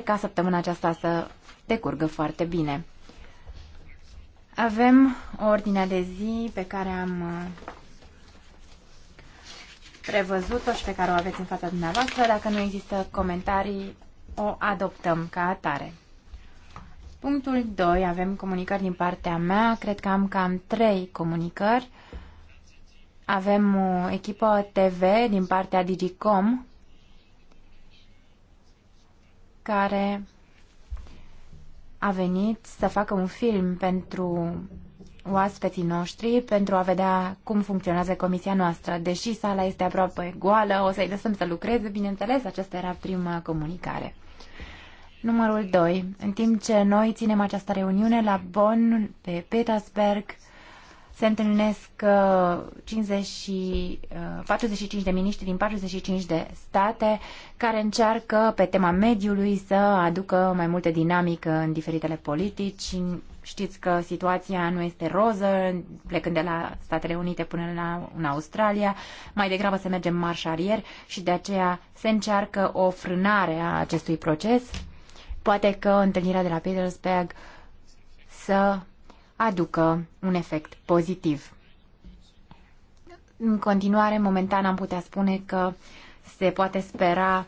Sper ca săptămâna aceasta să decurgă foarte bine. Avem ordinea de zi pe care am uh, prevăzut-o și pe care o aveți în fața dumneavoastră. Dacă nu există comentarii, o adoptăm ca atare. Punctul 2. Avem comunicări din partea mea. Cred că am cam 3 comunicări. Avem o echipă TV din partea Digicom care a venit să facă un film pentru oaspeții noștri pentru a vedea cum funcționează comisia noastră. Deși sala este aproape goală, o să-i lăsăm să lucreze, bineînțeles, aceasta era prima comunicare. Numărul 2. În timp ce noi ținem această reuniune la Bonn, pe Petersburg, se întâlnesc 50 uh, și, 45 uh, de miniștri din 45 de state care încearcă pe tema mediului să aducă mai multă dinamică în diferitele politici. Știți că situația nu este roză, plecând de la Statele Unite până la în Australia, mai degrabă se merge în marș arier și de aceea se încearcă o frânare a acestui proces. Poate că întâlnirea de la Petersburg să aducă un efect pozitiv. În continuare, momentan am putea spune că se poate spera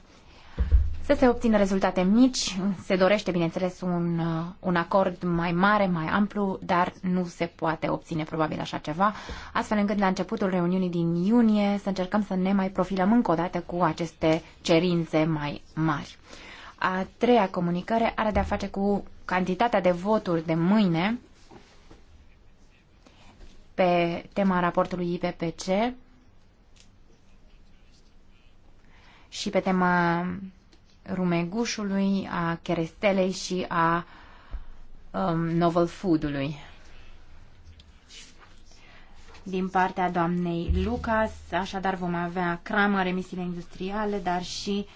să se obțină rezultate mici, se dorește, bineînțeles, un, un acord mai mare, mai amplu, dar nu se poate obține probabil așa ceva, astfel încât la începutul reuniunii din iunie să încercăm să ne mai profilăm încă o dată cu aceste cerințe mai mari. A treia comunicare are de-a face cu cantitatea de voturi de mâine pe tema raportului IPPC și pe tema rumegușului, a cherestelei și a um, novel food-ului. Din partea doamnei Lucas, așadar vom avea cramă, remisiile industriale, dar și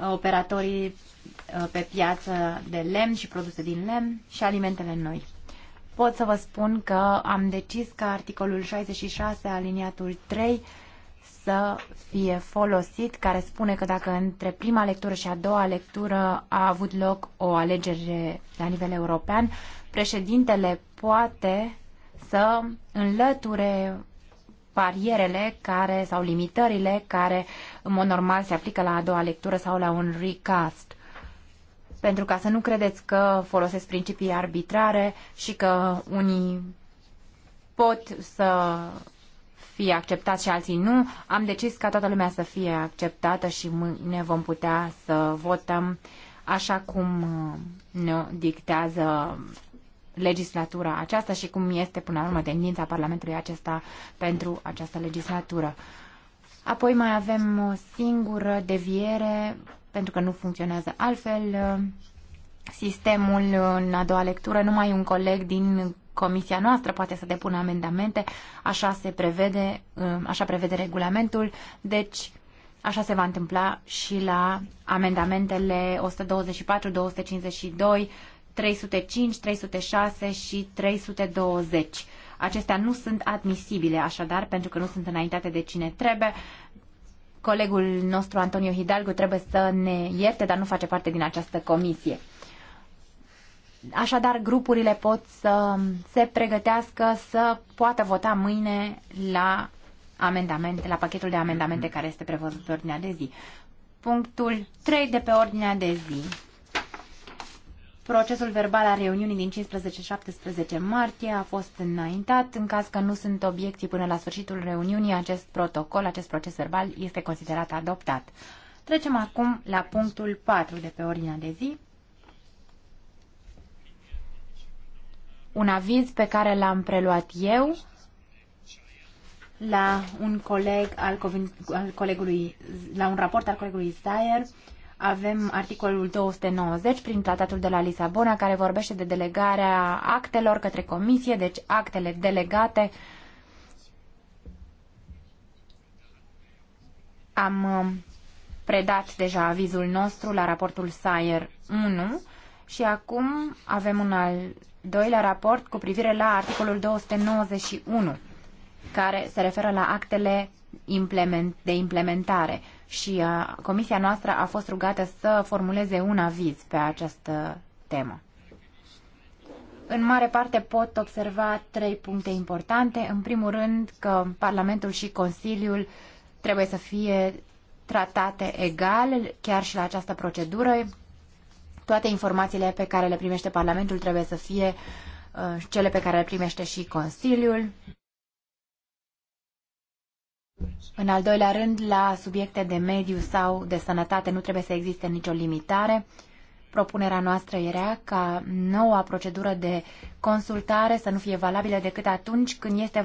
uh, operatorii uh, pe piață de lemn și produse din lemn și alimentele noi pot să vă spun că am decis ca articolul 66 aliniatul 3 să fie folosit, care spune că dacă între prima lectură și a doua lectură a avut loc o alegere la nivel european, președintele poate să înlăture barierele care, sau limitările care în mod normal se aplică la a doua lectură sau la un recast pentru ca să nu credeți că folosesc principii arbitrare și că unii pot să fie acceptați și alții nu. Am decis ca toată lumea să fie acceptată și ne vom putea să votăm așa cum ne dictează legislatura aceasta și cum este până la urmă tendința Parlamentului acesta pentru această legislatură. Apoi mai avem o singură deviere pentru că nu funcționează altfel sistemul în a doua lectură. Numai un coleg din comisia noastră poate să depună amendamente, așa se prevede, um, așa prevede regulamentul, deci așa se va întâmpla și la amendamentele 124, 252, 305, 306 și 320. Acestea nu sunt admisibile, așadar, pentru că nu sunt înaintate de cine trebuie, Colegul nostru, Antonio Hidalgo, trebuie să ne ierte, dar nu face parte din această comisie. Așadar, grupurile pot să se pregătească să poată vota mâine la amendamente, la pachetul de amendamente care este prevăzut pe ordinea de zi. Punctul 3 de pe ordinea de zi Procesul verbal al reuniunii din 15-17 martie a fost înaintat. În caz că nu sunt obiecții până la sfârșitul reuniunii, acest protocol, acest proces verbal este considerat adoptat. Trecem acum la punctul 4 de pe ordinea de zi. Un aviz pe care l-am preluat eu la un coleg al, al colegului, la un raport al colegului Steyer avem articolul 290 prin tratatul de la Lisabona care vorbește de delegarea actelor către comisie, deci actele delegate. Am um, predat deja avizul nostru la raportul Sayer 1 și acum avem un al doilea raport cu privire la articolul 291 care se referă la actele de implementare și uh, comisia noastră a fost rugată să formuleze un aviz pe această temă. În mare parte pot observa trei puncte importante. În primul rând că Parlamentul și Consiliul trebuie să fie tratate egal, chiar și la această procedură. Toate informațiile pe care le primește Parlamentul trebuie să fie uh, cele pe care le primește și Consiliul. În al doilea rând, la subiecte de mediu sau de sănătate nu trebuie să existe nicio limitare. Propunerea noastră era ca noua procedură de consultare să nu fie valabilă decât atunci când este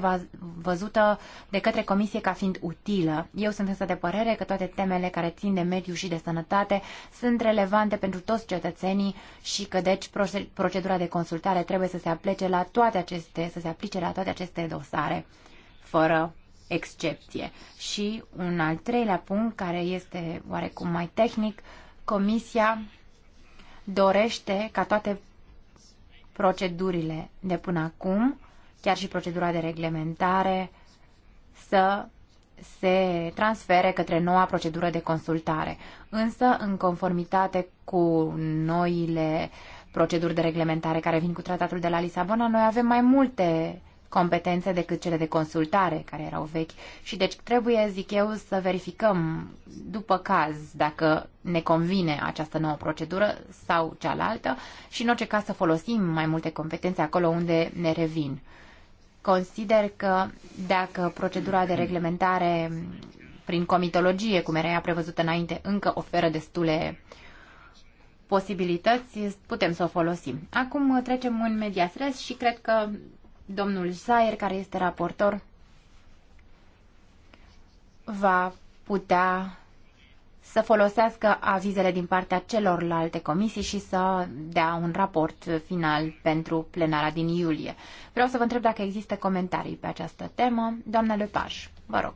văzută de către comisie ca fiind utilă. Eu sunt însă de părere că toate temele care țin de mediu și de sănătate sunt relevante pentru toți cetățenii și că deci procedura de consultare trebuie să se aplice la toate aceste, să se aplice la toate aceste dosare fără excepție. Și un al treilea punct, care este oarecum mai tehnic, Comisia dorește ca toate procedurile de până acum, chiar și procedura de reglementare, să se transfere către noua procedură de consultare. Însă, în conformitate cu noile proceduri de reglementare care vin cu tratatul de la Lisabona, noi avem mai multe uh, competențe decât cele de consultare care erau vechi și deci trebuie, zic eu, să verificăm după caz dacă ne convine această nouă procedură sau cealaltă și în orice caz să folosim mai multe competențe acolo unde ne revin. Consider că dacă procedura de reglementare prin comitologie, cum era ea prevăzută înainte, încă oferă destule posibilități, putem să o folosim. Acum trecem în medias res și cred că domnul Sayer, care este raportor, va putea să folosească avizele din partea celorlalte comisii și să dea un raport final pentru plenara din iulie. Vreau să vă întreb dacă există comentarii pe această temă. Doamna Lepaș, vă rog.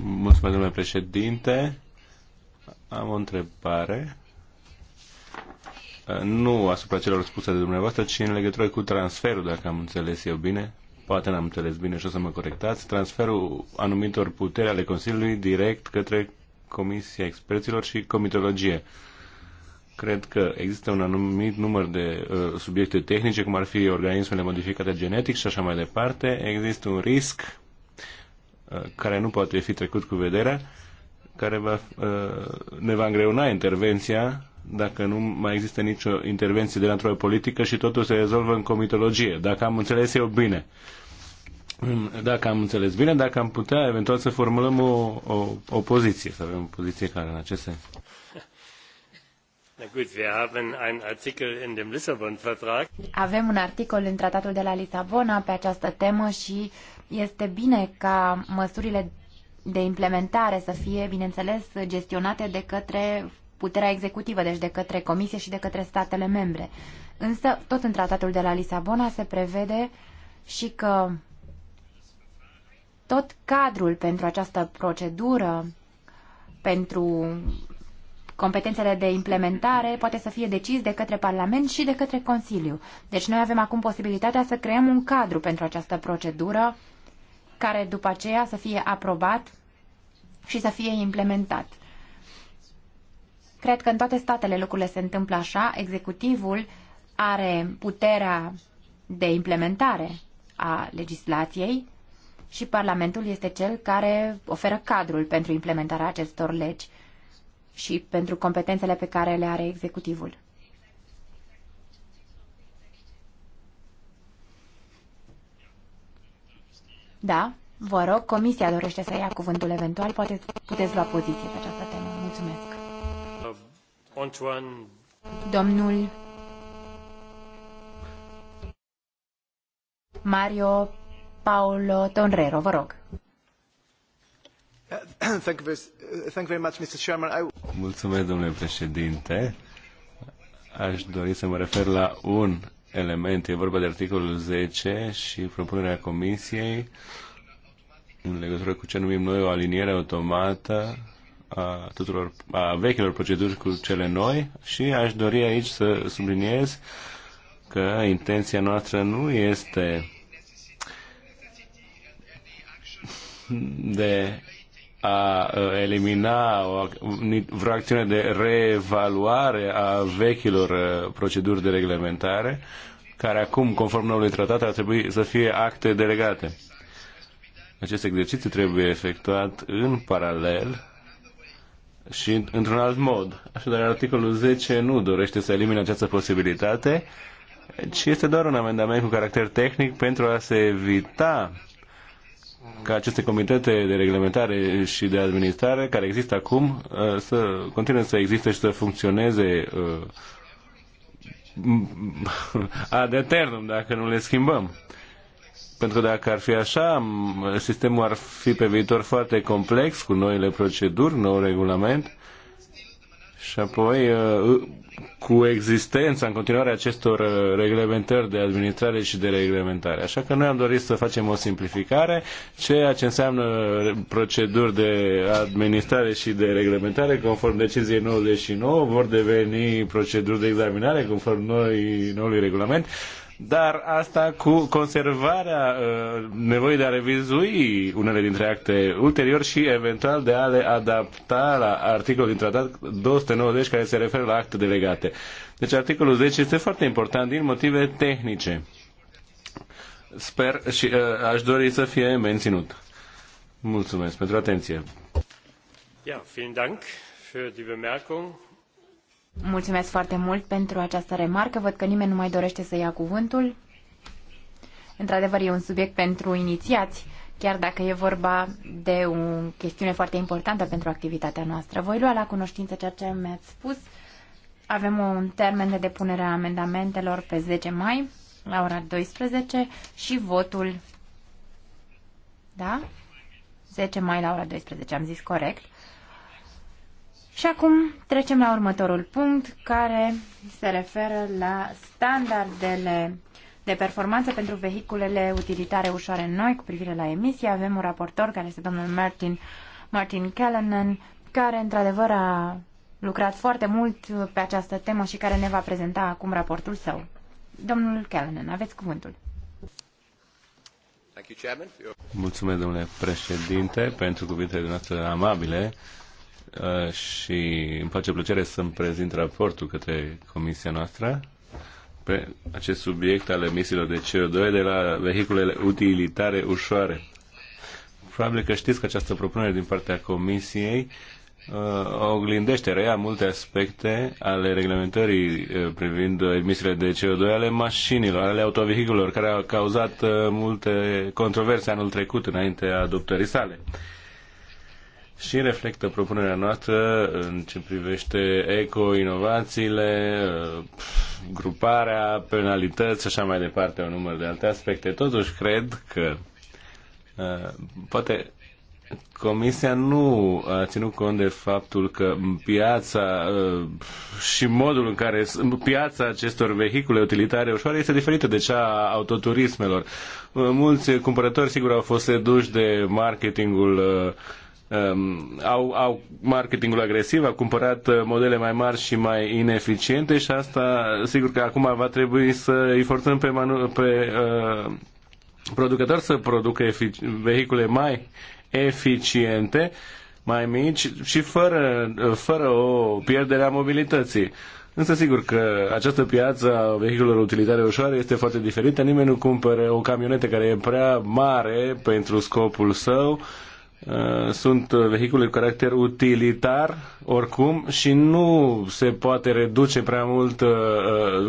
Mulțumesc, domnule președinte. Am o întrebare Uh, nu asupra celor spuse de dumneavoastră, ci în legătură cu transferul, dacă am înțeles eu bine, poate n-am înțeles bine și o să mă corectați, transferul anumitor puteri ale Consiliului direct către Comisia Experților și Comitologie. Cred că există un anumit număr de uh, subiecte tehnice, cum ar fi organismele modificate genetic și așa mai departe. Există un risc uh, care nu poate fi trecut cu vederea care va, uh, ne va îngreuna intervenția dacă nu mai există nicio intervenție de natură politică și totul se rezolvă în comitologie, dacă am înțeles eu bine. Mm, dacă am înțeles bine, dacă am putea eventual să formulăm o, o, o poziție, să avem o poziție care în acest sens. Avem un articol în tratatul de la Lisabona pe această temă și este bine ca măsurile de implementare să fie, bineînțeles, gestionate de către puterea executivă, deci de către Comisie și de către statele membre. Însă, tot în tratatul de la Lisabona se prevede și că tot cadrul pentru această procedură, pentru competențele de implementare, poate să fie decis de către Parlament și de către Consiliu. Deci noi avem acum posibilitatea să creăm un cadru pentru această procedură care după aceea să fie aprobat și să fie implementat. Cred că în toate statele lucrurile se întâmplă așa, executivul are puterea de implementare a legislației și Parlamentul este cel care oferă cadrul pentru implementarea acestor legi și pentru competențele pe care le are executivul. Da, vă rog, comisia dorește să ia cuvântul eventual, poate puteți lua poziție pe această temă. Mulțumesc. Uh, Domnul Mario Paolo Tonrero, vă rog. Mulțumesc, domnule președinte. Aș dori să mă refer la un element. E vorba de articolul 10 și propunerea Comisiei în legătură cu ce numim noi o aliniere automată a, tuturor, a vechilor proceduri cu cele noi și aș dori aici să subliniez că intenția noastră nu este de a elimina o, vreo acțiune de reevaluare a vechilor proceduri de reglementare, care acum, conform noului tratat, ar trebui să fie acte delegate. Acest exercițiu trebuie efectuat în paralel și într-un alt mod. Așadar, articolul 10 nu dorește să elimine această posibilitate, ci este doar un amendament cu caracter tehnic pentru a se evita ca aceste comitete de reglementare și de administrare care există acum uh, să continue să existe și să funcționeze uh, ad eternum dacă nu le schimbăm. Pentru că dacă ar fi așa, sistemul ar fi pe viitor foarte complex cu noile proceduri, nou regulament și apoi, uh, cu existența în continuare acestor uh, reglementări de administrare și de reglementare. Așa că noi am dorit să facem o simplificare, ceea ce înseamnă uh, proceduri de administrare și de reglementare, conform deciziei 99, vor deveni proceduri de examinare, conform noi, noului regulament dar asta cu conservarea uh, nevoii de a revizui unele dintre acte ulterior și eventual de a le adapta la articolul din tratat 290 care se referă la acte delegate. Deci articolul 10 este foarte important din motive tehnice. Sper și uh, aș dori să fie menținut. Mulțumesc pentru atenție. Ja, vielen Dank für die Bemerkung. Mulțumesc foarte mult pentru această remarcă. Văd că nimeni nu mai dorește să ia cuvântul. Într-adevăr, e un subiect pentru inițiați, chiar dacă e vorba de o chestiune foarte importantă pentru activitatea noastră. Voi lua la cunoștință ceea ce mi-ați spus. Avem un termen de depunere a amendamentelor pe 10 mai, la ora 12, și votul. Da? 10 mai la ora 12, am zis corect. Și acum trecem la următorul punct care se referă la standardele de performanță pentru vehiculele utilitare ușoare noi cu privire la emisie. Avem un raportor care este domnul Martin, Martin Callanan, care într-adevăr a lucrat foarte mult pe această temă și care ne va prezenta acum raportul său. Domnul Callanan, aveți cuvântul. Mulțumesc, domnule președinte, pentru cuvintele noastre amabile. Uh, și îmi face plăcere să-mi prezint raportul către comisia noastră pe acest subiect al emisiilor de CO2 de la vehiculele utilitare ușoare. Probabil că știți că această propunere din partea comisiei uh, oglindește, reia multe aspecte ale reglementării uh, privind emisiile de CO2 ale mașinilor, ale autovehiculelor, care au cauzat uh, multe controverse anul trecut înaintea adoptării sale. Uh, și reflectă propunerea noastră în ce privește eco, inovațiile, gruparea, penalități așa mai departe, un număr de alte aspecte. Totuși, cred că uh, poate Comisia nu a ținut cont de faptul că piața uh, și modul în care piața acestor vehicule utilitare ușoare este diferită de cea a autoturismelor. Uh, mulți cumpărători, sigur, au fost seduși de marketingul um, au, au marketingul agresiv, au cumpărat uh, modele mai mari și mai ineficiente și asta, sigur că acum va trebui să îi forțăm pe, manu- pe uh, producători să producă vehicule mai eficiente, mai mici și fără, uh, fără o pierdere a mobilității. Însă sigur că această piață a vehiculelor utilitare ușoare este foarte diferită. Nimeni nu cumpără o camionetă care e prea mare pentru scopul său Uh, sunt uh, vehicule cu caracter utilitar oricum și nu se poate reduce prea mult uh,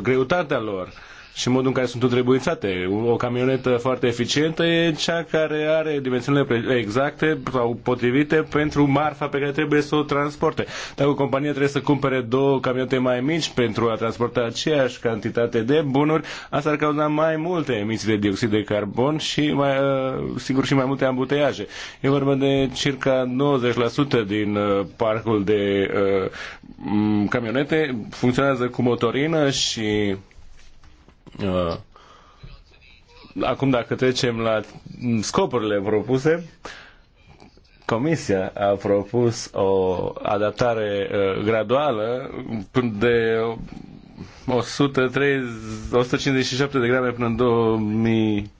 greutatea lor și modul în care sunt întrebuințate. O camionetă foarte eficientă e cea care are dimensiunile exacte sau potrivite pentru marfa pe care trebuie să o transporte. Dacă o companie trebuie să cumpere două camionete mai mici pentru a transporta aceeași cantitate de bunuri, asta ar cauza mai multe emisii de dioxid de carbon și mai, uh, sigur și mai multe ambuteiaje. E vorba de circa 90% din uh, parcul de uh, camionete funcționează cu motorină și Uh, acum, dacă trecem la scopurile propuse, Comisia a propus o adaptare uh, graduală de 130, 157 de grame până în 2000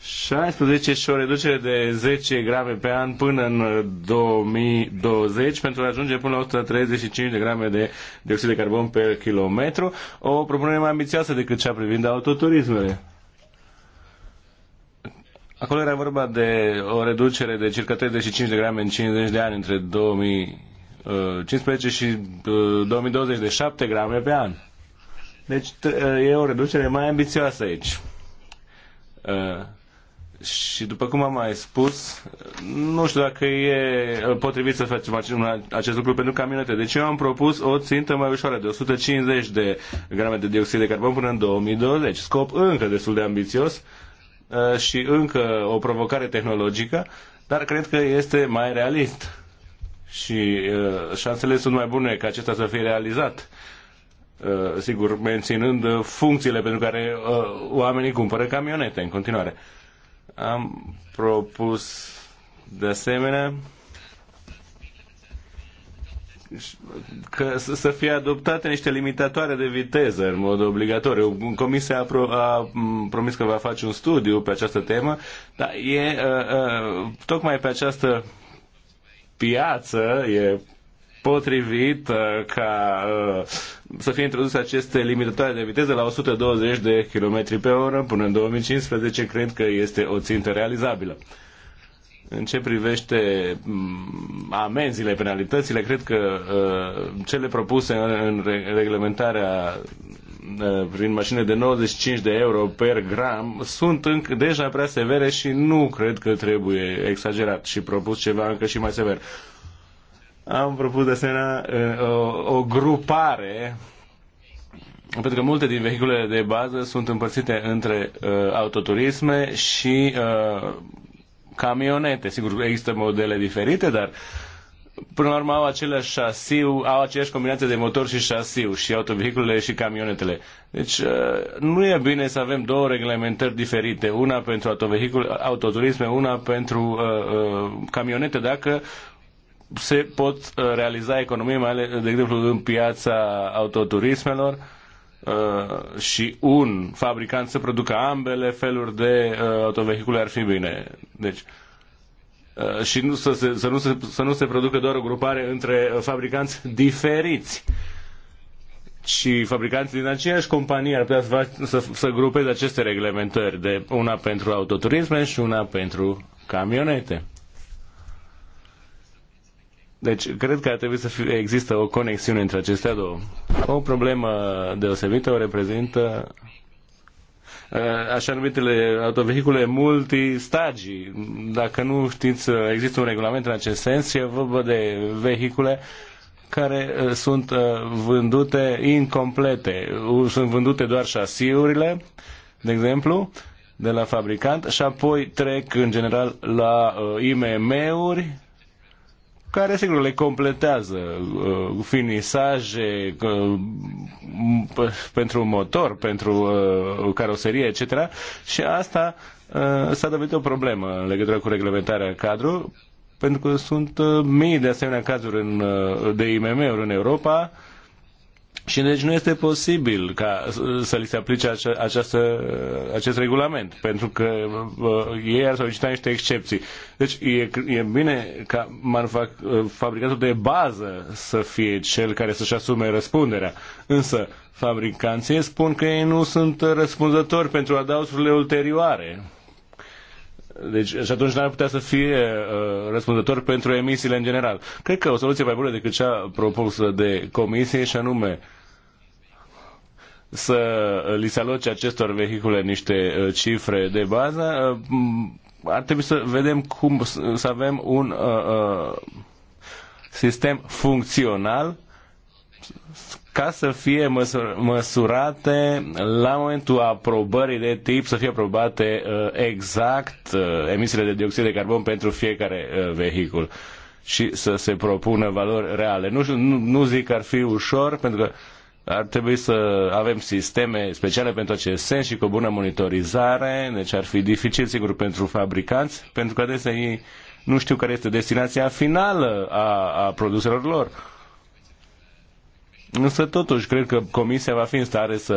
16 și o reducere de 10 grame pe an până în 2020 uh, pentru a ajunge până la 135 de grame de dioxid de carbon pe kilometru, o propunere mai ambițioasă decât cea privind autoturismele. Acolo era vorba de o reducere de circa 35 de grame în 50 de ani între 2015 uh, și 2020 uh, de 7 grame pe an. Deci e o reducere mai ambițioasă aici și după cum am mai spus, nu știu dacă e potrivit să facem acest lucru pentru camionete. Deci eu am propus o țintă mai ușoară de 150 de grame de dioxid de carbon până în 2020. Scop încă destul de ambițios uh, și încă o provocare tehnologică, dar cred că este mai realist. Și uh, șansele sunt mai bune ca acesta să fie realizat uh, sigur, menținând funcțiile pentru care oamenii cumpără camionete în continuare. Am propus de asemenea că să fie adoptate niște limitatoare de viteză în mod obligatoriu. Comisia a, pro, a promis că va face un studiu pe această temă, dar e uh, uh, tocmai pe această piață, e potrivit uh, ca uh, să fie introduse aceste limitatoare de viteză la 120 de km pe oră până în 2015, cred că este o țintă realizabilă. În ce privește mm, amenziile, penalitățile, cred că uh, cele propuse în reglementarea prin mașină de 95 de euro per gram sunt încă deja prea severe și nu cred că trebuie exagerat și propus ceva încă și mai sever. Am propus de asemenea uh, o, o grupare pentru că multe din vehiculele de bază sunt împărțite între uh, autoturisme și uh, camionete. Sigur, există modele diferite, dar până la urmă au aceleași șasiu, au aceeași combinație de motor și șasiu și autovehiculele și camionetele. Deci uh, nu e bine să avem două reglementări diferite, una pentru autovehicul, autoturisme, una pentru uh, uh, camionete, dacă se pot uh, realiza economii, mai ales, de exemplu, în piața autoturismelor uh, și un fabricant să producă ambele feluri de uh, autovehicule ar fi bine. Deci, și nu să, se, să, nu se, să nu se producă doar o grupare între fabricanți diferiți și fabricanții din aceeași companie ar putea să, fac, să, să grupeze aceste reglementări de una pentru autoturisme și una pentru camionete. Deci, cred că ar trebui să fie, există o conexiune între acestea două. O problemă deosebită o reprezintă uh, așa numitele autovehicule multistagi. Dacă nu știți, uh, există un regulament în acest sens și e vorba de vehicule care uh, sunt vândute incomplete. Sunt vândute doar șasiurile, de exemplu, de la fabricant și apoi trec în general la IMM-uri care sigur le completează uh, finisaje uh, pentru motor, pentru uh, caroserie, etc. Și asta uh, s-a devenit o problemă în legătură cu reglementarea cadru, pentru că sunt uh, mii de asemenea cazuri în, uh, de IMM-uri în Europa și deci nu este posibil ca să li se aplice această, acest regulament, pentru că uh, ei ar solicita niște excepții. Deci e, e bine ca manufac, uh, fabricatul de bază să fie cel care să-și asume răspunderea, însă fabricanții spun că ei nu sunt răspunzători pentru adausurile ulterioare. Deci, și atunci n-ar putea să fie uh, răspunzător pentru emisiile în general. Cred că o soluție mai bună decât cea propusă de comisie și anume uh, să li se aloce acestor vehicule niște uh, cifre de bază, uh, ar trebui să vedem cum să avem un uh, uh, sistem funcțional ca să fie măsur, măsurate la momentul aprobării de tip, să fie aprobate uh, exact uh, emisiile de dioxid de carbon pentru fiecare uh, vehicul și să se propună valori reale. Nu, nu, nu zic că ar fi ușor, pentru că uh, ar trebui să avem sisteme speciale pentru acest sens și cu o bună monitorizare, deci ar fi dificil, sigur, pentru fabricanți, pentru că adesea ei nu știu care este destinația finală a, a produselor lor. Însă, totuși, cred că Comisia va fi în stare să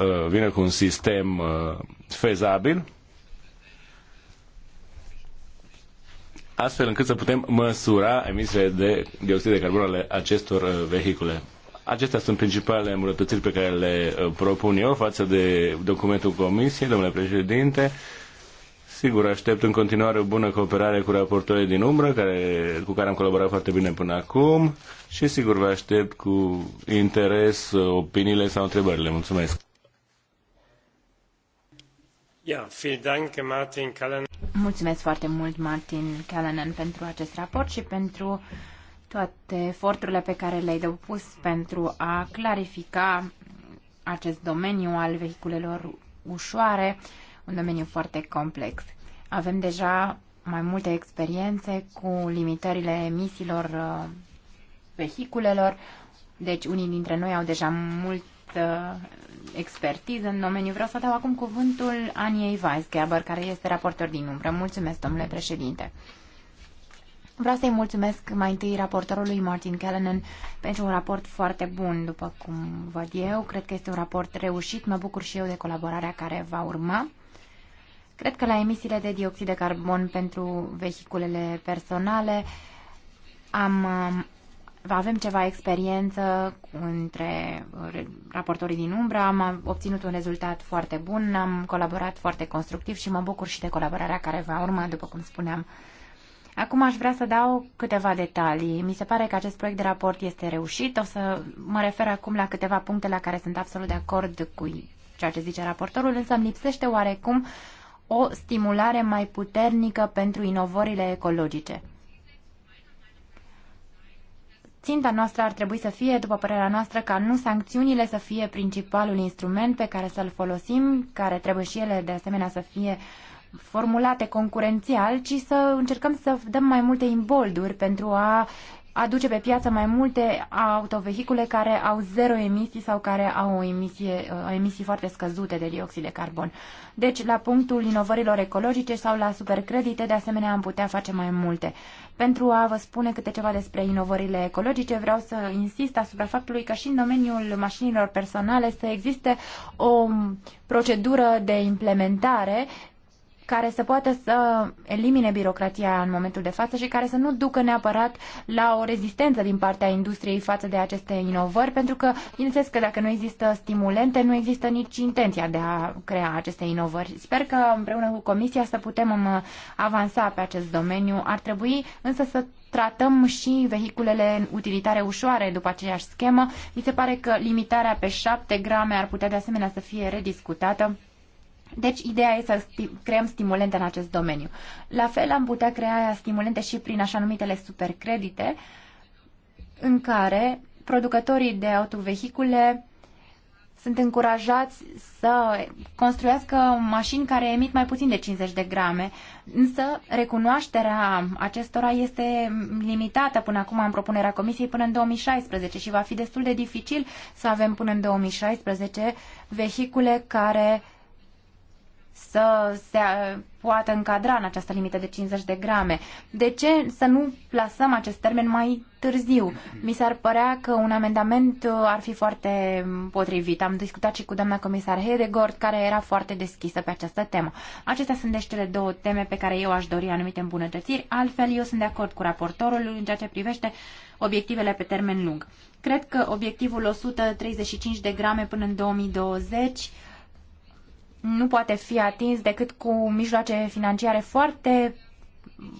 uh, vină cu un sistem uh, fezabil, astfel încât să putem măsura emisiile de dioxid de carbon ale acestor uh, vehicule. Acestea sunt principalele îmbunătățiri pe care le uh, propun eu față de documentul Comisiei, domnule președinte. Sigur, aștept în continuare o bună cooperare cu raportorii din umbră, care, cu care am colaborat foarte bine până acum și sigur vă aștept cu interes uh, opiniile sau întrebările. Mulțumesc! Mulțumesc foarte mult, Martin Callanan, pentru acest raport și pentru toate eforturile pe care le-ai depus pentru a clarifica acest domeniu al vehiculelor ușoare, un domeniu foarte complex. Avem deja mai multe experiențe cu limitările emisiilor uh, vehiculelor, deci unii dintre noi au deja mult expertiză în domeniu. Vreau să dau acum cuvântul Aniei Weisgeber, care este raportor din umbră. Mulțumesc, domnule președinte. Vreau să-i mulțumesc mai întâi raportorului Martin Kellenen pentru un raport foarte bun, după cum văd eu. Cred că este un raport reușit. Mă bucur și eu de colaborarea care va urma. Cred că la emisiile de dioxid de carbon pentru vehiculele personale am, um, avem ceva experiență între uh, raportorii din umbră. am obținut un rezultat foarte bun, am colaborat foarte constructiv și mă bucur și de colaborarea care va urma, după cum spuneam. Acum aș vrea să dau câteva detalii. Mi se pare că acest proiect de raport este reușit. O să mă refer acum la câteva puncte la care sunt absolut de acord cu ceea ce zice raportorul, însă îmi lipsește oarecum o stimulare mai puternică pentru inovările ecologice. Ținta noastră ar trebui să fie, după părerea noastră, ca nu sancțiunile să fie principalul instrument pe care să-l folosim, care trebuie și ele de asemenea să fie uh, formulate concurențial, ci să încercăm să dăm mai multe imbolduri pentru a aduce pe piață mai multe autovehicule care au zero emisii sau care au o emisie, o uh, emisii foarte scăzute de dioxid de carbon. Deci, la punctul inovărilor ecologice sau la supercredite, de asemenea, am putea face mai multe. Pentru a vă spune câte ceva despre inovările ecologice, vreau să insist asupra faptului că și în domeniul mașinilor personale să existe o procedură de implementare care să poată să elimine birocrația în momentul de față și care să nu ducă neapărat la o rezistență din partea industriei față de aceste inovări, pentru că, bineînțeles că dacă nu există stimulente, nu există nici intenția de a crea aceste inovări. Sper că împreună cu Comisia să putem um, avansa pe acest domeniu. Ar trebui însă să tratăm și vehiculele utilitare ușoare după aceeași schemă. Mi se pare că limitarea pe 7 grame ar putea de asemenea să fie rediscutată deci, ideea e să sti- creăm stimulente în acest domeniu. La fel, am putea crea stimulente și prin așa numitele supercredite, în care producătorii de autovehicule sunt încurajați să construiască mașini care emit mai puțin de 50 de grame, însă recunoașterea acestora este limitată până acum în propunerea Comisiei până în 2016 și va fi destul de dificil să avem până în 2016 vehicule care uh, să se poată încadra în această limită de 50 de grame. De ce să nu plasăm acest termen mai târziu? Mi s-ar părea că un amendament uh, ar fi foarte potrivit. Am discutat și cu doamna comisar Hedegord, care era foarte deschisă pe această temă. Acestea sunt deci cele două teme pe care eu aș dori anumite îmbunătățiri. Altfel, eu sunt de acord cu raportorul în ceea ce privește obiectivele pe termen lung. Cred că obiectivul 135 de grame până în 2020 nu poate fi atins decât cu mijloace financiare foarte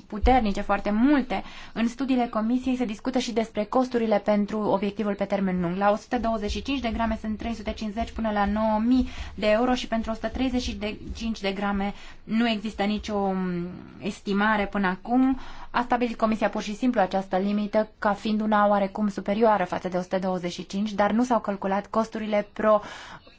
puternice, foarte multe. În studiile comisiei se discută și despre costurile pentru obiectivul pe termen lung. La 125 de grame sunt 350 până la 9000 de euro și pentru 135 de grame nu există nicio mm, estimare până acum. A stabilit comisia pur și simplu această limită ca fiind una oarecum superioară față de 125, dar nu s-au calculat costurile pro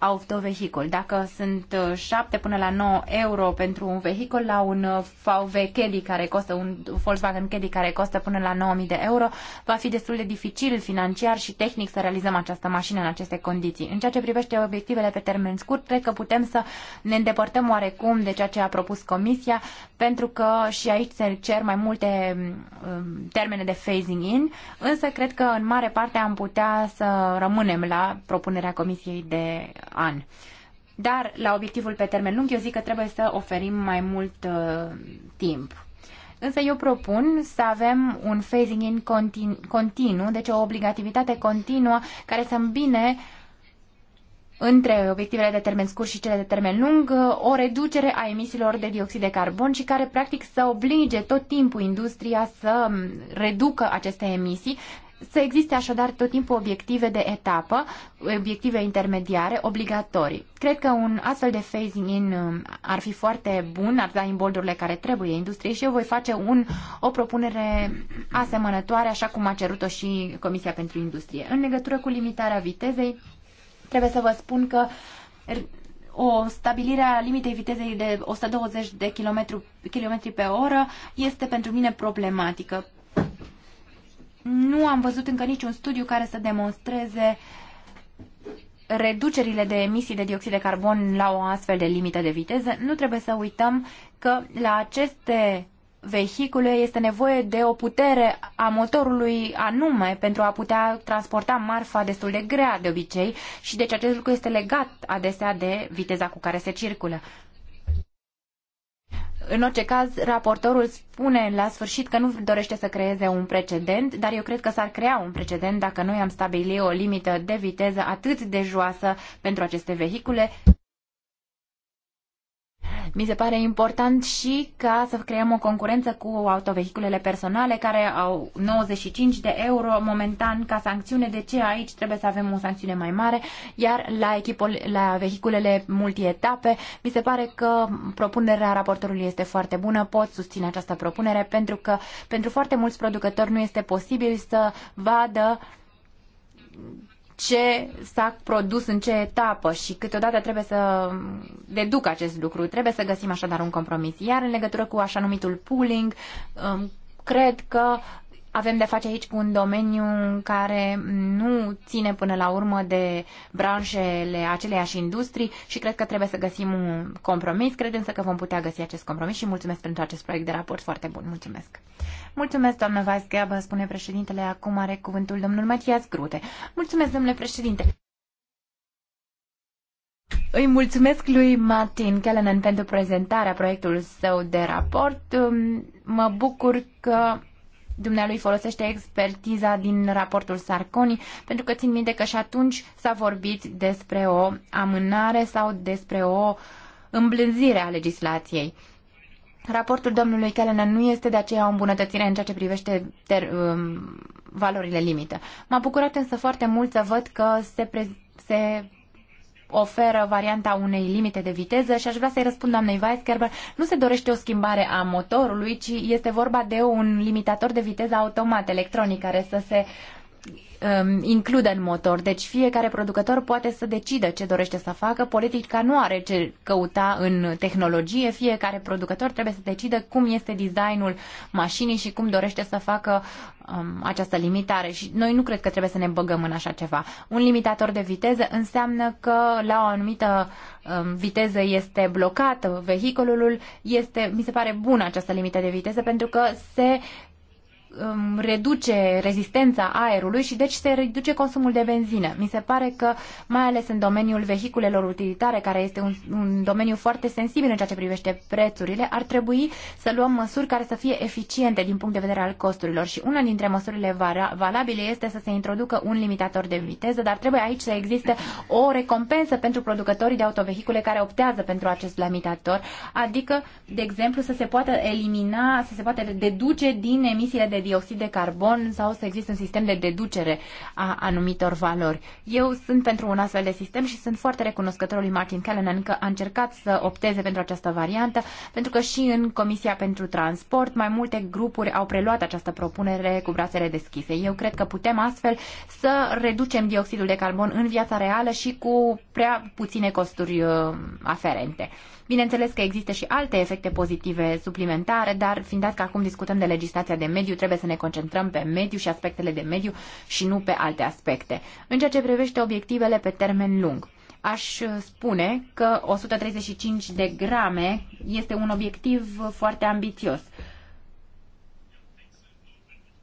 autovehicul. Dacă sunt 7 uh, până la 9 euro pentru un vehicul, la un uh, VW Caddy care costă, un Volkswagen Caddy care costă până la 9000 de euro, va fi destul de dificil financiar și tehnic să realizăm această mașină în aceste condiții. În ceea ce privește obiectivele pe termen scurt, cred că putem să ne îndepărtăm oarecum de ceea ce a propus Comisia, pentru că și aici se cer mai multe um, termene de phasing in, însă cred că în mare parte am putea să rămânem la propunerea Comisiei de an. Dar la obiectivul pe termen lung, eu zic că trebuie să oferim mai mult uh, timp. Însă eu propun să avem un phasing in continu, continuu, deci o obligativitate continuă care să îmbine între obiectivele de termen scurt și cele de termen lung, uh, o reducere a emisiilor de dioxid de carbon și care practic să oblige tot timpul industria să um, reducă aceste emisii să existe așadar tot timpul obiective de etapă, obiective intermediare, obligatorii. Cred că un astfel de phasing in um, ar fi foarte bun, ar da imboldurile care trebuie industriei și eu voi face un, o propunere asemănătoare, așa cum a cerut-o și Comisia pentru Industrie. În legătură cu limitarea vitezei, trebuie să vă spun că o stabilire a limitei vitezei de 120 de km, km pe oră este pentru mine problematică nu am văzut încă niciun studiu care să demonstreze reducerile de emisii de dioxid de carbon la o astfel de limită de viteză. Nu trebuie să uităm că la aceste vehicule este nevoie de o putere a motorului anume pentru a putea transporta marfa destul de grea de obicei și deci acest lucru este legat adesea de viteza cu care se circulă. În orice caz, raportorul spune la sfârșit că nu dorește să creeze un precedent, dar eu cred că s-ar crea un precedent dacă noi am stabili o limită de viteză atât de joasă pentru aceste vehicule. Mi se pare important și ca să creăm o concurență cu autovehiculele personale care au 95 de euro momentan ca sancțiune. De ce aici trebuie să avem o sancțiune mai mare? Iar la, echipul, la vehiculele multietape, mi se pare că propunerea raportorului este foarte bună. Pot susține această propunere pentru că pentru foarte mulți producători nu este posibil să vadă ce s-a produs în ce etapă și câteodată trebuie să deduc acest lucru. Trebuie să găsim așadar un compromis. Iar în legătură cu așa numitul pooling, um, cred că avem de face aici cu un domeniu care nu ține până la urmă de branșele aceleiași industrii și cred că trebuie să găsim un compromis. Cred însă că vom putea găsi acest compromis și mulțumesc pentru acest proiect de raport foarte bun. Mulțumesc! Mulțumesc, doamnă Vaisgheabă, spune președintele. Acum are cuvântul domnul Matias Grute. Mulțumesc, domnule președinte! Îi mulțumesc lui Martin Kellenen pentru prezentarea proiectului său de raport. Mă bucur că dumnealui folosește expertiza din raportul Sarconi, pentru că țin minte că și atunci s-a vorbit despre o amânare sau despre o îmblânzire a legislației. Raportul domnului Kellenen nu este de aceea o îmbunătățire în ceea ce privește ter, um, valorile limită. M-a bucurat însă foarte mult să văd că se, pre, se oferă varianta unei limite de viteză și aș vrea să-i răspund doamnei Weisgerber. Nu se dorește o schimbare a motorului, ci este vorba de un limitator de viteză automat electronic care să se uh, Um, include includă în motor. Deci fiecare producător poate să decidă ce dorește să facă. Politica nu are ce căuta în tehnologie. Fiecare producător trebuie să decidă cum este designul mașinii și cum dorește să facă um, această limitare. Și noi nu cred că trebuie să ne băgăm în așa ceva. Un limitator de viteză înseamnă că la o anumită um, viteză este blocat vehiculul. Este, mi se pare bună această limită de viteză pentru că se um, reduce rezistența aerului și deci se reduce consumul de benzină. Mi se pare că, mai ales în domeniul vehiculelor utilitare, care este un, un domeniu foarte sensibil în ceea ce privește prețurile, ar trebui să luăm măsuri care să fie eficiente din punct de vedere al costurilor. Și una dintre măsurile valabile este să se introducă un limitator de viteză, dar trebuie aici să existe o recompensă pentru producătorii de autovehicule care optează pentru acest limitator, adică, de exemplu, să se poată elimina, să se poată deduce din emisiile de dioxid de carbon sau să existe un sistem de deducere a anumitor valori. Eu sunt pentru un astfel de sistem și sunt foarte recunoscător lui Martin Callanan că a încercat să opteze pentru această variantă, pentru că și în Comisia pentru Transport mai multe grupuri au preluat această propunere cu brațele deschise. Eu cred că putem astfel să reducem dioxidul de carbon în viața reală și cu prea puține costuri uh, aferente. Bineînțeles că există și alte efecte pozitive suplimentare, dar fiind dat că acum discutăm de legislația de mediu, trebuie să ne concentrăm pe mediu și aspectele de mediu și nu pe alte aspecte. În ceea ce privește obiectivele pe termen lung, aș spune că 135 de grame este un obiectiv foarte ambițios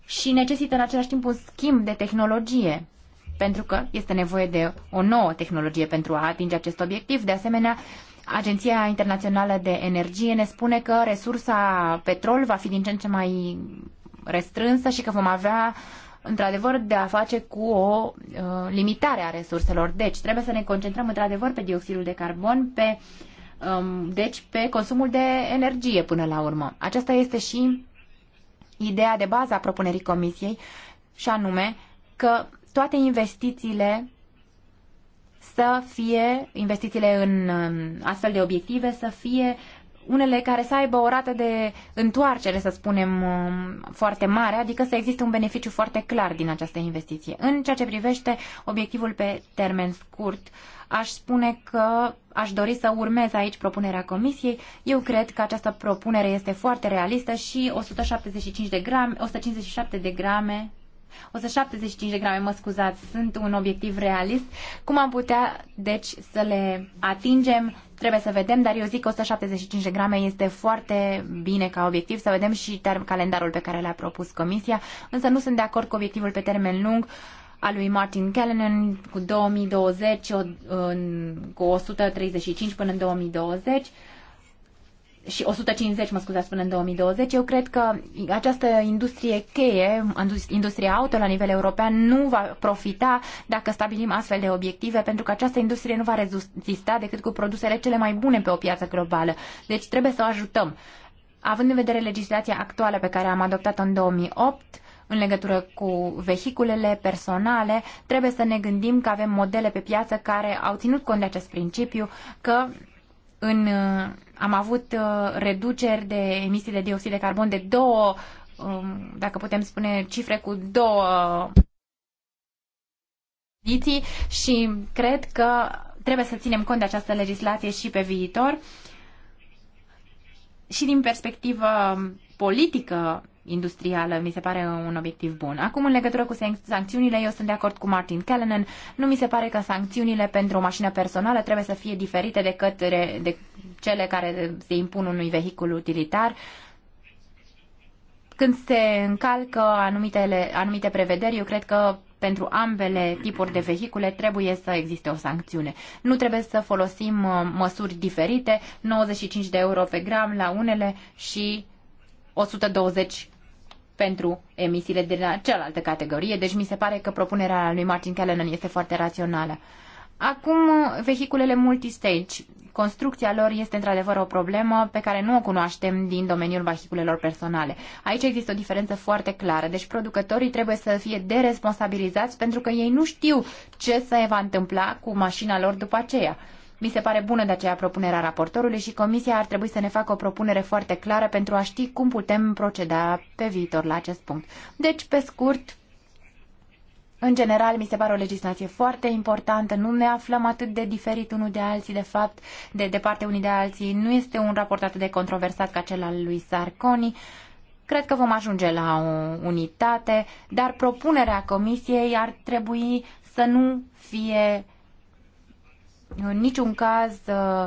și necesită în același timp un schimb de tehnologie, pentru că este nevoie de o nouă tehnologie pentru a atinge acest obiectiv. De asemenea, Agenția Internațională de Energie ne spune că resursa petrol va fi din ce în ce mai restrânsă și că vom avea într-adevăr de a face cu o uh, limitare a resurselor. Deci trebuie să ne concentrăm într-adevăr pe dioxidul de carbon, pe um, deci pe consumul de energie până la urmă. Aceasta este și ideea de bază a propunerii comisiei și anume că toate investițiile să fie investițiile în um, astfel de obiective să fie unele care să aibă o rată de întoarcere, să spunem, um, foarte mare, adică să existe un beneficiu foarte clar din această investiție. În ceea ce privește obiectivul pe termen scurt, aș spune că aș dori să urmez aici propunerea comisiei. Eu cred că această propunere este foarte realistă și 175 de grame, 157 de grame 175 de grame, mă scuzați, sunt un obiectiv realist. Cum am putea, deci, să le atingem? Trebuie să vedem, dar eu zic că 175 de grame este foarte bine ca obiectiv, să vedem și calendarul pe care l-a propus Comisia, însă nu sunt de acord cu obiectivul pe termen lung a lui Martin Callanan cu 2020, cu 135 până în 2020 și 150, mă scuzați, până în 2020. Eu cred că această industrie cheie, industria auto la nivel european, nu va profita dacă stabilim astfel de obiective, pentru că această industrie nu va rezista decât cu produsele cele mai bune pe o piață globală. Deci trebuie să o ajutăm. Având în vedere legislația actuală pe care am adoptat-o în 2008, în legătură cu vehiculele personale, trebuie să ne gândim că avem modele pe piață care au ținut cont de acest principiu, că în am avut uh, reduceri de emisii de dioxid de carbon de două, um, dacă putem spune, cifre cu două ediții și cred că trebuie să ținem cont de această legislație și pe viitor. Și din perspectivă politică industrială mi se pare un obiectiv bun. Acum, în legătură cu sancțiunile, eu sunt de acord cu Martin Kellenen. Nu mi se pare că sancțiunile pentru o mașină personală trebuie să fie diferite de, către, de cele care se impun unui vehicul utilitar când se încalcă anumitele, anumite prevederi, eu cred că pentru ambele tipuri de vehicule trebuie să existe o sancțiune. Nu trebuie să folosim uh, măsuri diferite, 95 de euro pe gram la unele și 120 pentru emisiile din cealaltă categorie, deci mi se pare că propunerea lui Martin Callanan este foarte rațională. Acum, vehiculele multistage. Construcția lor este într-adevăr o problemă pe care nu o cunoaștem din domeniul vehiculelor personale. Aici există o diferență foarte clară, deci producătorii trebuie să fie deresponsabilizați pentru că ei nu știu ce se va întâmpla cu mașina lor după aceea. Mi se pare bună de aceea propunerea raportorului și Comisia ar trebui să ne facă o propunere foarte clară pentru a ști cum putem proceda pe viitor la acest punct. Deci, pe scurt, în general, mi se pare o legislație foarte importantă, nu ne aflăm atât de diferit unul de alții, de fapt, de departe unii de alții. Nu este un raport atât de controversat ca cel al lui Sarconi. Cred că vom ajunge la o unitate, dar propunerea Comisiei ar trebui să nu fie în niciun caz uh,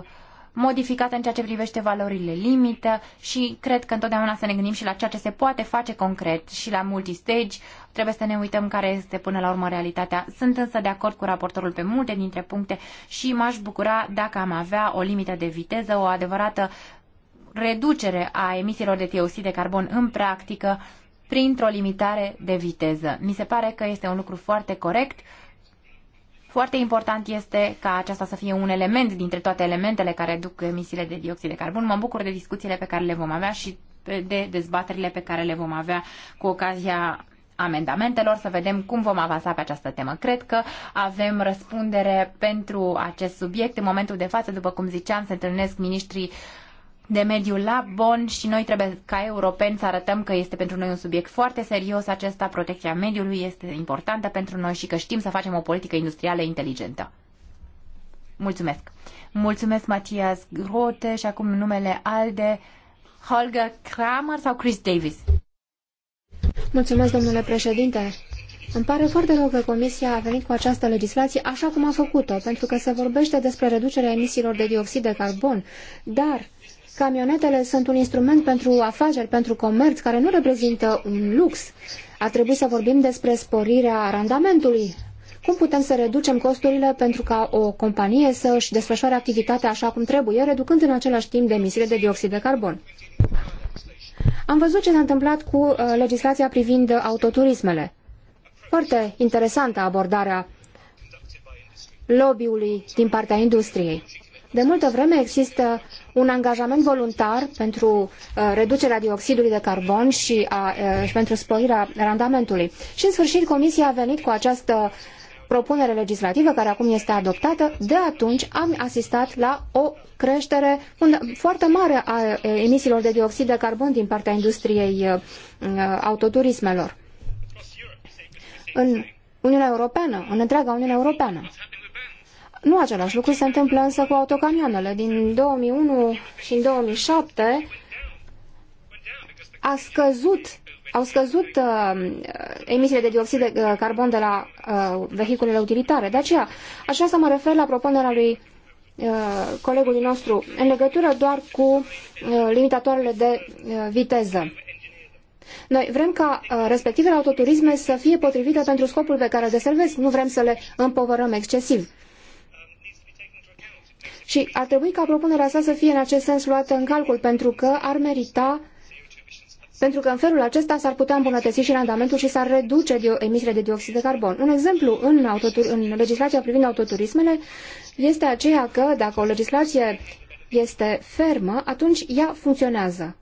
modificată în ceea ce privește valorile limită și cred că întotdeauna să ne gândim și la ceea ce se poate face concret și la multistage. Trebuie să ne uităm care este până la urmă realitatea. Sunt însă de acord cu raportorul pe multe dintre puncte și m-aș bucura dacă am avea o limită de viteză, o adevărată reducere a emisiilor de dioxid de carbon în practică printr-o limitare de viteză. Mi se pare că este un lucru foarte corect foarte important este ca aceasta să fie un element dintre toate elementele care duc emisiile de dioxid de carbon. Mă bucur de discuțiile pe care le vom avea și de dezbaterile pe care le vom avea cu ocazia amendamentelor, să vedem cum vom avansa pe această temă. Cred că avem răspundere pentru acest subiect. În momentul de față, după cum ziceam, se întâlnesc ministrii de mediu la Bonn și noi trebuie ca europeni să arătăm că este pentru noi un subiect foarte serios acesta, protecția mediului este importantă pentru noi și că știm să facem o politică industrială inteligentă. Mulțumesc! Mulțumesc, Matias Grote și acum numele ALDE, Holger Kramer sau Chris Davis? Mulțumesc, domnule președinte! Îmi pare foarte rău că Comisia a venit cu această legislație așa cum a făcut-o, pentru că se vorbește despre reducerea emisiilor de dioxid de carbon, dar Camionetele sunt un instrument pentru afaceri, pentru comerț, care nu reprezintă un lux. A trebuit să vorbim despre sporirea randamentului. Cum putem să reducem costurile pentru ca o companie să își desfășoare activitatea așa cum trebuie, reducând în același timp emisiile de dioxid de carbon? Am văzut ce s-a întâmplat cu uh, legislația privind autoturismele. Foarte interesantă abordarea lobby-ului din partea industriei. De multă vreme există un angajament voluntar pentru uh, reducerea dioxidului de carbon și, a, uh, și pentru sporirea randamentului. Și în sfârșit Comisia a venit cu această propunere legislativă care acum este adoptată, de atunci am asistat la o creștere foarte mare a uh, emisiilor de dioxid de carbon din partea industriei autoturismelor. În Uniunea Europeană, în întreaga Uniune Europeană. Nu același lucru se întâmplă însă cu autocamioanele. Din 2001 și în 2007 a scăzut, au scăzut uh, emisiile de dioxid de uh, carbon de la uh, vehiculele utilitare. De aceea, așa să mă refer la propunerea lui uh, colegului nostru în legătură doar cu uh, limitatoarele de uh, viteză. Noi vrem ca uh, respectivele autoturisme să fie potrivite pentru scopul pe care le deservesc. Nu vrem să le împovărăm excesiv. Și ar trebui ca propunerea sa să fie în acest sens luată în calcul, pentru că ar merita pentru că în felul acesta s-ar putea îmbunătăți și randamentul și s-ar reduce emisiile de dioxid de carbon. Un exemplu în, în legislația privind autoturismele este aceea că dacă o legislație este fermă, atunci ea funcționează.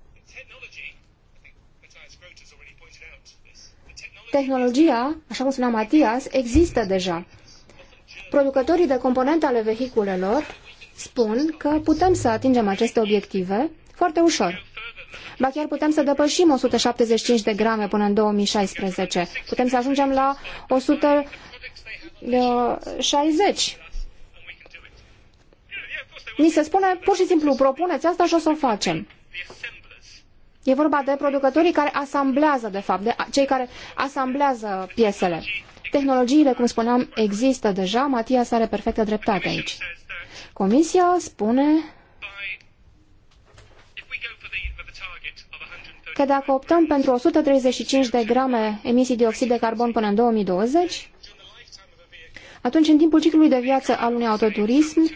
Tehnologia, așa cum spunea Matias, există deja. Producătorii de componente ale vehiculelor spun că putem să atingem aceste obiective foarte ușor. Ba chiar putem să depășim 175 de grame până în 2016. Putem să ajungem la 160. Ni se spune pur și simplu propuneți asta și o să o facem. E vorba de producătorii care asamblează, de fapt, de cei care asamblează piesele. Tehnologiile, cum spuneam, există deja. Matias are perfectă dreptate aici. Comisia spune că dacă optăm pentru 135 de grame emisii dioxid de carbon până în 2020, atunci în timpul ciclului de viață al unui autoturism,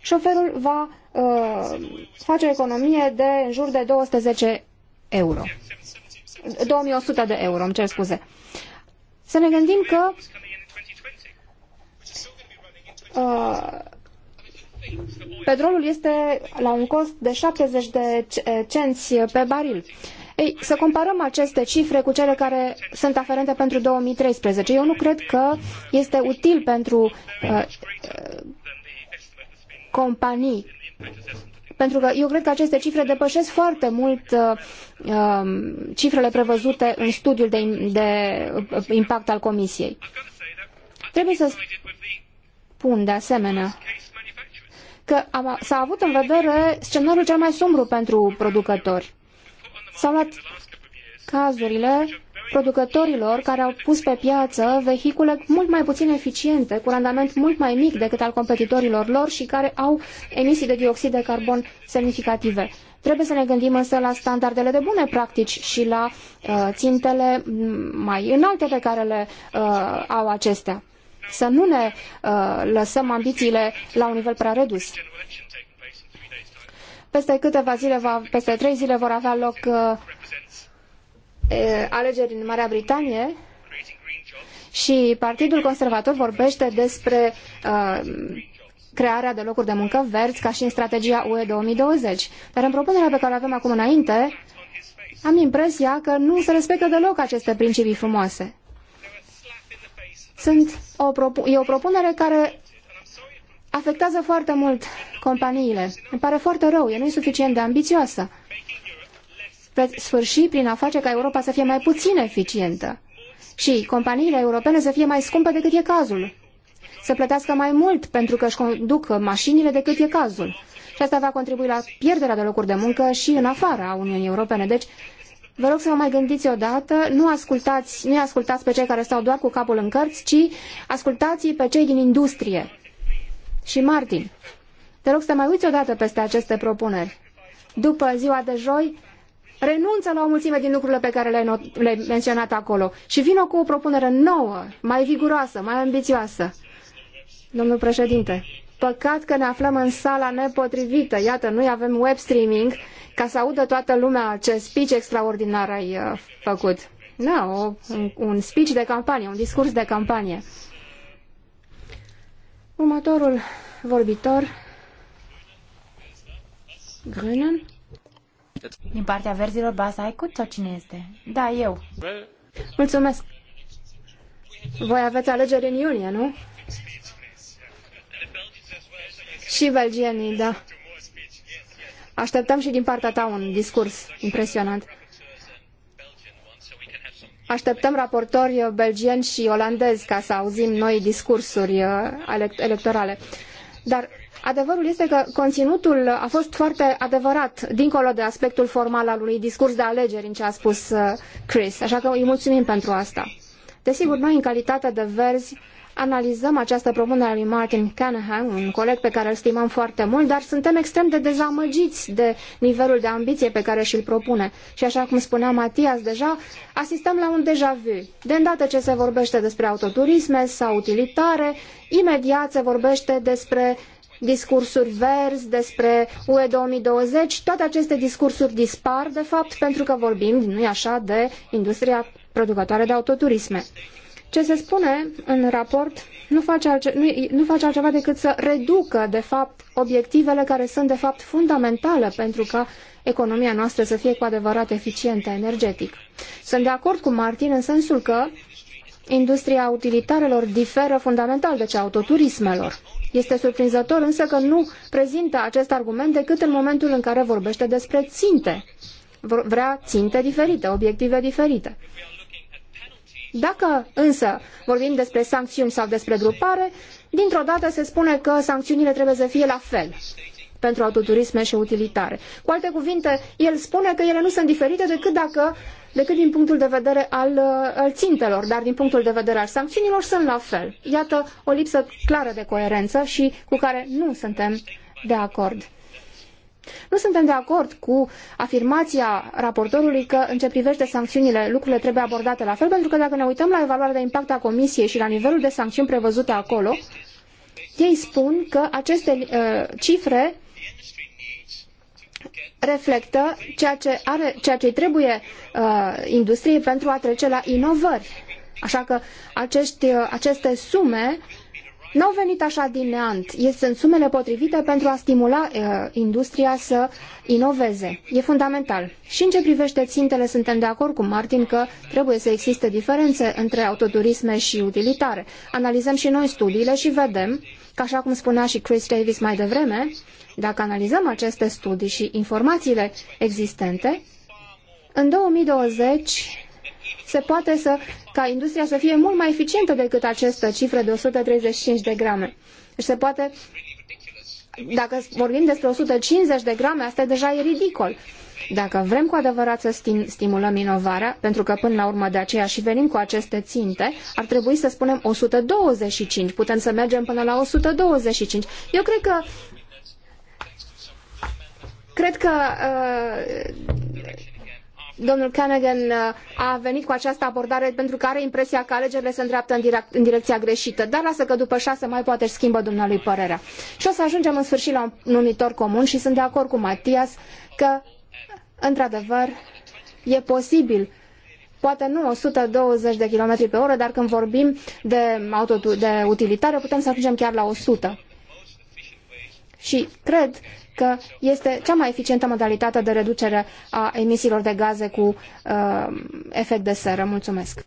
șoferul va uh, face o economie de în jur de 210 euro. 2100 de euro, îmi cer scuze. Să ne gândim că uh, petrolul este la un cost de 70 de eh, cenți pe baril. Ei, să comparăm aceste cifre cu cele care sunt aferente pentru 2013. Eu nu cred că este util pentru uh, companii pentru că eu cred că aceste cifre depășesc foarte mult uh, cifrele prevăzute în studiul de, de impact al Comisiei. Trebuie să spun de asemenea că s-a avut în vedere scenariul cel mai sombru pentru producători. S-au luat cazurile producătorilor care au pus pe piață vehicule mult mai puțin eficiente, cu randament mult mai mic decât al competitorilor lor și care au emisii de dioxid de carbon semnificative. Trebuie să ne gândim însă la standardele de bune practici și la uh, țintele mai înalte pe care le uh, au acestea să nu ne uh, lăsăm ambițiile la un nivel prea redus. Peste câteva zile, va, peste trei zile vor avea loc uh, uh alegeri în Marea Britanie și Partidul Conservator vorbește despre uh, crearea de locuri de muncă verzi ca și în strategia UE 2020. Dar în propunerea pe care o avem acum înainte, am impresia că nu se respectă deloc aceste principii frumoase. Sunt o e o propunere care afectează foarte mult companiile. Îmi pare foarte rău, e nu e suficient de ambițioasă. Veți sfârși prin a face ca Europa să fie mai puțin eficientă și companiile europene să fie mai scumpe decât e cazul. Să plătească mai mult pentru că își conduc mașinile decât e cazul. Și asta va contribui la pierderea de locuri de muncă și în afara Uniunii Europene. Deci, Vă rog să vă mai gândiți odată, nu ascultați, nu ascultați pe cei care stau doar cu capul în cărți, ci ascultați pe cei din industrie. Și Martin, te rog să te mai uiți odată peste aceste propuneri. După ziua de joi, renunță la o mulțime din lucrurile pe care le-ai, not- le menționat acolo și vină cu o propunere nouă, mai viguroasă, mai ambițioasă. Domnul președinte, Păcat că ne aflăm în sala nepotrivită. Iată, noi avem web streaming ca să audă toată lumea ce speech extraordinar ai uh, făcut. Da, o, un, un speech de campanie, un discurs de campanie. Următorul vorbitor, Grünen. Din partea verzilor, Basa, ai cu sau cine este? Da, eu. Mulțumesc. Voi aveți alegeri în iunie, nu? și belgienii, da. Așteptăm și din partea ta un discurs impresionant. Așteptăm raportori belgieni și olandezi ca să auzim noi discursuri uh, electorale. Dar adevărul este că conținutul a fost foarte adevărat, dincolo de aspectul formal al unui discurs de alegeri în ce a spus uh, Chris. Așa că îi mulțumim pentru asta. Desigur, noi, în calitate de verzi, analizăm această propunere a lui Martin Canahan, un coleg pe care îl stimăm foarte mult, dar suntem extrem de dezamăgiți de nivelul de ambiție pe care și-l propune. Și așa cum spunea Matias deja, asistăm la un deja vu. De îndată ce se vorbește despre autoturisme sau utilitare, imediat se vorbește despre discursuri verzi, despre UE 2020, toate aceste discursuri dispar, de fapt, pentru că vorbim, nu-i așa, de industria producătoare de autoturisme. Ce se spune în raport nu face, alce, nu, nu face altceva decât să reducă, de fapt, obiectivele care sunt, de fapt, fundamentale pentru ca economia noastră să fie cu adevărat eficientă energetic. Sunt de acord cu Martin în sensul că industria utilitarelor diferă fundamental de cea autoturismelor. Este surprinzător însă că nu prezintă acest argument decât în momentul în care vorbește despre ținte. Vrea ținte diferite, obiective diferite. Dacă însă vorbim despre sancțiuni sau despre grupare, dintr-o dată se spune că sancțiunile trebuie să fie la fel pentru autoturisme și utilitare. Cu alte cuvinte, el spune că ele nu sunt diferite decât dacă decât din punctul de vedere al, uh, al țintelor, dar din punctul de vedere al sancțiunilor sunt la fel. Iată o lipsă clară de coerență și cu care nu suntem de acord. Nu suntem de acord cu afirmația raportorului că, în ce privește sancțiunile, lucrurile trebuie abordate la fel, pentru că dacă ne uităm la evaluarea de impact a Comisiei și la nivelul de sancțiuni prevăzute acolo, ei spun că aceste uh, cifre reflectă ceea ce, are, ceea ce trebuie uh, industriei pentru a trece la inovări. Așa că acești, uh, aceste sume nu au venit așa din neant. în sumele potrivite pentru a stimula uh, industria să inoveze. E fundamental. Și în ce privește țintele, suntem de acord cu Martin că trebuie să existe diferențe între autoturisme și utilitare. Analizăm și noi studiile și vedem că, așa cum spunea și Chris Davis mai devreme, dacă analizăm aceste studii și informațiile existente, în 2020 se poate să, ca industria să fie mult mai eficientă decât această cifră de 135 de grame. Și deci se poate, dacă vorbim despre 150 de grame, asta deja e ridicol. Dacă vrem cu adevărat să stimulăm inovarea, pentru că până la urmă de aceea și venim cu aceste ținte, ar trebui să spunem 125, putem să mergem până la 125. Eu cred că cred că uh, domnul Canagan uh, a venit cu această abordare pentru că are impresia că alegerile se îndreaptă în, direc- în direcția greșită, dar lasă că după șase mai poate își schimbă dumnealui părerea. Și o să ajungem în sfârșit la un numitor comun și sunt de acord cu Matias că, într-adevăr, e posibil poate nu 120 de km pe oră, dar când vorbim de, auto, de utilitare putem să ajungem chiar la 100 și cred că este cea mai eficientă modalitate de reducere a emisiilor de gaze cu uh, efect de seră. Mulțumesc!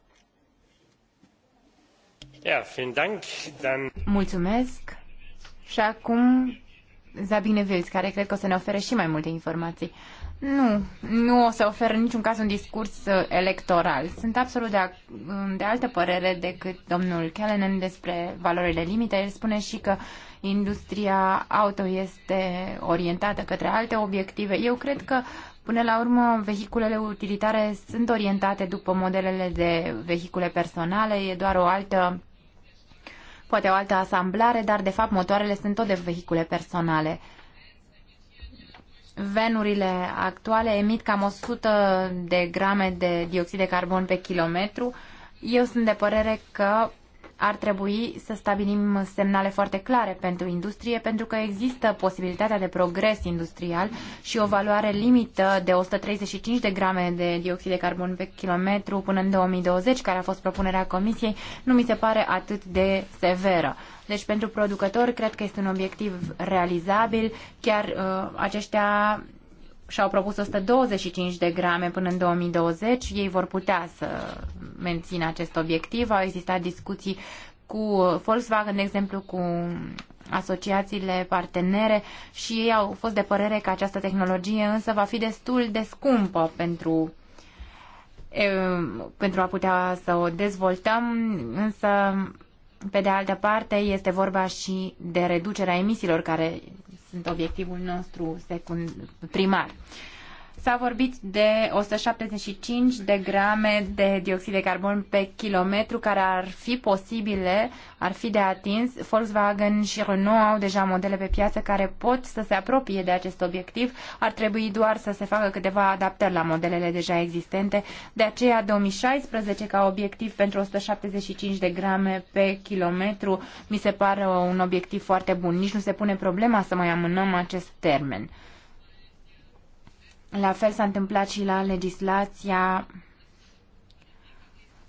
Mulțumesc! Și acum Zabine Vils, care cred că o să ne ofere și mai multe informații. Nu, nu o să ofer în niciun caz un discurs uh, electoral. Sunt absolut de, mm, de altă părere decât domnul Kellenen despre valorile limite. El spune și că industria auto este orientată către alte obiective. Eu cred că Până la urmă, vehiculele utilitare sunt orientate după modelele de vehicule personale, e doar o altă, poate o altă asamblare, dar de fapt motoarele sunt tot de vehicule personale venurile actuale emit cam 100 de grame de dioxid de carbon pe kilometru. Eu sunt de părere că ar trebui să stabilim semnale foarte clare pentru industrie, pentru că există posibilitatea de progres industrial și o valoare limită de 135 de grame de dioxid de carbon pe kilometru până în 2020, care a fost propunerea Comisiei, nu mi se pare atât de severă. Deci pentru producători cred că este un obiectiv realizabil. Chiar uh, aceștia și-au propus 125 de grame până în 2020. Ei vor putea să mențină acest obiectiv. Au existat discuții cu Volkswagen, de exemplu, cu asociațiile partenere și ei au fost de părere că această tehnologie însă va fi destul de scumpă pentru pentru a putea să o dezvoltăm, însă pe de altă parte, este vorba și de reducerea emisiilor, care sunt obiectivul nostru primar. S-a vorbit de 175 de grame de dioxid de carbon pe kilometru care ar fi posibile, ar fi de atins. Volkswagen și Renault au deja modele pe piață care pot să se apropie de acest obiectiv. Ar trebui doar să se facă câteva adaptări la modelele deja existente. De aceea 2016 ca obiectiv pentru 175 de grame pe kilometru mi se pare un obiectiv foarte bun. Nici nu se pune problema să mai amânăm acest termen. La fel s-a întâmplat și la legislația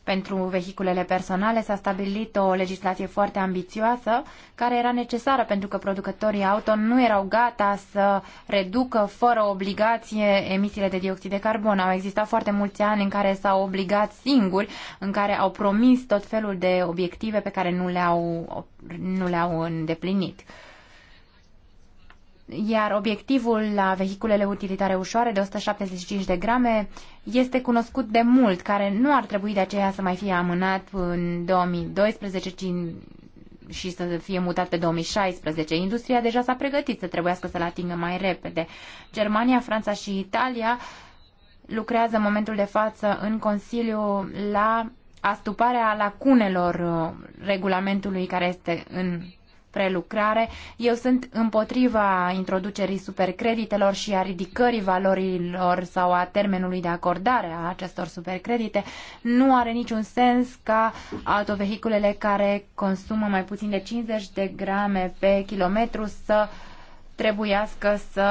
pentru vehiculele personale s-a stabilit o legislație foarte ambițioasă care era necesară pentru că producătorii auto nu erau gata să reducă fără obligație emisiile de dioxid de carbon. Au existat foarte mulți ani în care s-au obligat singuri, în care au promis tot felul de obiective pe care nu le-au, nu le-au îndeplinit iar obiectivul la vehiculele utilitare ușoare de 175 de grame este cunoscut de mult, care nu ar trebui de aceea să mai fie amânat în 2012, ci și să fie mutat pe 2016. Industria deja s-a pregătit să trebuiască să-l atingă mai repede. Germania, Franța și Italia lucrează în momentul de față în Consiliu la astuparea lacunelor uh, regulamentului care este în prelucrare. Eu sunt împotriva introducerii supercreditelor și a ridicării valorilor sau a termenului de acordare a acestor supercredite. Nu are niciun sens ca autovehiculele care consumă mai puțin de 50 de grame pe kilometru să trebuiască să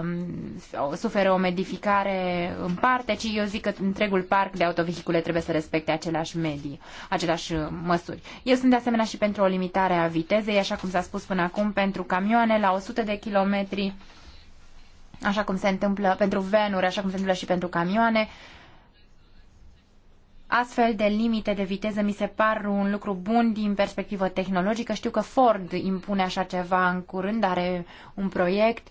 Um, suferă o modificare în parte, ci eu zic că întregul parc de autovehicule trebuie să respecte aceleași medii, aceleași uh, măsuri. Eu sunt de asemenea și pentru o limitare a vitezei, așa cum s-a spus până acum, pentru camioane la 100 de kilometri, așa cum se întâmplă pentru venuri, așa cum se întâmplă și pentru camioane. Astfel de limite de viteză mi se par un lucru bun din perspectivă tehnologică. Știu că Ford impune așa ceva în curând, are un proiect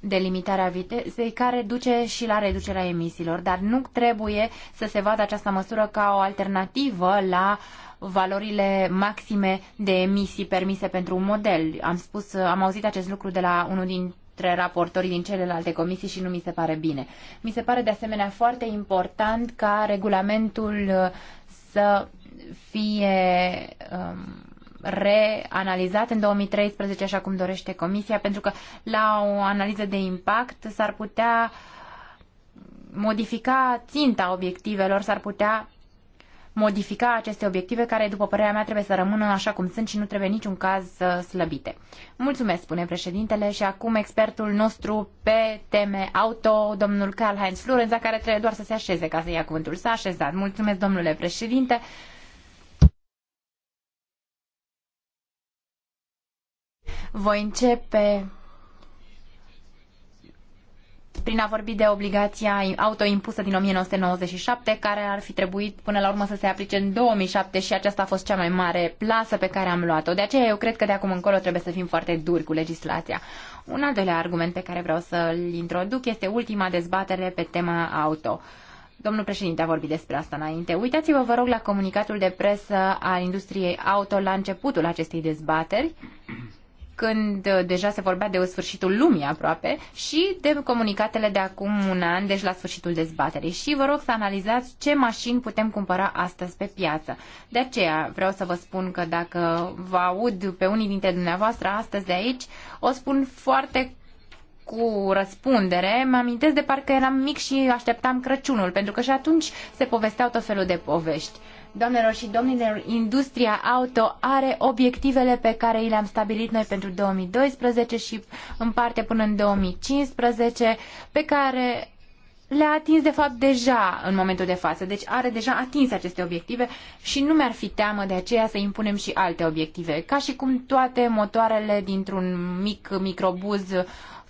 delimitarea vitezei care duce și la reducerea emisiilor, dar nu trebuie să se vadă această măsură ca o alternativă la valorile maxime de emisii permise pentru un model. Am spus, am auzit acest lucru de la unul din între raportorii din celelalte comisii și nu mi se pare bine. Mi se pare de asemenea foarte important ca regulamentul să fie um, reanalizat în 2013, așa cum dorește Comisia, pentru că la o analiză de impact s-ar putea modifica ținta obiectivelor, s-ar putea modifica aceste obiective care, după părerea mea, trebuie să rămână așa cum sunt și nu trebuie niciun caz uh, slăbite. Mulțumesc, spune președintele, și acum expertul nostru pe teme auto, domnul Karl-Heinz Florenza, care trebuie doar să se așeze ca să ia cuvântul. S-a așezat. Mulțumesc, domnule președinte. Voi începe prin a vorbi de obligația autoimpusă din 1997, care ar fi trebuit până la urmă să se aplice în 2007 și aceasta a fost cea mai mare plasă pe care am luat-o. De aceea eu cred că de acum încolo trebuie să fim foarte duri cu legislația. Un al doilea argument pe care vreau să-l introduc este ultima dezbatere pe tema auto. Domnul președinte a vorbit despre asta înainte. Uitați-vă, vă rog, la comunicatul de presă al industriei auto la începutul acestei dezbateri când uh, deja se vorbea de sfârșitul lumii aproape și de comunicatele de acum un an, deci la sfârșitul dezbaterii. Și vă rog să analizați ce mașini putem cumpăra astăzi pe piață. De aceea vreau să vă spun că dacă vă aud pe unii dintre dumneavoastră astăzi de aici, o spun foarte cu răspundere, mă amintesc de parcă eram mic și așteptam Crăciunul, pentru că și atunci se povesteau tot felul de povești. Doamnelor și domnilor, industria auto are obiectivele pe care i le-am stabilit noi pentru 2012 și în parte până în 2015, pe care le-a atins de fapt deja în momentul de față. Deci are deja atins aceste obiective și nu mi-ar fi teamă de aceea să impunem și alte obiective. Ca și cum toate motoarele dintr-un mic microbuz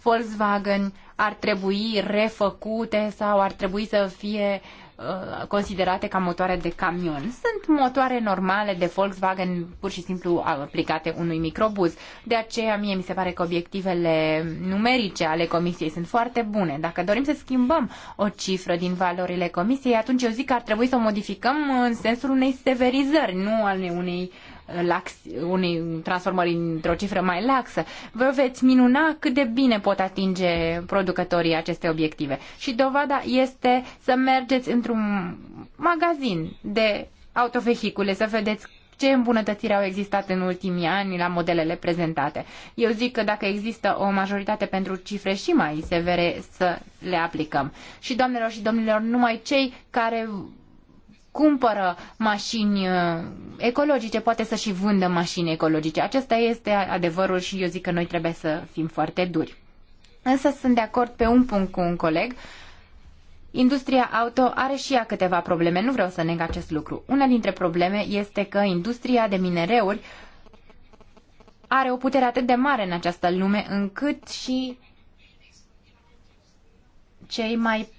Volkswagen ar trebui refăcute sau ar trebui să fie uh, Uh, considerate ca motoare de camion. Sunt motoare normale de Volkswagen pur și simplu aplicate unui microbuz. De aceea mie mi se pare că obiectivele numerice ale comisiei sunt foarte bune. Dacă dorim să schimbăm o cifră din valorile comisiei, atunci eu zic că ar trebui să o modificăm în sensul unei severizări, nu al unei uh, lax, unei transformări într-o cifră mai laxă, vă veți minuna cât de bine pot atinge producătorii aceste obiective. Și dovada este să mergeți într-un magazin de autovehicule, să vedeți ce îmbunătățiri au existat în ultimii ani la modelele prezentate. Eu zic că dacă există o majoritate pentru cifre și mai severe, să le aplicăm. Și doamnelor și domnilor, numai cei care cumpără mașini uh, ecologice, poate să și vândă mașini ecologice. Acesta este adevărul și eu zic că noi trebuie să fim foarte duri. Însă sunt de acord pe un punct cu un coleg. Industria auto are și ea câteva probleme, nu vreau să neg acest lucru. Una dintre probleme este că industria de minereuri are o putere atât de mare în această lume încât și cei mai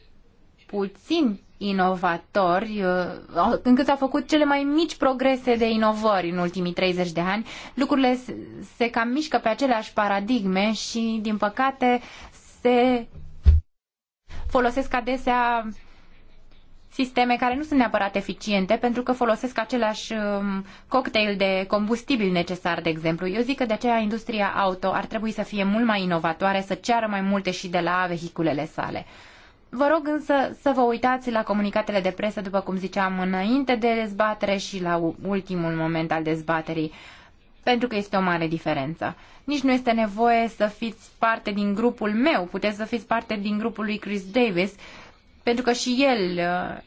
puțin inovatori, uh, încât s-au făcut cele mai mici progrese de inovări în ultimii 30 de ani. Lucrurile se cam mișcă pe aceleași paradigme și, din păcate, se folosesc adesea sisteme care nu sunt neapărat eficiente pentru că folosesc același um, cocktail de combustibil necesar, de exemplu. Eu zic că de aceea industria auto ar trebui să fie mult mai inovatoare, să ceară mai multe și de la vehiculele sale. Vă rog însă să vă uitați la comunicatele de presă, după cum ziceam înainte de dezbatere și la ultimul moment al dezbaterii, pentru că este o mare diferență. Nici nu este nevoie să fiți parte din grupul meu, puteți să fiți parte din grupul lui Chris Davis, pentru că și el uh,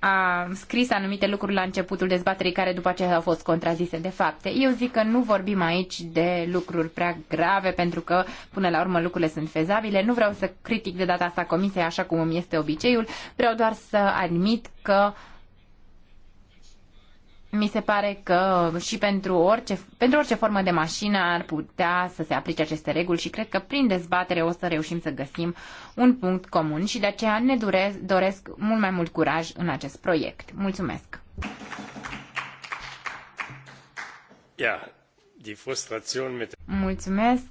a scris anumite lucruri la începutul dezbaterii care după aceea au fost contrazise de fapte. Eu zic că nu vorbim aici de lucruri prea grave pentru că până la urmă lucrurile sunt fezabile. Nu vreau să critic de data asta comisia așa cum îmi este obiceiul. Vreau doar să admit că mi se pare că și pentru orice, pentru orice formă de mașină ar putea să se aplice aceste reguli și cred că prin dezbatere o să reușim să găsim un punct comun și de aceea ne durez, doresc mult mai mult curaj în acest proiect. Mulțumesc! Yeah, mit... Mulțumesc!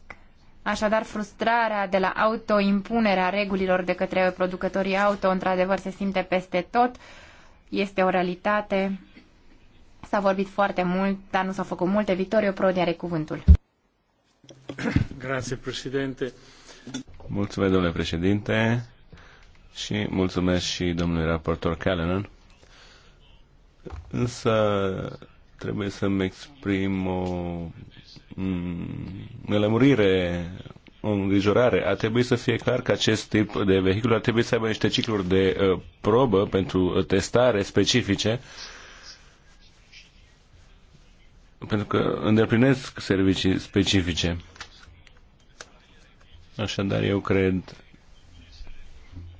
Așadar, frustrarea de la autoimpunerea regulilor de către producătorii auto într-adevăr se simte peste tot. Este o realitate S-a vorbit foarte mult, dar nu s-au făcut multe. Victorio Prodi are cuvântul. Grazie, președinte. Mulțumesc, domnule președinte, și mulțumesc și domnului raportor Callanan. Însă trebuie să-mi exprim o mm, nelămurire, o îngrijorare. A trebuit să fie clar că acest tip de vehicul ar trebui să aibă niște cicluri de uh, probă pentru uh, testare specifice uh, pentru că îndeplinesc servicii specifice. Așadar, eu cred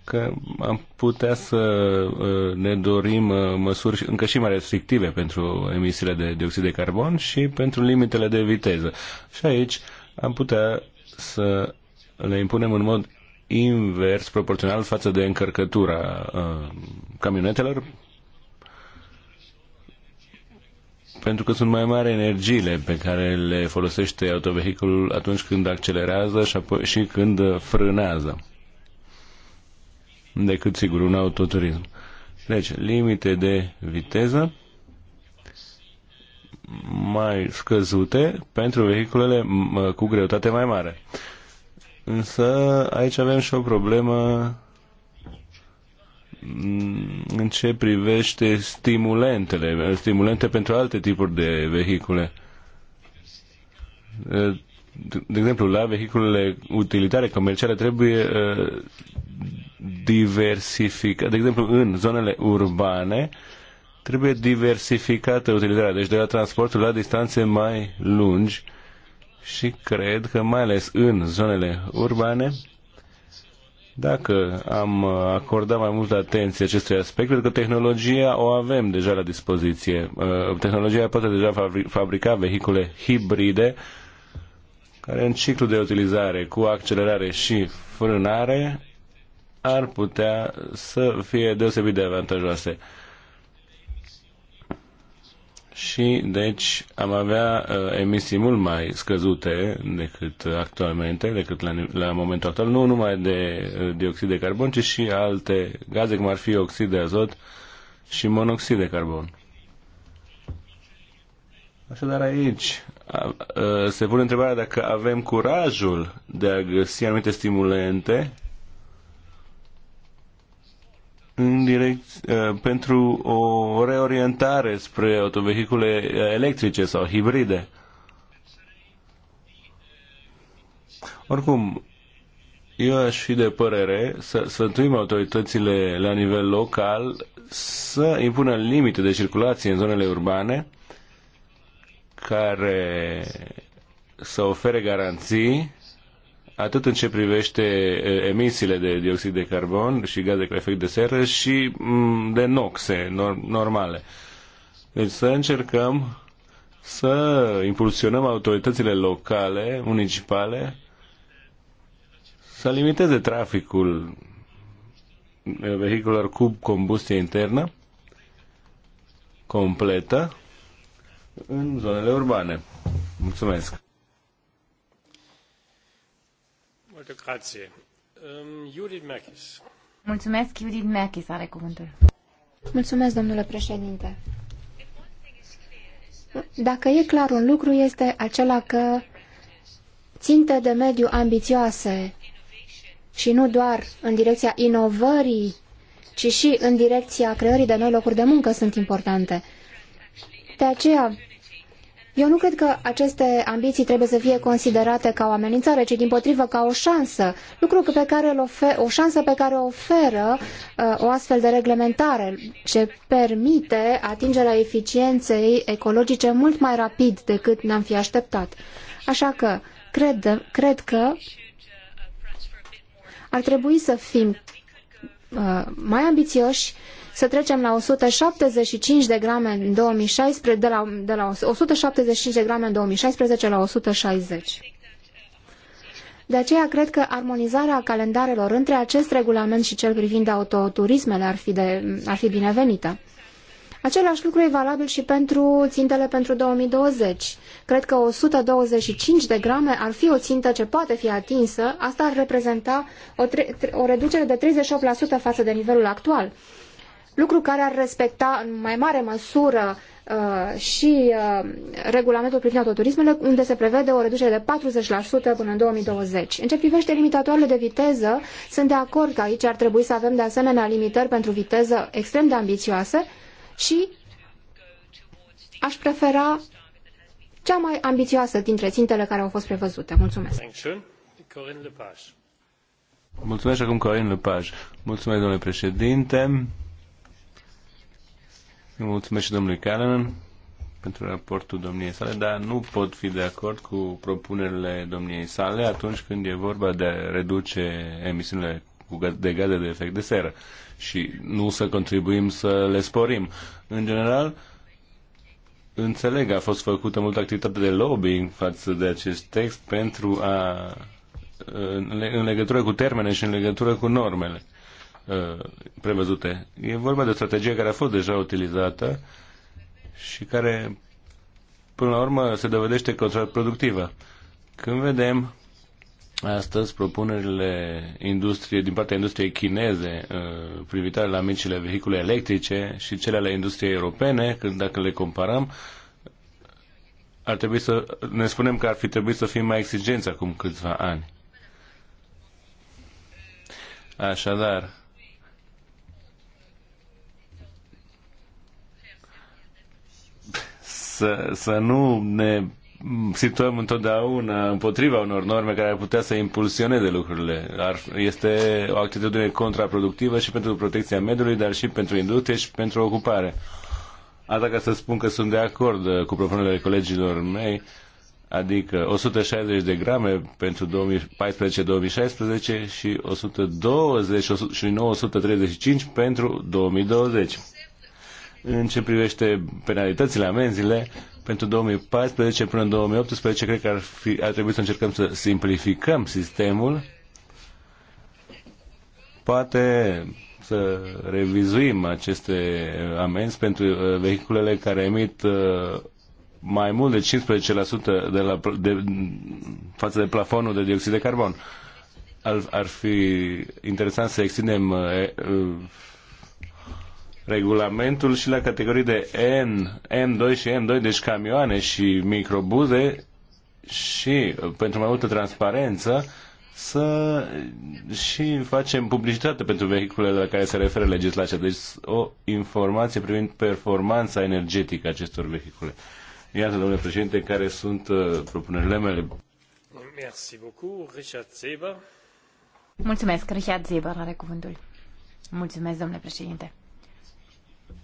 că am putea să uh, ne dorim uh, măsuri încă și mai restrictive pentru emisiile de dioxid de carbon și pentru limitele de viteză. Și aici am putea să le impunem în mod invers proporțional față de încărcătura uh, camionetelor pentru că sunt mai mari energiile pe care le folosește autovehiculul atunci când accelerează și, apoi, și când frânează decât, sigur, un autoturism. Deci, limite de viteză mai scăzute pentru vehiculele cu greutate mai mare. Însă aici avem și o problemă în ce privește stimulentele, stimulente pentru alte tipuri de vehicule. De exemplu, la vehiculele utilitare comerciale trebuie uh, diversificat. De exemplu, în zonele urbane trebuie diversificată utilizarea, deci de la transportul la distanțe mai lungi și cred că mai ales în zonele urbane dacă am acordat mai multă atenție acestui aspect, pentru că tehnologia o avem deja la dispoziție. Uh, tehnologia poate deja fabrica vehicule hibride care în ciclu de utilizare cu accelerare și frânare ar putea să fie deosebit de avantajoase și deci am avea uh, emisii mult mai scăzute decât actualmente, decât la, la momentul actual, nu numai de uh, dioxid de carbon, ci și alte gaze, cum ar fi oxid de azot și monoxid de carbon. Așadar aici a, uh, se pune întrebarea dacă avem curajul de a găsi anumite stimulente în direct, uh, pentru o reorientare spre autovehicule uh, electrice sau hibride. Oricum, eu aș fi de părere să sfântuim autoritățile la nivel local să impună limite de circulație în zonele urbane care să ofere garanții atât în ce privește emisiile de dioxid de carbon și gaze cu efect de seră și mm, de noxe normale. Deci să încercăm să impulsionăm autoritățile locale, municipale, să limiteze traficul vehiculelor cu combustie internă completă în zonele urbane. Mulțumesc! Ehm, Mulțumesc, Judith are cuvântul. Mulțumesc, domnule președinte. Dacă e clar un lucru, este acela că ținte de mediu ambițioase și nu doar în direcția inovării, ci și în direcția creării de noi locuri de muncă sunt importante. De aceea, eu nu cred că aceste ambiții trebuie să fie considerate ca o amenințare, ci din potrivă ca o șansă, lucru pe care îl ofer, o șansă pe care o oferă uh, o astfel de reglementare, ce permite atingerea eficienței ecologice mult mai rapid decât ne-am fi așteptat. Așa că cred, cred că ar trebui să fim uh, mai ambițioși uh, să trecem la 175 de grame în 2016, de la, de la 175 de grame în 2016 la 160. De aceea cred că armonizarea calendarelor între acest regulament și cel privind autoturismele ar fi, de, ar fi binevenită. Același lucru e valabil și pentru țintele pentru 2020. Cred că 125 de grame ar fi o țintă ce poate fi atinsă, asta ar reprezenta o, o reducere de 38% față de nivelul actual lucru care ar respecta în mai mare măsură uh, și uh, regulamentul privind autoturismele, unde se prevede o reducere de 40% până în 2020. În ce privește limitatoarele de viteză, sunt de acord că aici ar trebui să avem de asemenea limitări pentru viteză extrem de ambițioase și aș prefera cea mai ambițioasă dintre țintele care au fost prevăzute. Mulțumesc! Mulțumesc acum Corin Lepaj. Mulțumesc, domnule președinte. Mulțumesc și domnului Callanan pentru raportul domniei sale, dar nu pot fi de acord cu propunerile domniei sale atunci când e vorba de a reduce emisiunile de gaze de efect de seră și nu să contribuim să le sporim. În general, înțeleg, a fost făcută multă activitate de lobbying față de acest text pentru a în legătură cu termene și în legătură cu normele. Uh, prevăzute. E vorba de o strategie care a fost deja utilizată și care, până la urmă, se dovedește contraproductivă. Când vedem astăzi propunerile industrie, din partea industriei chineze uh, privitoare la micile vehicule electrice și cele ale industriei europene, când dacă le comparăm, ar trebui să ne spunem că ar fi trebuit să fim mai exigenți acum câțiva ani. Așadar, să, să nu ne situăm întotdeauna împotriva unor norme care ar putea să impulsioneze lucrurile. Ar, este o actitudine contraproductivă și pentru protecția mediului, dar și pentru industrie și pentru ocupare. Asta ca să spun că sunt de acord cu propunerile colegilor mei, adică 160 de grame pentru 2014-2016 și 120 și 935 pentru 2020. În ce privește penalitățile, amenzile, pentru 2014 până în 2018 cred că ar, fi, ar trebui să încercăm să simplificăm sistemul. Poate să revizuim aceste amenzi pentru uh, vehiculele care emit uh, mai mult de 15% de la, de, față de plafonul de dioxid de carbon. Ar, ar fi interesant să extindem uh, regulamentul și la categorii de N, n 2 și n 2 deci camioane și microbuze și uh, pentru mai multă transparență să și facem publicitate pentru vehiculele la care se referă legislația. Deci o informație privind performanța energetică a acestor vehicule. Iată, domnule președinte, care sunt uh, propunerile mele. Merci beaucoup, Richard Zeber. Mulțumesc, Richard Zeber are cuvântul. Mulțumesc, domnule președinte.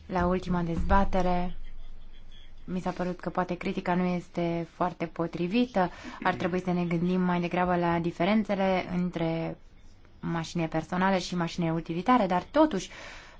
La ultima dezbatere mi s-a părut că poate critica nu este foarte potrivită. Ar trebui să ne gândim mai degrabă la diferențele între mașini personale și mașini utilitare, dar totuși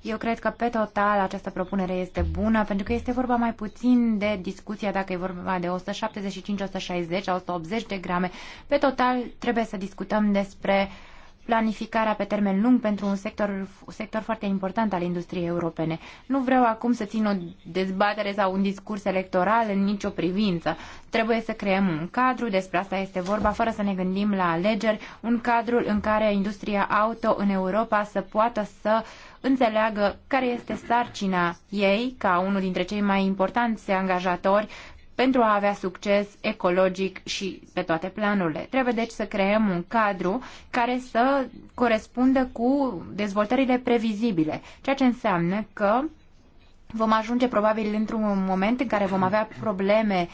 eu cred că pe total această propunere este bună pentru că este vorba mai puțin de discuția dacă e vorba de 175, 160, 180 de grame. Pe total trebuie să discutăm despre uh, planificarea pe termen lung pentru un sector, un sector foarte important al industriei europene. Nu vreau acum să țin o dezbatere sau un discurs electoral în nicio privință. Trebuie să creăm un cadru, despre asta este vorba, fără să ne gândim la alegeri, un cadru în care industria auto în Europa să poată să înțeleagă care este sarcina ei ca unul dintre cei mai importanți angajatori pentru a avea succes ecologic și pe toate planurile. Trebuie deci să creăm un cadru care să corespundă cu dezvoltările previzibile, ceea ce înseamnă că vom ajunge probabil într-un moment în care vom avea probleme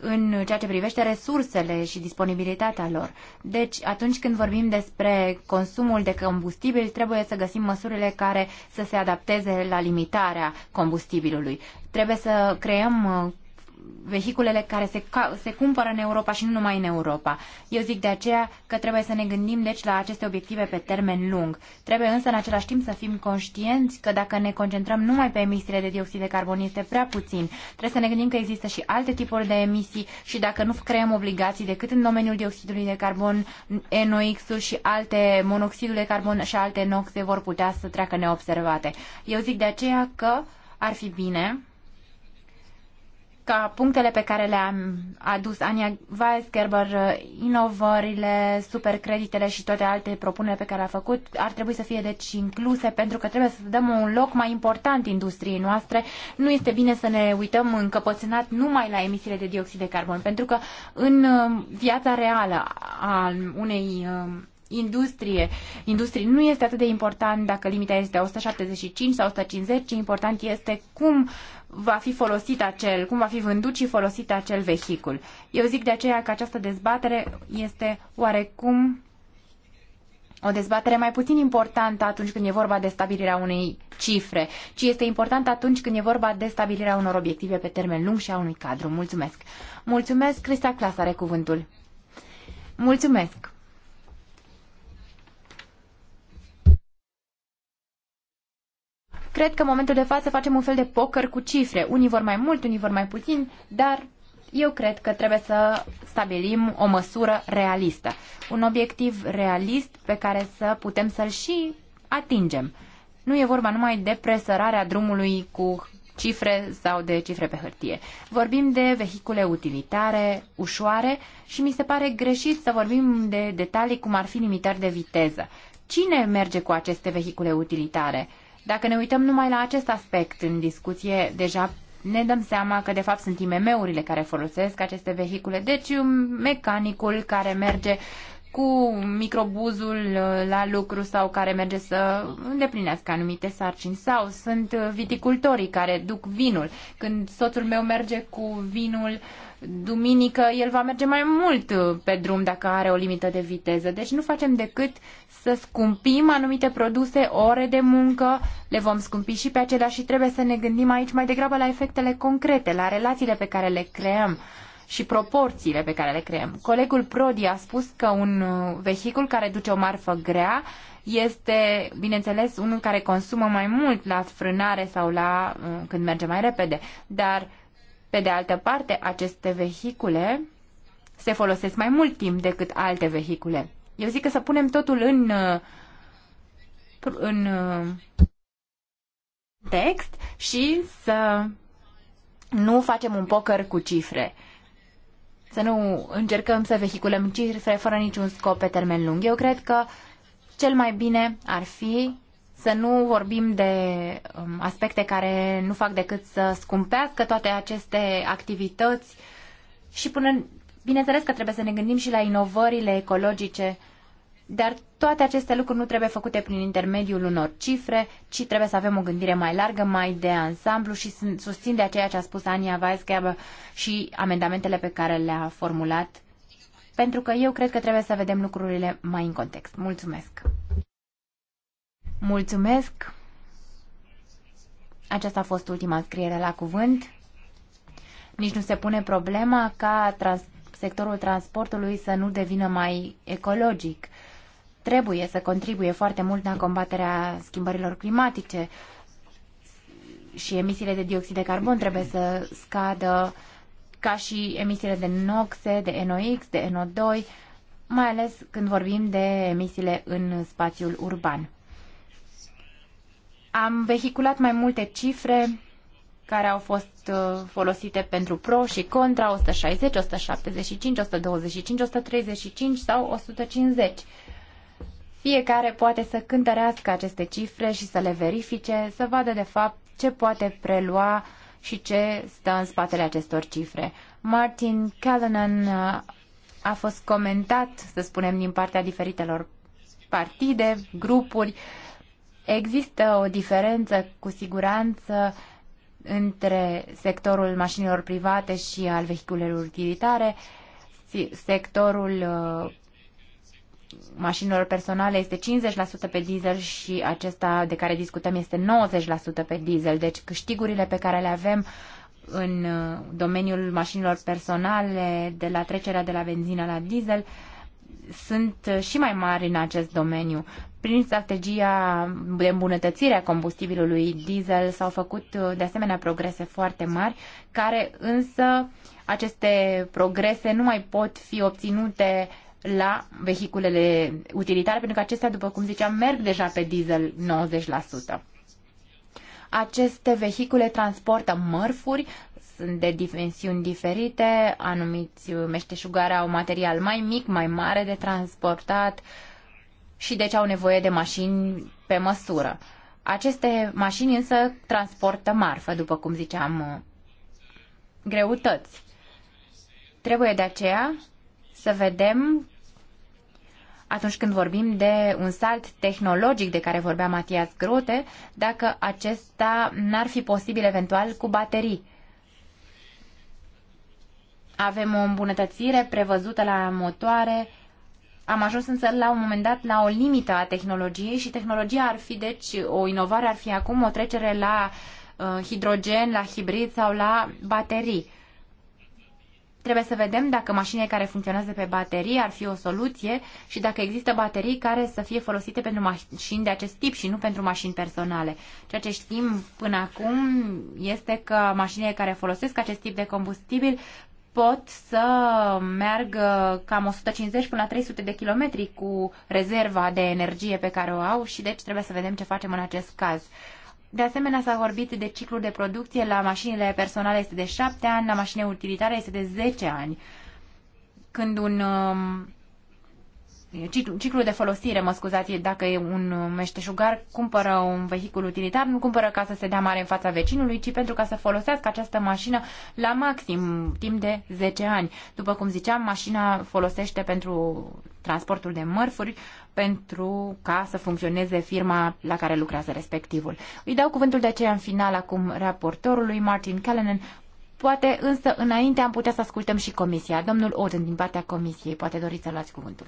în ceea ce privește resursele și disponibilitatea lor. Deci, atunci când vorbim despre consumul de combustibil, trebuie să găsim măsurile care să se adapteze la limitarea combustibilului. Trebuie să creăm uh, vehiculele care se, se cumpără în Europa și nu numai în Europa. Eu zic de aceea că trebuie să ne gândim deci la aceste obiective pe termen lung. Trebuie însă în același timp să fim conștienți că dacă ne concentrăm numai pe emisiile de dioxid de carbon este prea puțin. Trebuie să ne gândim că există și alte tipuri de emisii și dacă nu creăm obligații decât în domeniul dioxidului de carbon, NOx-ul și alte monoxidul de carbon și alte noxe vor putea să treacă neobservate. Eu zic de aceea că ar fi bine ca punctele pe care le-am adus Ania Weisgerber, inovările, supercreditele și toate alte propuneri pe care le-a făcut, ar trebui să fie deci incluse pentru că trebuie să dăm un loc mai important industriei noastre. Nu este bine să ne uităm încăpățânat numai la emisiile de dioxid de carbon, pentru că în uh, viața reală a unei uh, industrie, industrie nu este atât de important dacă limita este 175 sau 150, ci important este cum va fi folosit acel, cum va fi vândut și folosit acel vehicul. Eu zic de aceea că această dezbatere este oarecum o dezbatere mai puțin importantă atunci când e vorba de stabilirea unei cifre, ci este importantă atunci când e vorba de stabilirea unor obiective pe termen lung și a unui cadru. Mulțumesc! Mulțumesc! Crista Clas are cuvântul. Mulțumesc! Cred că în momentul de față facem un fel de poker cu cifre. Unii vor mai mult, unii vor mai puțin, dar eu cred că trebuie să stabilim o măsură realistă. Un obiectiv realist pe care să putem să-l și atingem. Nu e vorba numai de presărarea drumului cu cifre sau de cifre pe hârtie. Vorbim de vehicule utilitare, ușoare și mi se pare greșit să vorbim de detalii cum ar fi limitări de viteză. Cine merge cu aceste vehicule utilitare? Dacă ne uităm numai la acest aspect în discuție, deja ne dăm seama că de fapt sunt IMM-urile care folosesc aceste vehicule, deci um, mecanicul care merge cu microbuzul uh, la lucru sau care merge să îndeplinească anumite sarcini sau sunt viticultorii care duc vinul. Când soțul meu merge cu vinul uh, duminică el va merge mai mult uh, pe drum dacă are o limită de viteză. Deci nu facem decât să scumpim anumite produse, ore de muncă, le vom scumpi și pe acelea și trebuie să ne gândim aici mai degrabă la efectele concrete, la relațiile pe care le creăm și proporțiile pe care le creăm. Colegul Prodi a spus că un uh, vehicul care duce o marfă grea este, bineînțeles, unul care consumă mai mult la frânare sau la uh, când merge mai repede, dar pe de altă parte, aceste vehicule se folosesc mai mult timp decât alte vehicule. Eu zic că să punem totul în, în text și să nu facem un poker cu cifre. Să nu încercăm să vehiculăm cifre fără niciun scop pe termen lung. Eu cred că cel mai bine ar fi să nu vorbim de um, aspecte care nu fac decât să scumpească toate aceste activități și până, bineînțeles că trebuie să ne gândim și la inovările ecologice, dar toate aceste lucruri nu trebuie făcute prin intermediul unor cifre, ci trebuie să avem o gândire mai largă, mai de ansamblu și susțin de aceea ce a spus Ania Weisgerber și amendamentele pe care le-a formulat, pentru că eu cred că trebuie să vedem lucrurile mai în context. Mulțumesc! Mulțumesc! Aceasta a fost ultima scriere la cuvânt. Nici nu se pune problema ca trans sectorul transportului să nu devină mai ecologic. Trebuie să contribuie foarte mult la combaterea schimbărilor climatice și emisiile de dioxid de carbon trebuie să scadă ca și emisiile de noxe, de NOx, de NO2, mai ales când vorbim de emisiile în spațiul urban. Am vehiculat mai multe cifre care au fost uh, folosite pentru pro și contra 160, 175, 125, 135 sau 150. Fiecare poate să cântărească aceste cifre și să le verifice, să vadă de fapt ce poate prelua și ce stă în spatele acestor cifre. Martin Callanan uh, a fost comentat, să spunem, din partea diferitelor partide, grupuri Există o diferență cu siguranță între sectorul mașinilor private și al vehiculelor utilitare. Sectorul uh, mașinilor personale este 50% pe diesel și acesta de care discutăm este 90% pe diesel. Deci câștigurile pe care le avem în uh, domeniul mașinilor personale de la trecerea de la benzină la diesel uh, sunt uh, și mai mari în acest domeniu. Prin strategia de îmbunătățire a combustibilului diesel s-au făcut uh, de asemenea progrese foarte mari, care însă aceste progrese nu mai pot fi obținute la vehiculele utilitare, pentru că acestea, după cum ziceam, merg deja pe diesel 90%. Aceste vehicule transportă mărfuri sunt de dimensiuni diferite, anumiți meșteșugari au material mai mic, mai mare de transportat și deci au nevoie de mașini pe măsură. Aceste mașini însă transportă marfă, după cum ziceam, greutăți. Trebuie de aceea să vedem atunci când vorbim de un salt tehnologic de care vorbea Matias Grote, dacă acesta n-ar fi posibil eventual cu baterii. Avem o îmbunătățire prevăzută la motoare. Am ajuns însă la un moment dat la o limită a tehnologiei și tehnologia ar fi, deci, o inovare ar fi acum o trecere la uh, hidrogen, la hibrid sau la baterii. Trebuie să vedem dacă mașinile care funcționează pe baterii ar fi o soluție și dacă există baterii care să fie folosite pentru mașini de acest tip și nu pentru mașini personale. Ceea ce știm până acum este că mașinile care folosesc acest tip de combustibil pot să meargă cam 150 până la 300 de kilometri cu rezerva de energie pe care o au și deci trebuie să vedem ce facem în acest caz. De asemenea, s-a vorbit de ciclul de producție. La mașinile personale este de 7 ani, la mașinile utilitare este de 10 ani. Când un um, ciclu, ciclu de folosire, mă scuzați, dacă e un meșteșugar, cumpără un vehicul utilitar, nu cumpără ca să se dea mare în fața vecinului, ci pentru ca să folosească această mașină la maxim, timp de 10 ani. După cum ziceam, mașina folosește pentru transportul de mărfuri, pentru ca să funcționeze firma la care lucrează respectivul. Îi dau cuvântul de aceea în final acum raportorului Martin Callanan, Poate însă înainte am putea să ascultăm și comisia. Domnul Oden din partea comisiei, poate doriți să luați cuvântul.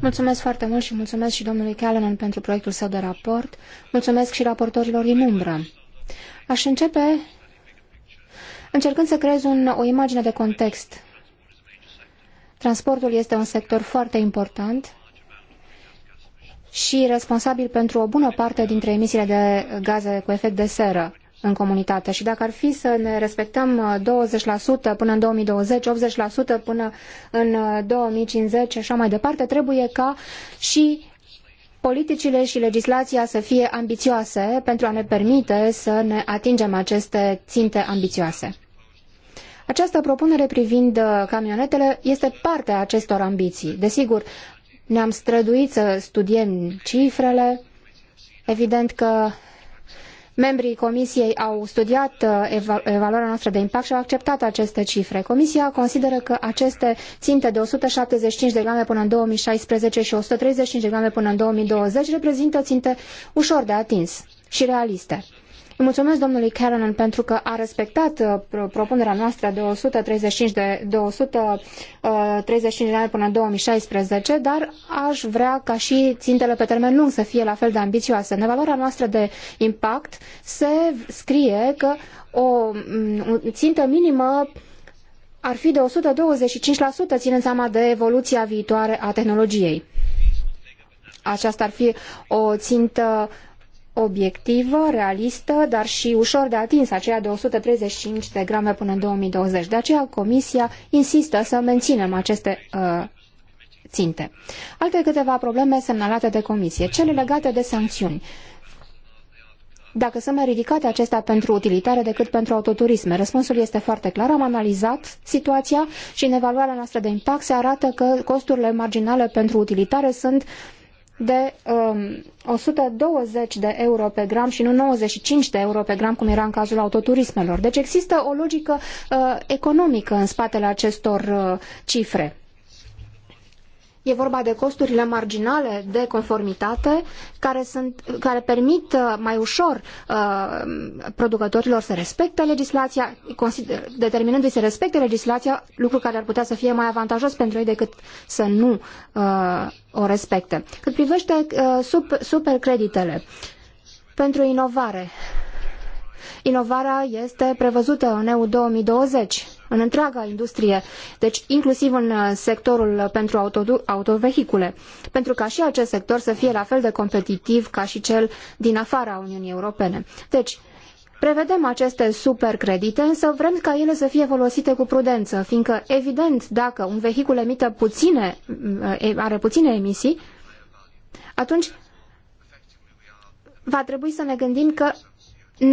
Mulțumesc foarte mult și mulțumesc și domnului Callanan pentru proiectul său de raport. Mulțumesc și raportorilor din umbră. Aș începe încercând să creez un, o imagine de context. Transportul este un sector foarte important și responsabil pentru o bună parte dintre emisiile de gaze cu efect de seră în comunitate și dacă ar fi să ne respectăm 20% uh, până în 2020, 80% până în 2050 uh, și așa mai departe, trebuie ca și politicile și legislația să fie ambițioase pentru a ne permite să ne atingem aceste ținte ambițioase. Această propunere privind uh, camionetele este parte a acestor ambiții. Desigur, ne-am străduit să studiem cifrele. Evident că Membrii comisiei au studiat uh, evaluarea noastră de impact și au acceptat aceste cifre. Comisia consideră că aceste ținte de 175 de grame până în 2016 și 135 de grame până în 2020 reprezintă ținte ușor de atins și realiste. Îi mulțumesc domnului Carolan pentru că a respectat uh, propunerea noastră de 135 de, de 135 uh, de ani până în 2016, dar aș vrea ca și țintele pe termen lung să fie la fel de ambițioase. În evaluarea noastră de impact se scrie că o mm, țintă minimă ar fi de 125%, ținând seama de evoluția viitoare a tehnologiei. Aceasta ar fi o țintă obiectivă, realistă, dar și ușor de atins, aceea de 135 de grame până în 2020. De aceea Comisia insistă să menținem aceste uh, ținte. Alte câteva probleme semnalate de Comisie, cele legate de sancțiuni. Dacă sunt mai ridicate acestea pentru utilitare decât pentru autoturisme, răspunsul este foarte clar. Am analizat situația și în evaluarea noastră de impact se arată că costurile marginale pentru utilitare sunt uh, de um, 120 de euro pe gram și nu 95 de euro pe gram, cum era în cazul autoturismelor. Deci există o logică uh, economică în spatele acestor uh, cifre. E vorba de costurile marginale de conformitate care, sunt, care permit uh, mai ușor uh, producătorilor să respecte legislația, determinându-i să respecte legislația, lucru care ar putea să fie mai avantajos pentru ei decât să nu uh, o respecte. Cât privește uh, sub, supercreditele pentru inovare, Inovarea este prevăzută în EU 2020 în întreaga industrie, deci inclusiv în uh, sectorul pentru autovehicule, pentru ca și acest sector să fie la fel de competitiv ca și cel din afara Uniunii Europene. Deci, Prevedem aceste supercredite, însă vrem ca ele să fie folosite cu prudență, fiindcă, evident, dacă un vehicul emite puține, uh, are puține emisii, atunci va trebui să ne gândim că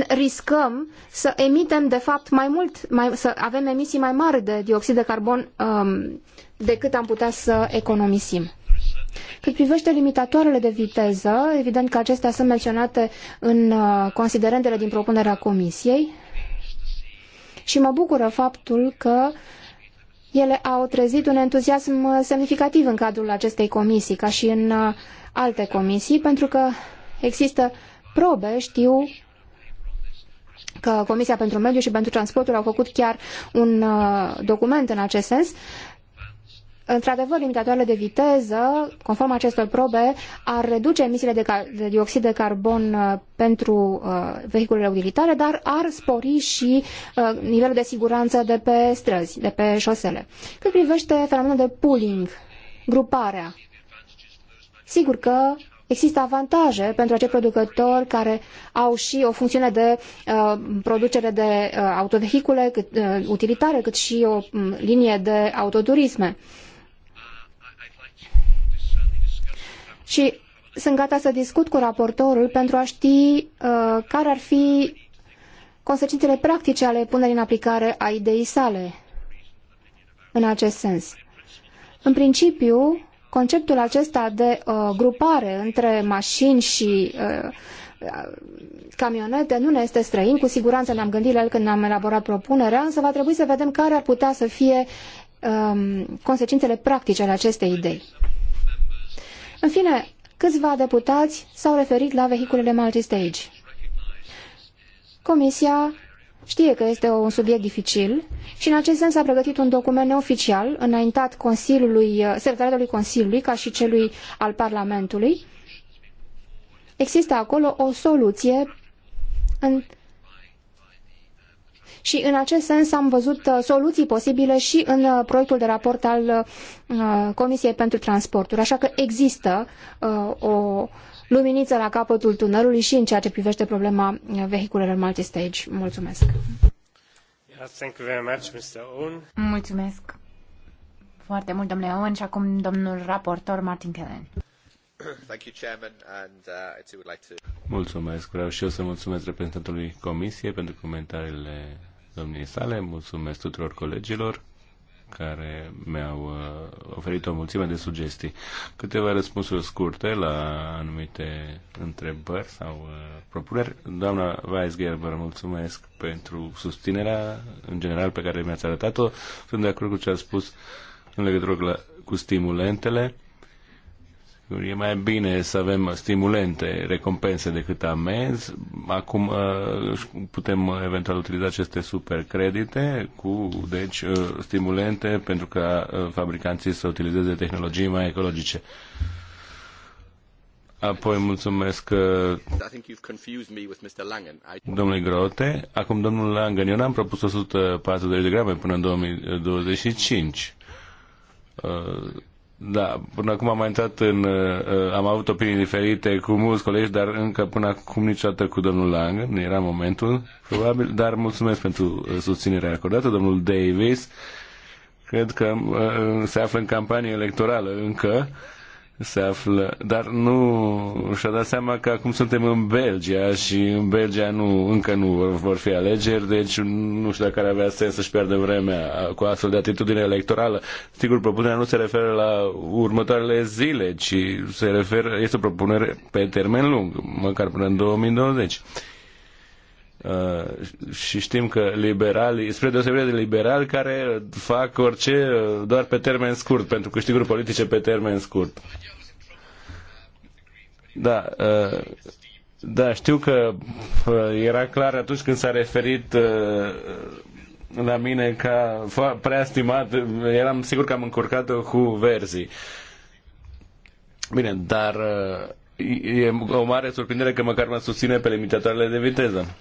riscăm să emitem, de fapt, mai mult, mai, să avem emisii mai mari de dioxid de carbon um, decât am putea să economisim. Cât privește limitatoarele de viteză, evident că acestea sunt menționate în uh, considerentele din propunerea Comisiei și mă bucură faptul că ele au trezit un entuziasm semnificativ în cadrul acestei comisii, ca și în uh, alte comisii, pentru că există probe, știu, că Comisia pentru Mediu și pentru Transportul au făcut chiar un uh, document în acest sens. Într-adevăr, limitatoarele de viteză, conform acestor probe, ar reduce emisiile de, de dioxid de carbon uh, pentru uh, vehiculele utilitare, dar ar spori și uh, nivelul de siguranță de pe străzi, de pe șosele. Cât privește fenomenul de pooling, gruparea, sigur că Există avantaje pentru acei producători care au și o funcțiune de uh, producere de uh, autovehicule cât, uh, utilitare, cât și o um, linie de autoturisme. Și sunt gata să discut cu raportorul pentru a ști uh, care ar fi consecințele practice ale punerii în aplicare a ideii sale în acest sens. În principiu, Conceptul acesta de uh, grupare între mașini și uh, camionete nu ne este străin, cu siguranță ne-am gândit la el când am elaborat propunerea, însă va trebui să vedem care ar putea să fie um, consecințele practice ale acestei idei. În fine, câțiva deputați s-au referit la vehiculele multistage. Comisia Știe că este un subiect dificil și în acest sens a pregătit un document neoficial înaintat Consiliului, uh, Secretariatului Consiliului ca și celui al Parlamentului. Există acolo o soluție în... și în acest sens am văzut uh, soluții posibile și în uh, proiectul de raport al Comisiei pentru Transporturi. Așa că există o luminiță la capătul tunelului și în ceea ce privește problema vehiculelor multistage. Mulțumesc! Mulțumesc foarte mult, domnule Owen, și acum domnul raportor Martin Kellen. Uh, mulțumesc. Vreau și eu să mulțumesc reprezentantului Comisiei pentru comentariile domniei sale. Mulțumesc tuturor colegilor care mi-au uh, oferit o mulțime de sugestii. Câteva răspunsuri scurte la anumite întrebări sau uh, propuneri. Doamna Weisgerber, mulțumesc pentru susținerea în general pe care mi-ați arătat-o. Sunt de acord cu ce a spus în legătură cu stimulentele e mai bine să avem stimulente, recompense decât amenzi. Acum uh, putem eventual utiliza aceste supercredite cu, deci, uh, stimulente pentru ca uh, fabricanții să utilizeze tehnologii mai ecologice. Apoi mulțumesc domnului Grote. Acum domnul Langen, eu n-am propus 140 de grame până în 2025 da, până acum am intrat în, uh, uh, am avut opinii diferite cu mulți colegi, dar încă până acum niciodată cu domnul Lang, nu era momentul, probabil, dar mulțumesc pentru uh, susținerea acordată, domnul Davis, cred că uh, se află în campanie electorală încă, uh, se află, dar nu și-a dat seama că acum suntem în Belgia și în Belgia nu, încă nu vor fi alegeri, deci nu știu dacă ar avea sens să-și pierde vremea cu astfel de atitudine electorală. Sigur, propunerea nu se referă la următoarele zile, ci se referă, este o propunere pe termen lung, măcar până în 2020. Uh, și știm că liberalii, spre deosebire de liberali care fac orice uh, doar pe termen scurt, pentru câștiguri politice pe termen scurt. Da, uh, da, știu că era clar atunci când s-a referit la mine ca prea stimat, eram sigur că am încurcat-o cu verzii. Bine, dar e o mare surprindere că măcar mă susține pe limitatoarele de viteză.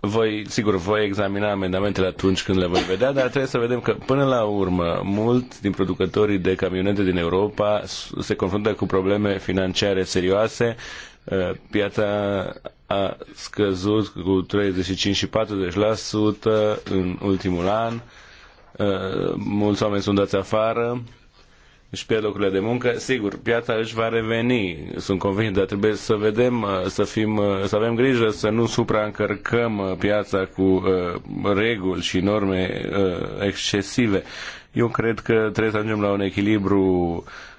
voi, sigur, voi examina amendamentele atunci când le voi vedea, dar trebuie să vedem că până la urmă mult din producătorii de camionete din Europa se confruntă cu probleme financiare serioase. Uh, piața a scăzut cu 35 și 40% în ultimul an. Uh, mulți oameni sunt dați afară își pierd locurile de muncă, sigur, piața își va reveni, sunt convins, dar trebuie să vedem, uh, să, fim, uh, să avem grijă să nu supraîncărcăm uh, piața cu uh, reguli și norme uh, excesive. Eu cred că trebuie să ajungem la un echilibru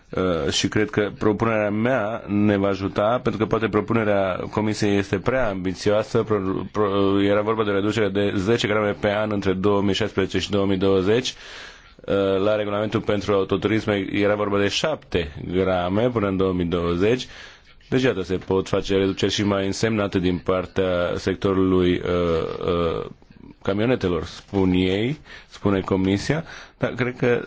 uh, și cred că propunerea mea ne va ajuta, pentru că poate propunerea comisiei este prea ambițioasă, pro, pro, era vorba de reducere de 10 grame pe an între 2016 și 2020, Uh, la regulamentul pentru autoturism era vorba de 7 grame până în 2020. Deci, iată, se pot face reduceri și mai însemnate din partea sectorului uh, uh, camionetelor, spun ei, spune Comisia, dar cred că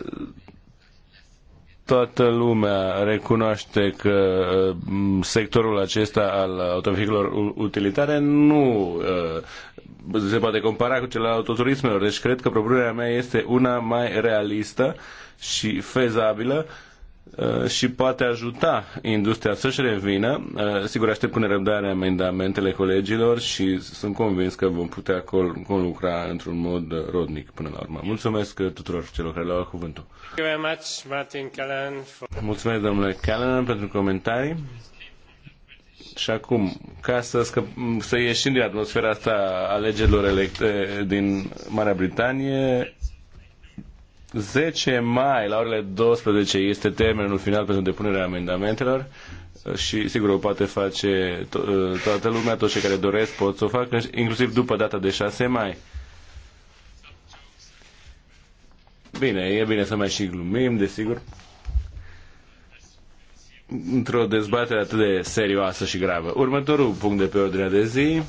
toată lumea recunoaște că uh, sectorul acesta al autovehiculelor utilitare nu uh, se poate compara cu cel al autoturismelor. Deci cred că propunerea mea este una mai realistă și fezabilă Uh, și poate ajuta industria să-și revină. Uh, sigur, aștept cu nerăbdare amendamentele colegilor și sunt convins că vom putea lucra într-un mod rodnic până la urmă. Mulțumesc tuturor celor care le-au cuvântul. Mulțumesc, domnule Callan pentru comentarii. Și acum, ca să, scăp- să ieșim din atmosfera asta alegerilor electe din Marea Britanie, 10 mai, la orele 12, este termenul final pentru depunerea amendamentelor și sigur o poate face to- uh, toată lumea, toți cei care doresc pot să o facă, inclusiv după data de 6 mai. Bine, e bine să mai și glumim, desigur. Într-o dezbatere atât de serioasă și gravă. Următorul punct de pe ordinea de zi.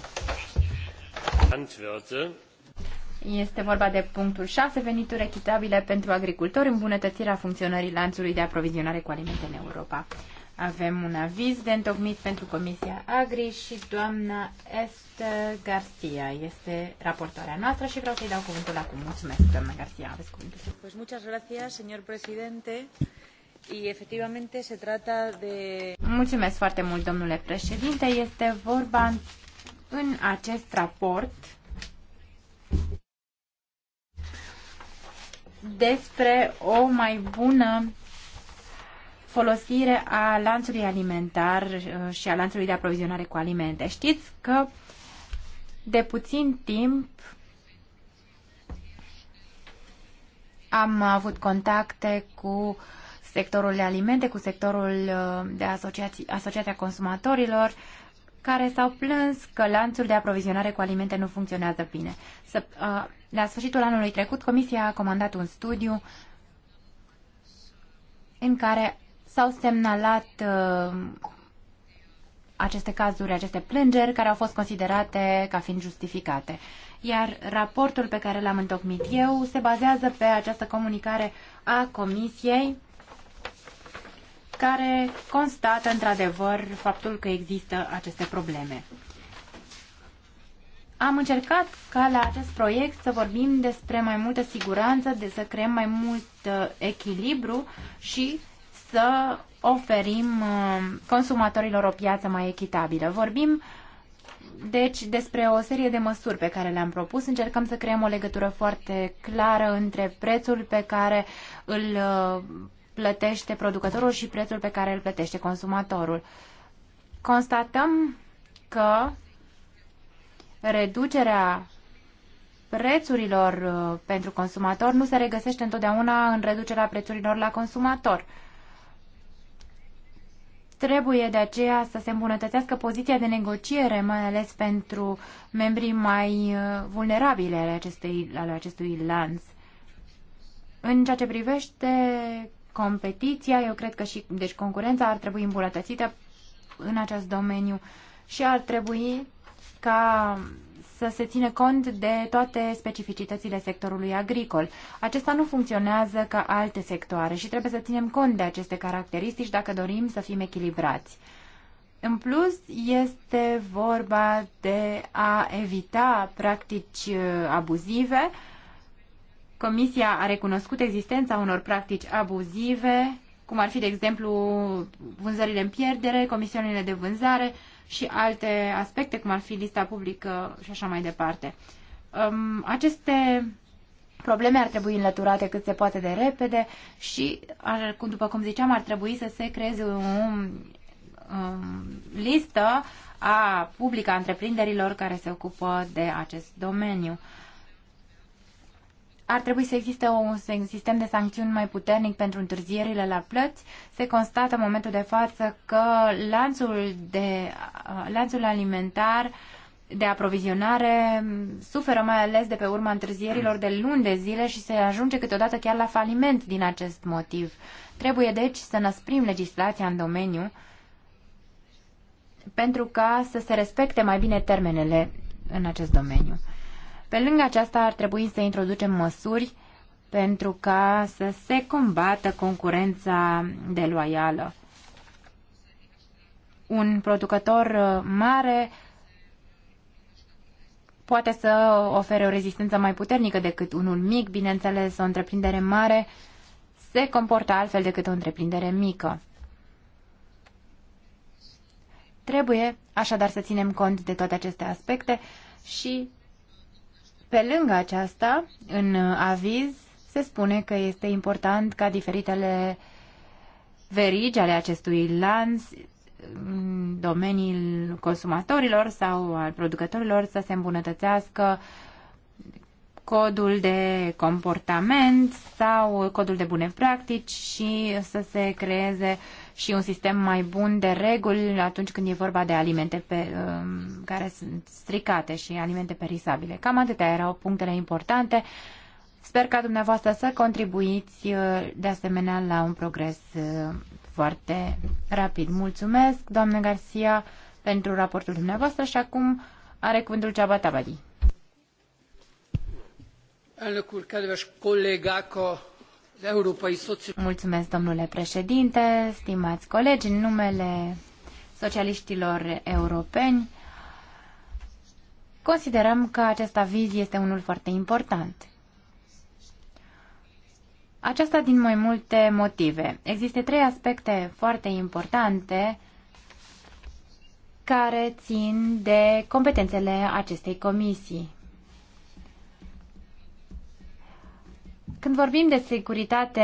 Este vorba de punctul 6, venituri echitabile pentru agricultori, îmbunătățirea funcționării lanțului de aprovizionare cu alimente în Europa. Avem un aviz de întocmit pentru Comisia Agri și doamna Esther Garcia este raportoarea noastră și vreau să-i dau cuvântul acum. Mulțumesc, doamna Garcia, aveți cuvântul. Pues muchas gracias, señor presidente. Y efectivamente se trata de... Mulțumesc foarte mult, domnule președinte. Este vorba în acest raport despre o mai bună folosire a lanțului alimentar uh, și a lanțului de aprovizionare cu alimente. Știți că de puțin timp am avut contacte cu sectorul de alimente, cu sectorul uh, de asociații, Asociația Consumatorilor, care s-au plâns că lanțul de aprovizionare cu alimente nu funcționează bine. La sfârșitul anului trecut, Comisia a comandat un studiu în care s-au semnalat aceste cazuri, aceste plângeri, care au fost considerate ca fiind justificate. Iar raportul pe care l-am întocmit eu se bazează pe această comunicare a Comisiei care constată într-adevăr faptul că există aceste probleme. Am încercat ca la acest proiect să vorbim despre mai multă siguranță, de să creăm mai mult uh, echilibru și să oferim uh, consumatorilor o piață mai echitabilă. Vorbim deci despre o serie de măsuri pe care le-am propus. Încercăm să creăm o legătură foarte clară între prețul pe care îl uh, plătește producătorul și prețul pe care îl plătește consumatorul. Constatăm că reducerea prețurilor uh, pentru consumator nu se regăsește întotdeauna în reducerea prețurilor la consumator. Trebuie de aceea să se îmbunătățească poziția de negociere, mai ales pentru membrii mai uh, vulnerabile ale acestui, ale acestui lanț. În ceea ce privește competiția, eu cred că și deci concurența ar trebui îmbunătățită în acest domeniu și ar trebui ca să se ține cont de toate specificitățile sectorului agricol. Acesta nu funcționează ca alte sectoare și trebuie să ținem cont de aceste caracteristici dacă dorim să fim echilibrați. În plus, este vorba de a evita practici uh, abuzive, Comisia a recunoscut existența unor practici abuzive, cum ar fi, de exemplu, vânzările în pierdere, comisiunile de vânzare și alte aspecte, cum ar fi lista publică și așa mai departe. Um, aceste probleme ar trebui înlăturate cât se poate de repede și, după cum ziceam, ar trebui să se creeze o um, listă a publică a întreprinderilor care se ocupă de acest domeniu ar trebui să existe un sistem de sancțiuni mai puternic pentru întârzierile la plăți. Se constată în momentul de față că lanțul, de, uh, lanțul alimentar de aprovizionare suferă mai ales de pe urma întârzierilor de luni de zile și se ajunge câteodată chiar la faliment din acest motiv. Trebuie deci să năsprim legislația în domeniu pentru ca să se respecte mai bine termenele în acest domeniu. Pe lângă aceasta ar trebui să introducem măsuri pentru ca să se combată concurența deloială. Un producător uh, mare poate să ofere o rezistență mai puternică decât unul mic, bineînțeles, o întreprindere mare se comportă altfel decât o întreprindere mică. Trebuie așadar să ținem cont de toate aceste aspecte și pe lângă aceasta, în aviz, se spune că este important ca diferitele verigi ale acestui lanț în domeniul consumatorilor sau al producătorilor să se îmbunătățească codul de comportament sau codul de bune practici și să se creeze uh, și un sistem mai bun de reguli atunci când e vorba de alimente pe, um, care sunt stricate și alimente perisabile. Cam atâtea erau punctele importante. Sper ca dumneavoastră să contribuiți uh, de asemenea la un progres uh, foarte rapid. Mulțumesc, doamnă Garcia, pentru raportul dumneavoastră și acum are cuvântul Ceaba Tabadi. Elnök úr, kedves kollégák, a Mulțumesc, domnule președinte, stimați colegi, în numele socialiștilor europeni, considerăm că acest aviz este unul foarte important. Aceasta din mai multe motive. Există trei aspecte foarte importante care țin de competențele acestei comisii. Când vorbim de securitate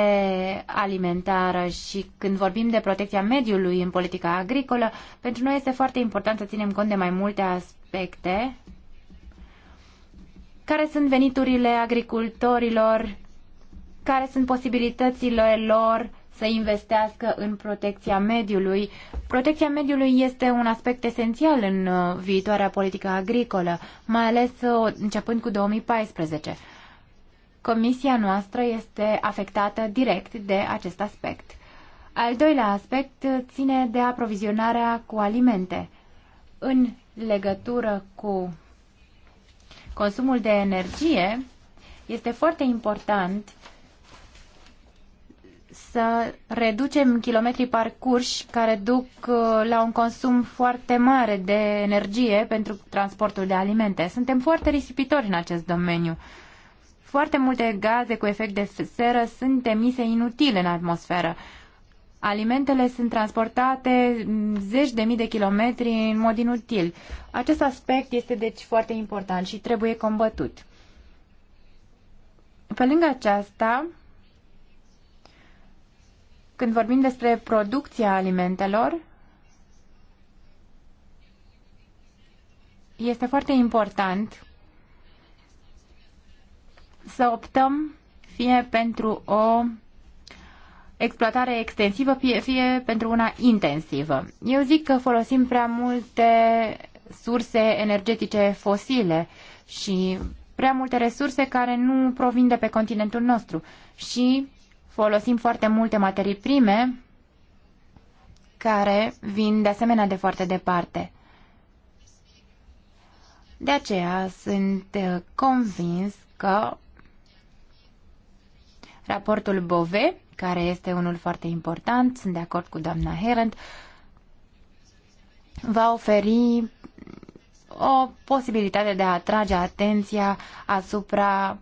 alimentară și când vorbim de protecția mediului în politica agricolă, pentru noi este foarte important să ținem cont de mai multe aspecte. Care sunt veniturile agricultorilor? Care sunt posibilitățile lor să investească în protecția mediului? Protecția mediului este un aspect esențial în uh, viitoarea politică agricolă, mai ales uh, începând cu 2014. Comisia noastră este afectată direct de acest aspect. Al doilea aspect ține de aprovizionarea cu alimente. În legătură cu consumul de energie, este foarte important să reducem kilometrii parcurși care duc uh, la un consum foarte mare de energie pentru transportul de alimente. Suntem foarte risipitori în acest domeniu. Foarte multe gaze cu efect de seră sunt emise inutile în atmosferă. Alimentele sunt transportate zeci de mii de kilometri în mod inutil. Acest aspect este deci foarte important și trebuie combătut. Pe lângă aceasta, când vorbim despre producția alimentelor, este foarte important să optăm fie pentru o exploatare extensivă, fie, fie pentru una intensivă. Eu zic că folosim prea multe surse energetice fosile și prea multe resurse care nu provin de pe continentul nostru și folosim foarte multe materii prime care vin de asemenea de foarte departe. De aceea sunt convins că raportul Bove, care este unul foarte important, sunt de acord cu doamna Herent, va oferi o posibilitate de a atrage atenția asupra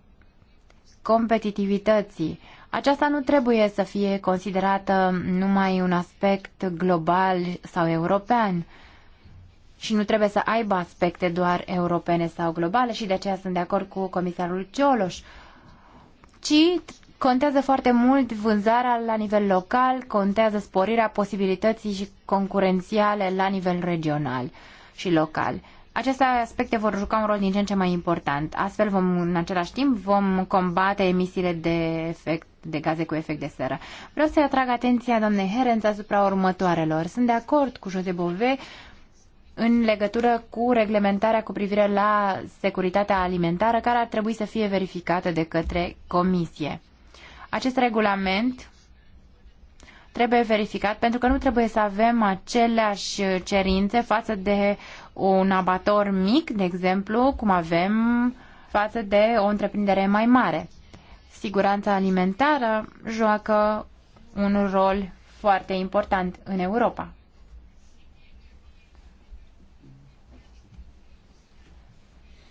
competitivității. Aceasta nu trebuie să fie considerată numai un aspect global sau european și nu trebuie să aibă aspecte doar europene sau globale și de aceea sunt de acord cu comisarul Cioloș, ci Contează foarte mult vânzarea la nivel local, contează sporirea posibilității și concurențiale la nivel regional și local. Aceste aspecte vor juca un rol din ce în ce mai important. Astfel, vom, în același timp, vom combate emisiile de, efect, de gaze cu efect de seră. Vreau să-i atrag atenția doamnei Herenț asupra următoarelor. Sunt de acord cu Jose Bove în legătură cu reglementarea cu privire la securitatea alimentară, care ar trebui să fie verificată de către Comisie. Acest regulament trebuie verificat pentru că nu trebuie să avem aceleași cerințe față de un abator mic, de exemplu, cum avem față de o întreprindere mai mare. Siguranța alimentară joacă un rol foarte important în Europa.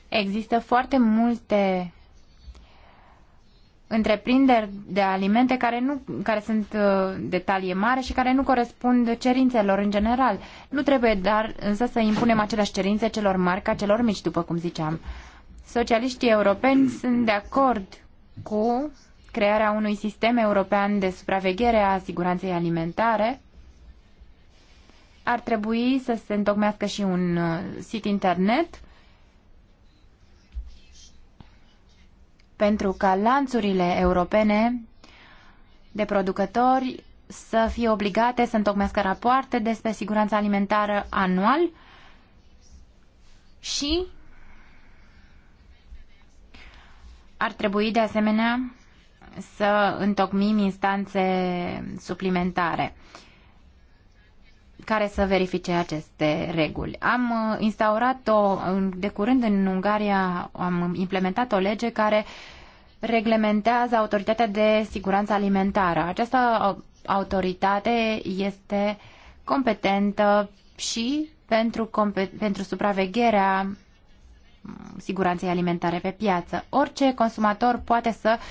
Există foarte multe întreprinderi de alimente care, nu, care sunt uh, de talie mare și care nu corespund cerințelor în general. Nu trebuie dar însă să impunem aceleași cerințe celor mari ca celor mici, după cum ziceam. Socialiștii europeni sunt de acord cu crearea unui sistem european de supraveghere a siguranței alimentare. Ar trebui să se întocmească și un uh, sit internet pentru ca lanțurile europene de producători să fie obligate să întocmească rapoarte despre siguranța alimentară anual și ar trebui de asemenea să întocmim instanțe suplimentare care să verifice aceste reguli. Am uh, instaurat-o de curând în Ungaria, am implementat o lege care reglementează autoritatea de siguranță alimentară. Această uh, autoritate este competentă și pentru, pentru supravegherea mm, siguranței alimentare pe piață. Orice consumator poate să uh,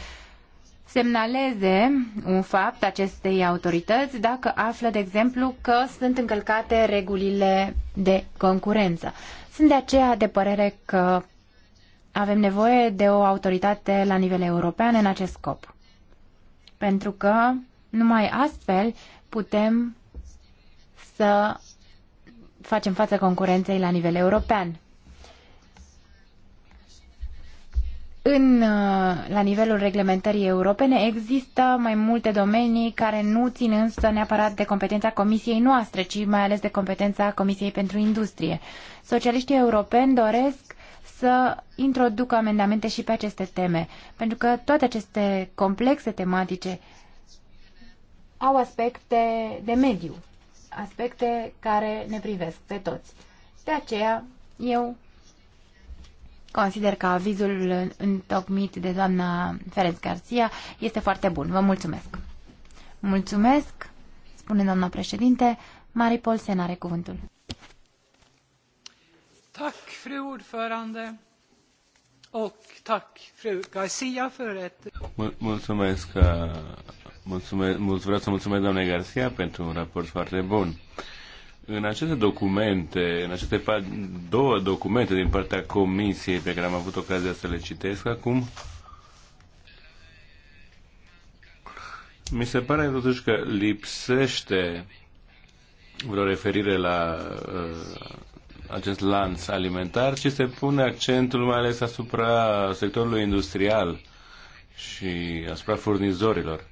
semnaleze un fapt acestei autorități dacă află, de exemplu, că sunt încălcate regulile de concurență. Sunt de aceea de părere că avem nevoie de o autoritate la nivel european în acest scop. Pentru că numai astfel putem să facem față concurenței la nivel european. în, uh, la nivelul reglementării europene există mai multe domenii care nu țin însă neapărat de competența comisiei noastre, ci mai ales de competența Comisiei pentru Industrie. Socialiștii europeni doresc să introducă amendamente și pe aceste teme, pentru că toate aceste complexe tematice au aspecte de mediu, aspecte care ne privesc pe toți. De aceea, eu Consider că avizul întocmit de doamna Ferenc Garcia este foarte bun. Vă mulțumesc! Mulțumesc, spune doamna președinte. Mari Polsen are cuvântul. Tac, fru ordförande. Och tack, fru Garcia, för ett... Mulțumesc, mulțumesc, uh, mulțumesc, vreau să mulțumesc doamnei Garcia pentru un raport foarte bun. Uh, în aceste documente, în aceste două documente din partea Comisiei pe care am avut ocazia să le citesc acum, mi se pare totuși că lipsește vreo referire la uh, acest lanț alimentar, ci se pune accentul mai ales asupra sectorului industrial și asupra furnizorilor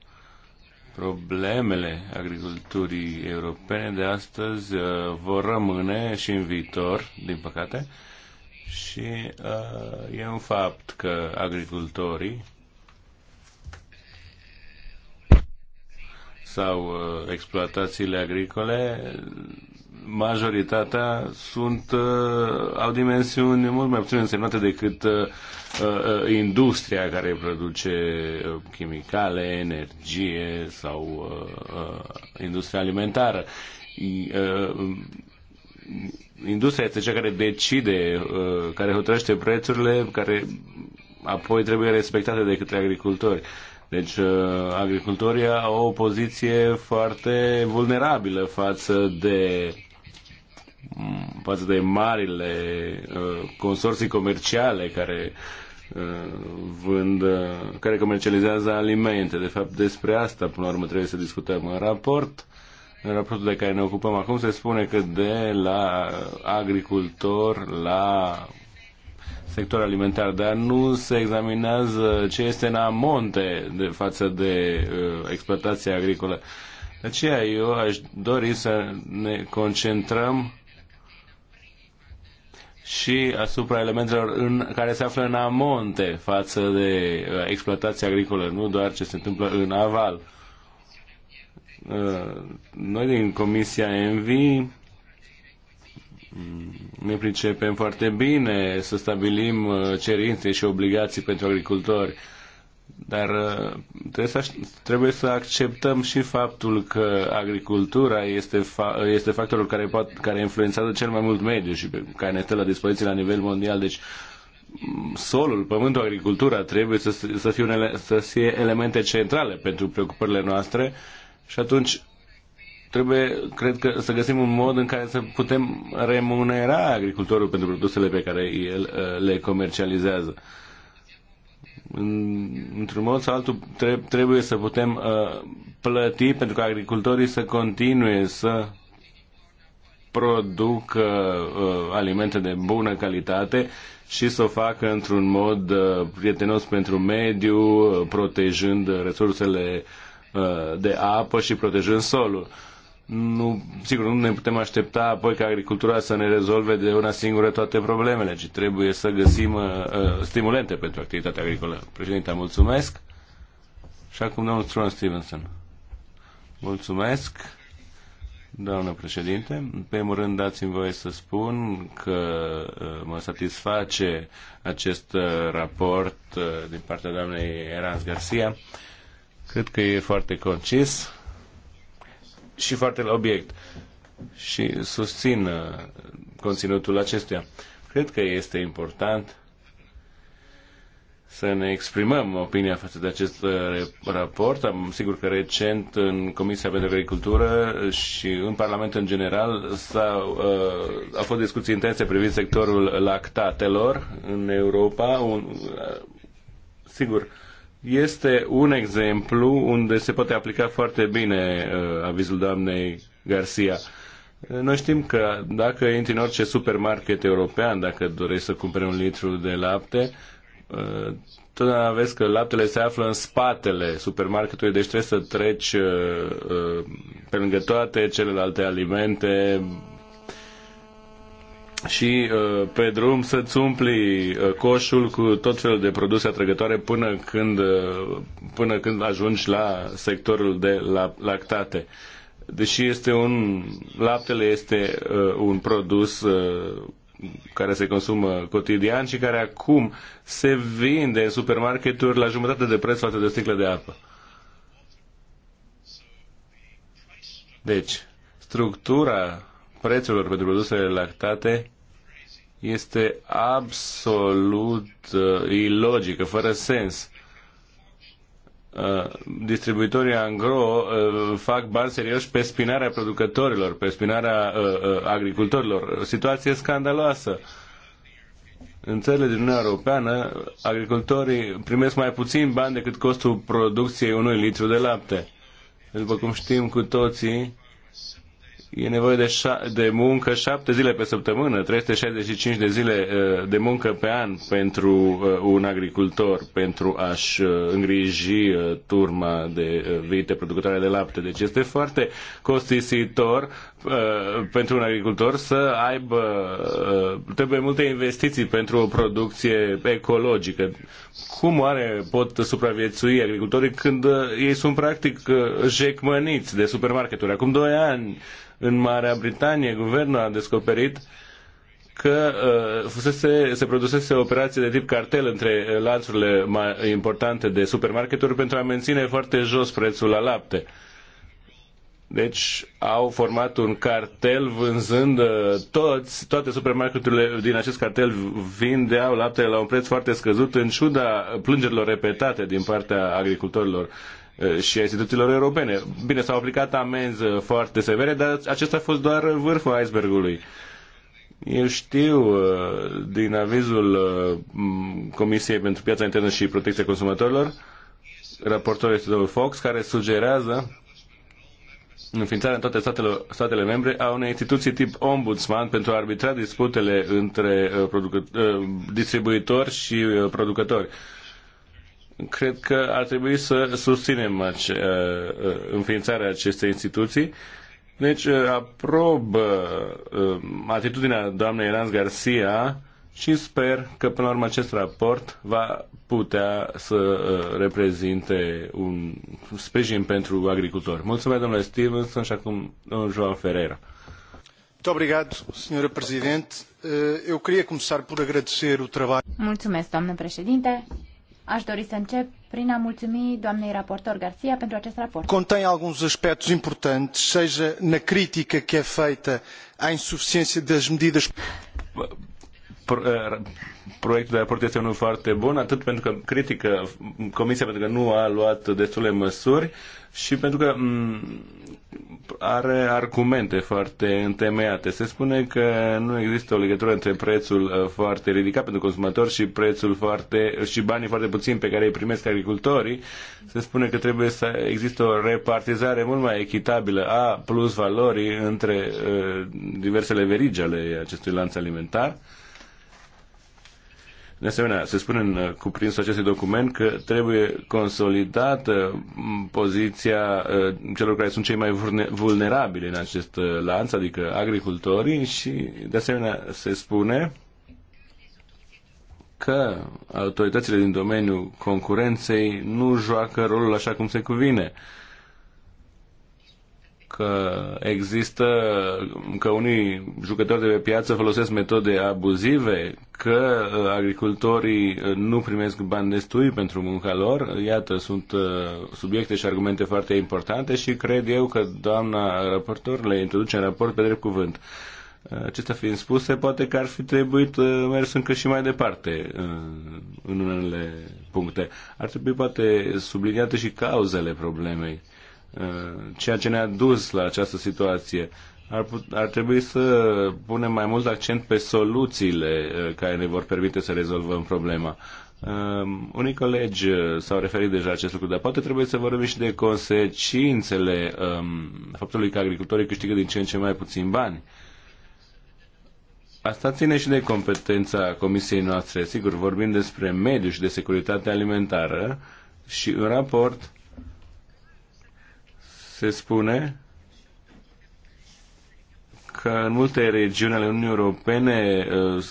problemele agriculturii europene de astăzi uh, vor rămâne și în viitor, din păcate, și uh, e un fapt că agricultorii sau uh, exploatațiile agricole majoritatea sunt, uh, au dimensiuni mult mai puțin însemnate decât uh, uh, industria care produce chimicale, energie sau industria alimentară. Industria este cea care decide, care hotărăște prețurile, care apoi trebuie respectate de către agricultori. Deci agricultorii au o poziție foarte vulnerabilă față de față de marile uh, consorții comerciale care uh, vând, uh, care comercializează alimente. De fapt, despre asta, până la urmă, trebuie să discutăm. În raport, în raportul de care ne ocupăm acum, se spune că de la agricultor la sector alimentar, dar nu se examinează ce este în amonte de față de uh, exploatația agricolă. De aceea eu aș dori să ne concentrăm și asupra elementelor în, care se află în amonte față de uh, exploatația agricolă, nu doar ce se întâmplă în aval. Uh, noi din Comisia ENVI mm, ne pricepem foarte bine să stabilim uh, cerințe și obligații pentru agricultori dar uh, trebuie să, trebuie să acceptăm și faptul că agricultura este, fa, este factorul care, poate, care influențează cel mai mult mediul și pe care ne stă la dispoziție la nivel mondial. Deci mm, solul, pământul, agricultura trebuie să, să, fie, unele, să fie elemente centrale pentru preocupările noastre și atunci trebuie, cred că, să găsim un mod în care să putem remunera agricultorul pentru produsele pe care el uh, le comercializează într-un mod sau altul trebuie să putem uh, plăti pentru că agricultorii să continue să producă uh, alimente de bună calitate și să o facă într-un mod uh, prietenos pentru mediu, uh, protejând resursele uh, de apă și protejând solul. Uh, nu, sigur, nu ne putem aștepta apoi ca agricultura să ne rezolve de una singură toate problemele, ci trebuie să găsim uh, uh stimulente pentru activitatea agricolă. Președinte, mulțumesc. Și acum domnul Struan Stevenson. Mulțumesc. Doamnă președinte, în primul rând dați-mi voie să spun că uh, mă satisface acest uh, raport din partea doamnei Erans Garcia. Cred că e foarte concis și foarte la obiect și susțin uh, conținutul acestuia. Cred că este important să ne exprimăm opinia față de acest uh, raport. Am sigur că recent în Comisia pentru Agricultură și în Parlament în general s uh, a uh, fost discuții intense privind sectorul lactatelor în Europa. Un, uh, sigur, este un exemplu unde se poate aplica foarte bine uh, avizul doamnei Garcia. Noi știm că dacă intri în orice supermarket european, dacă dorești să cumperi un litru de lapte, uh, totdeauna vezi că laptele se află în spatele supermarketului, deci trebuie să treci uh, uh, pe lângă toate celelalte alimente, și uh, pe drum să-ți umpli uh, coșul cu tot felul de produse atrăgătoare până când, uh, până când ajungi la sectorul de lactate. Deși este un, laptele este un produs care se consumă cotidian și care acum se vinde în supermarketuri la jumătate de preț față de sticle de apă. Deci, structura prețurilor pentru produsele lactate este absolut uh, ilogică, fără sens. Uh, distribuitorii angro uh, fac bani serioși pe spinarea producătorilor, pe spinarea uh, uh, agricultorilor. situație scandaloasă. În țările din Uniunea Europeană, agricultorii primesc mai puțin bani decât costul producției unui litru de lapte. După cum știm cu toții, e nevoie de, de muncă șapte zile pe săptămână, 365 de zile uh, de muncă pe an pentru uh, un agricultor, pentru a-și uh, îngriji turma de vite producătoare de lapte. Deci este foarte costisitor pentru un agricultor să aibă, trebuie multe investiții pentru o producție ecologică. Cum oare pot supraviețui agricultorii când ei sunt practic jecmăniți de supermarketuri? Acum doi ani în Marea Britanie, guvernul a descoperit că uh, fusese, se produsese o operație de tip cartel între uh, lanțurile importante de supermarketuri pentru a menține foarte jos prețul la lapte. Deci au format un cartel vânzând uh, toți, toate supermarketurile din acest cartel vindeau laptele la un preț foarte scăzut în ciuda plângerilor repetate din partea agricultorilor și a instituțiilor europene. Bine, s-au aplicat amenzi foarte severe, dar acesta a fost doar vârful icebergului. Eu știu din avizul Comisiei pentru Piața Internă și Protecția Consumatorilor, raportorul este domnul Fox, care sugerează înființarea în toate statele, statele membre a unei instituții tip ombudsman pentru a arbitra disputele între uh, distribuitori și producători cred că ar trebui să susținem ace, uh, uh, înființarea acestei instituții. Deci uh, aprob atitudinea doamnei Rans Garcia și sper că până la urmă acest raport va putea să reprezinte un sprijin pentru agricultori. Mulțumesc, domnule Stevenson, și acum domnul João Ferreira. Muito obrigado, Sra. Presidente. Eu queria começar por agradecer o trabalho. obrigado, doamnă presidente. Aș dori să încep prin a mulțumi doamnei raportor Garcia pentru acest raport. Contém alguns aspectos importantes, seja na crítica que é feita à insuficiência das medidas eh, proiectul de raport este unul foarte bun, atât pentru că critică Comisia pentru că nu a luat destule măsuri și pentru că mm, are argumente foarte întemeiate. Se spune că nu există o legătură între prețul uh, foarte ridicat pentru consumator și prețul foarte și banii foarte puțini pe care îi primesc agricultorii. Se spune că trebuie să există o repartizare mult mai echitabilă a plus valorii între uh, diversele verigi ale acestui lanț alimentar. Uh, de asemenea, se spune în uh, cuprinsul acestui document că trebuie consolidată poziția uh, celor care sunt cei mai vulnerabili în acest uh, lanț, adică agricultorii și, de asemenea, se spune că autoritățile din domeniul concurenței nu joacă rolul așa cum se cuvine. Uh, că există, că unii jucători de pe piață folosesc metode abuzive, că uh, agricultorii uh, nu primesc bani destui pentru munca lor. Iată, sunt uh, subiecte și argumente foarte importante și cred eu că doamna raportor le introduce în raport pe drept cuvânt. Acestea fiind spuse, poate că ar fi trebuit mers încă și mai departe în unele puncte. Ar trebui poate subliniate și cauzele problemei Uh, ceea ce ne-a dus la această situație. Ar, put, ar trebui să punem mai mult accent pe soluțiile uh, care ne vor permite să rezolvăm problema. Uh, unii colegi uh, s-au referit deja acest lucru, dar poate trebuie să vorbim și de consecințele um, faptului că agricultorii câștigă din ce în ce mai puțin bani. Asta ține și de competența comisiei noastre. Sigur, vorbim despre mediu și de securitate alimentară și în raport se spune că în multe regiuni ale Uniunii Europene uh,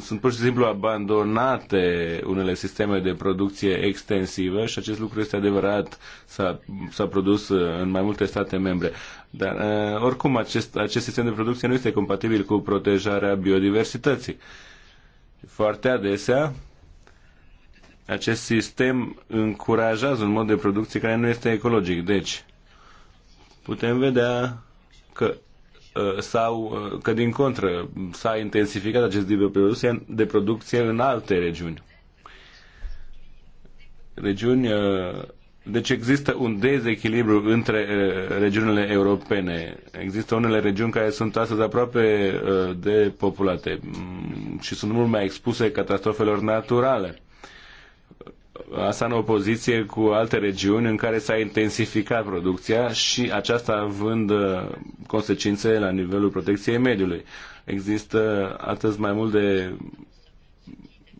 sunt pur și simplu abandonate unele sisteme de producție extensivă și acest lucru este adevărat, s-a, produs uh, în mai multe state membre. Dar uh, oricum acest, acest sistem de producție nu este compatibil cu protejarea biodiversității. Foarte adesea acest sistem încurajează un mod de producție care nu este ecologic. Deci, putem vedea că uh, sau uh, că din contră s-a intensificat acest tip de producție, de producție în alte regiuni. Regiuni uh, deci există un dezechilibru între regiunile europene. Există unele regiuni care sunt astăzi aproape depopulate mm, și sunt mult mai expuse catastrofelor naturale asta în opoziție cu alte regiuni în care s-a intensificat producția și aceasta având uh, consecințe la nivelul protecției mediului. Există atât mai mult de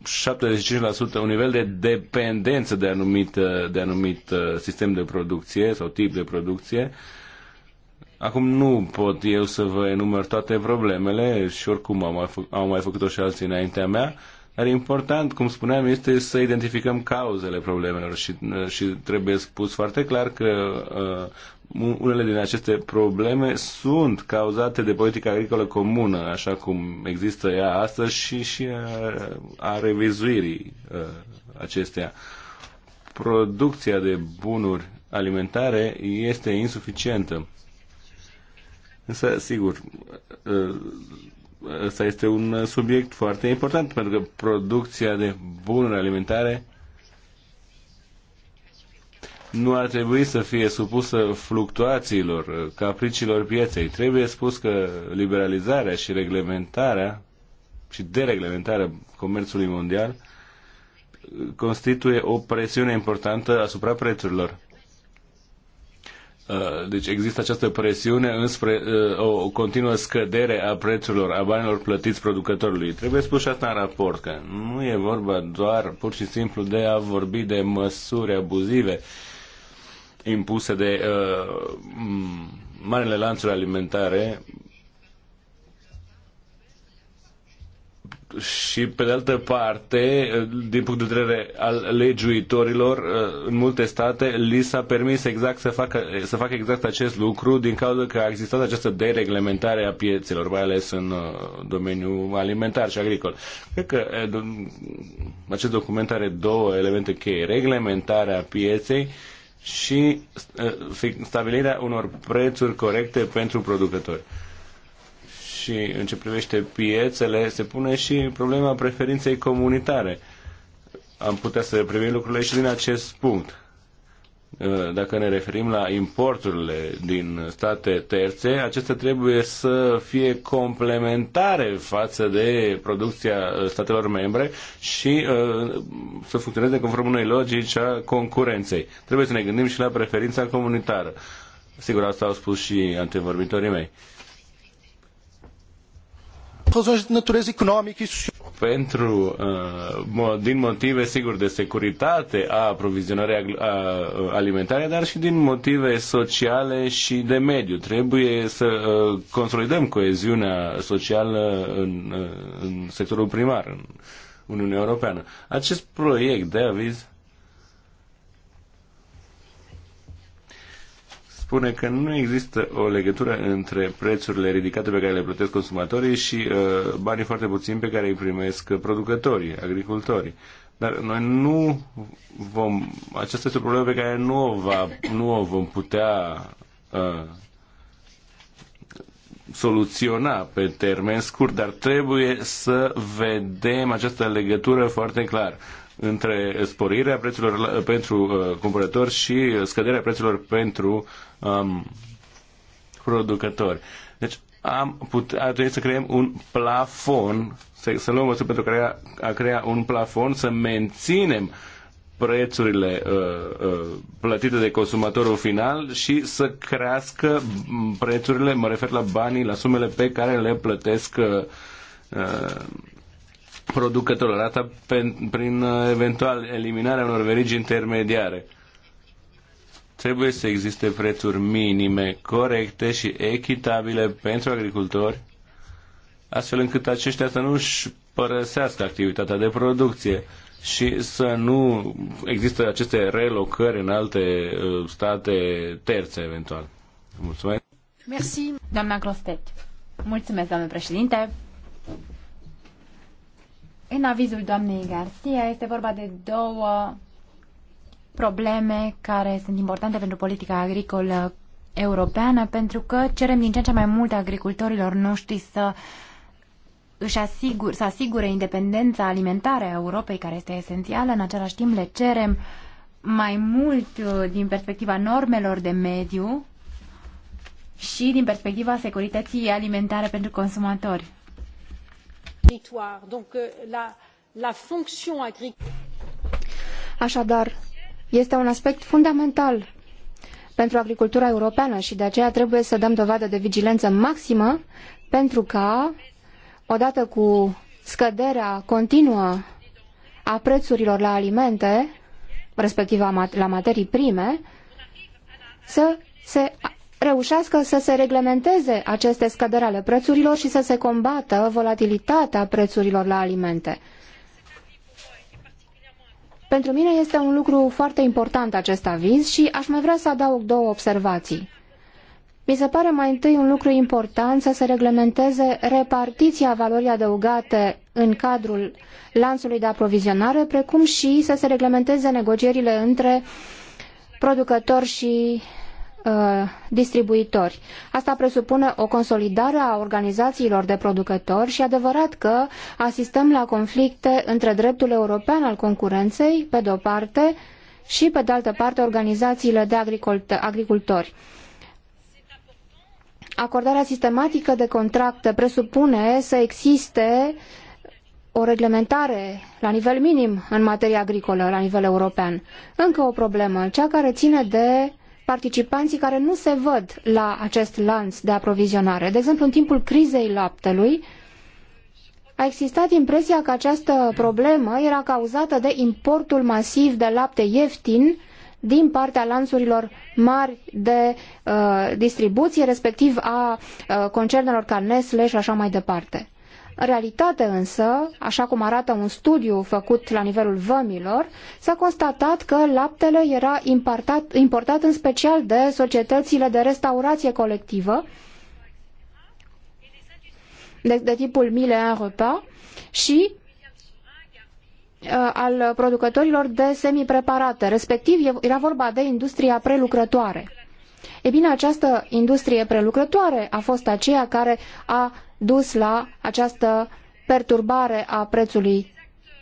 75% un nivel de dependență de anumit, uh, de anumit uh, sistem de producție sau tip de producție. Acum nu pot eu să vă enumăr toate problemele și oricum au mai, fă, au mai făcut-o și alții înaintea mea, dar important, cum spuneam, este să identificăm cauzele problemelor și, și trebuie spus foarte clar că uh, unele din aceste probleme sunt cauzate de politica agricolă comună, așa cum există ea astăzi și, și a, uh, a revizuirii uh, acesteia. Producția de bunuri alimentare este insuficientă. Însă, sigur, uh, ăsta este un subiect foarte important pentru că producția de bunuri alimentare nu ar trebui să fie supusă fluctuațiilor, capriciilor pieței. Trebuie spus că liberalizarea și reglementarea și dereglementarea comerțului mondial constituie o presiune importantă asupra prețurilor. Uh, deci există această presiune înspre uh, o continuă scădere a prețurilor, a banilor plătiți producătorului. Trebuie spus și asta în raport, că nu e vorba doar pur și simplu de a vorbi de măsuri abuzive impuse de uh, marele lanțuri alimentare și pe de altă parte, din punct de vedere al legiuitorilor, uh, în multe state li s-a permis exact să facă, să facă exact acest lucru din cauza că a existat această dereglementare a piețelor, mai ales în uh, domeniul alimentar și agricol. Cred că uh, acest document are două elemente cheie, reglementarea pieței și stabilirea unor prețuri corecte pentru producători și în ce privește piețele, se pune și problema preferinței comunitare. Am putea să privim lucrurile și din acest punct. Uh, dacă ne referim la importurile din state terțe, acestea trebuie să fie complementare față de producția uh, statelor membre și uh, să funcționeze conform unei logici a concurenței. Trebuie să ne gândim și la preferința comunitară. Sigur, asta au spus și antevorbitorii mei. Pentru, uh, din motive, sigur, de securitate a aprovizionării uh, alimentare, dar și din motive sociale și de mediu. Trebuie să uh, consolidăm coeziunea socială în, în sectorul primar, în Uniunea Europeană. Acest proiect de aviz spune că nu există o legătură între prețurile ridicate pe care le plătesc consumatorii și uh, banii foarte puțini pe care îi primesc producătorii, agricultorii. Dar noi nu vom... Aceasta este o problemă pe care nu o, va, nu o vom putea uh, soluționa pe termen scurt, dar trebuie să vedem această legătură foarte clar între sporirea prețurilor pentru uh, cumpărători și scăderea prețurilor pentru um, producători. Deci am put, ar trebui să creăm un plafon, să, să luăm măsuri pentru a crea, a crea un plafon, să menținem prețurile uh, uh, plătite de consumatorul final și să crească prețurile, mă refer la banii, la sumele pe care le plătesc uh, uh producătorilor, asta prin uh, eventual eliminarea unor verigi intermediare. Trebuie să existe prețuri minime, corecte și echitabile pentru agricultori, astfel încât aceștia să nu își părăsească activitatea de producție și să nu există aceste relocări în alte uh, state terțe eventual. Mulțumesc. Merci, doamna Grostet! Mulțumesc, doamne președinte. În avizul doamnei Garcia este vorba de două probleme care sunt importante pentru politica agricolă europeană, pentru că cerem din ce în ce mai mult agricultorilor noștri să își asigur, să asigure independența alimentară a Europei, care este esențială, în același timp le cerem mai mult uh, din perspectiva normelor de mediu și din perspectiva securității alimentare pentru consumatori territoire. Donc euh, la, la fonction agricole. Așadar, este un aspect fundamental pentru agricultura europeană și de aceea trebuie să dăm dovadă de vigilență maximă pentru ca, odată cu scăderea continuă a prețurilor la alimente, respectiv la materii prime, să se reușească să se reglementeze aceste scăderi ale prețurilor și să se combată volatilitatea prețurilor la alimente. Pentru mine este un lucru foarte important acest aviz și aș mai vrea să adaug două observații. Mi se pare mai întâi un lucru important să se reglementeze repartiția valorii adăugate în cadrul lanțului de aprovizionare, precum și să se reglementeze negocierile între producători și Uh, distribuitori. Asta presupune o consolidare a organizațiilor de producători și adevărat că asistăm la conflicte între dreptul european al concurenței, pe de o parte, și pe de altă parte organizațiile de agricultori. Acordarea sistematică de contracte presupune să existe o reglementare la nivel minim în materie agricolă, la nivel european. Încă o problemă, cea care ține de participanții care nu se văd la acest lanț de aprovizionare. De exemplu, în timpul crizei laptelui, a existat impresia că această problemă era cauzată de importul masiv de lapte ieftin din partea lanțurilor mari de uh, distribuție, respectiv a uh, concernelor ca Nestle și așa mai departe. În realitate însă, așa cum arată un studiu făcut la nivelul vămilor, s-a constatat că laptele era importat, importat în special de societățile de restaurație colectivă, de, de tipul Mille un repas, și uh, al producătorilor de semipreparate, respectiv era vorba de industria prelucrătoare. E bine, această industrie prelucrătoare a fost aceea care a dus la această perturbare a prețului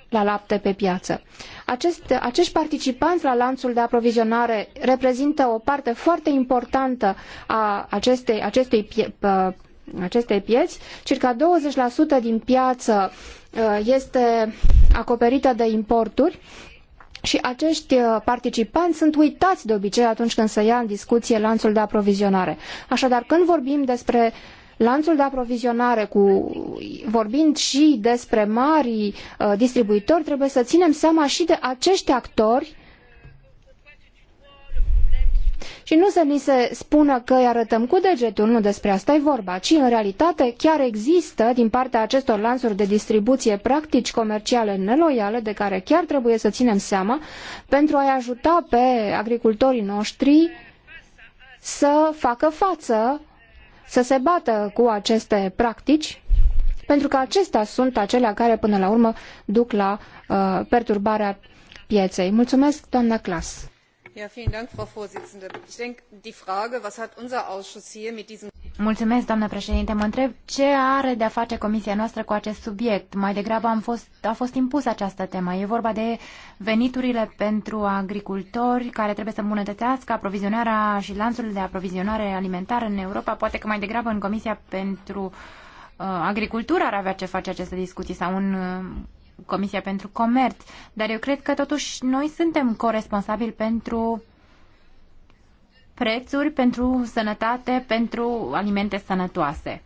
la lapte pe piață. Acest, acești participanți la lanțul de aprovizionare reprezintă o parte foarte importantă a acestei, acestei, pie, acestei pieți. Circa 20% din piață ă, este acoperită de importuri și acești ă, participanți sunt uitați de obicei atunci când se ia în discuție lanțul de aprovizionare. Așadar, când vorbim despre lanțul de aprovizionare, cu, vorbind și despre mari uh, distribuitori, trebuie să ținem seama și de acești actori și nu să ni se spună că îi arătăm cu degetul, nu despre asta e vorba, ci în realitate chiar există din partea acestor lansuri de distribuție practici comerciale neloiale de care chiar trebuie să ținem seama pentru a-i ajuta pe agricultorii noștri să facă față să se bată cu aceste practici, pentru că acestea sunt acelea care, până la urmă, duc la uh, perturbarea pieței. Mulțumesc, doamna Clas frau präsidentin! Mulțumesc, președinte. Mă întreb ce are de-a face comisia noastră cu acest subiect. Mai degrabă am fost, a fost impusă această temă. E vorba de veniturile pentru agricultori care trebuie să îmbunătățească aprovizionarea și lanțul de aprovizionare alimentară în Europa. Poate că mai degrabă în comisia pentru uh, agricultură ar avea ce face această discuție sau în uh, Comisia pentru Comerț, dar eu cred că totuși noi suntem corresponsabili pentru prețuri, pentru sănătate, pentru alimente sănătoase.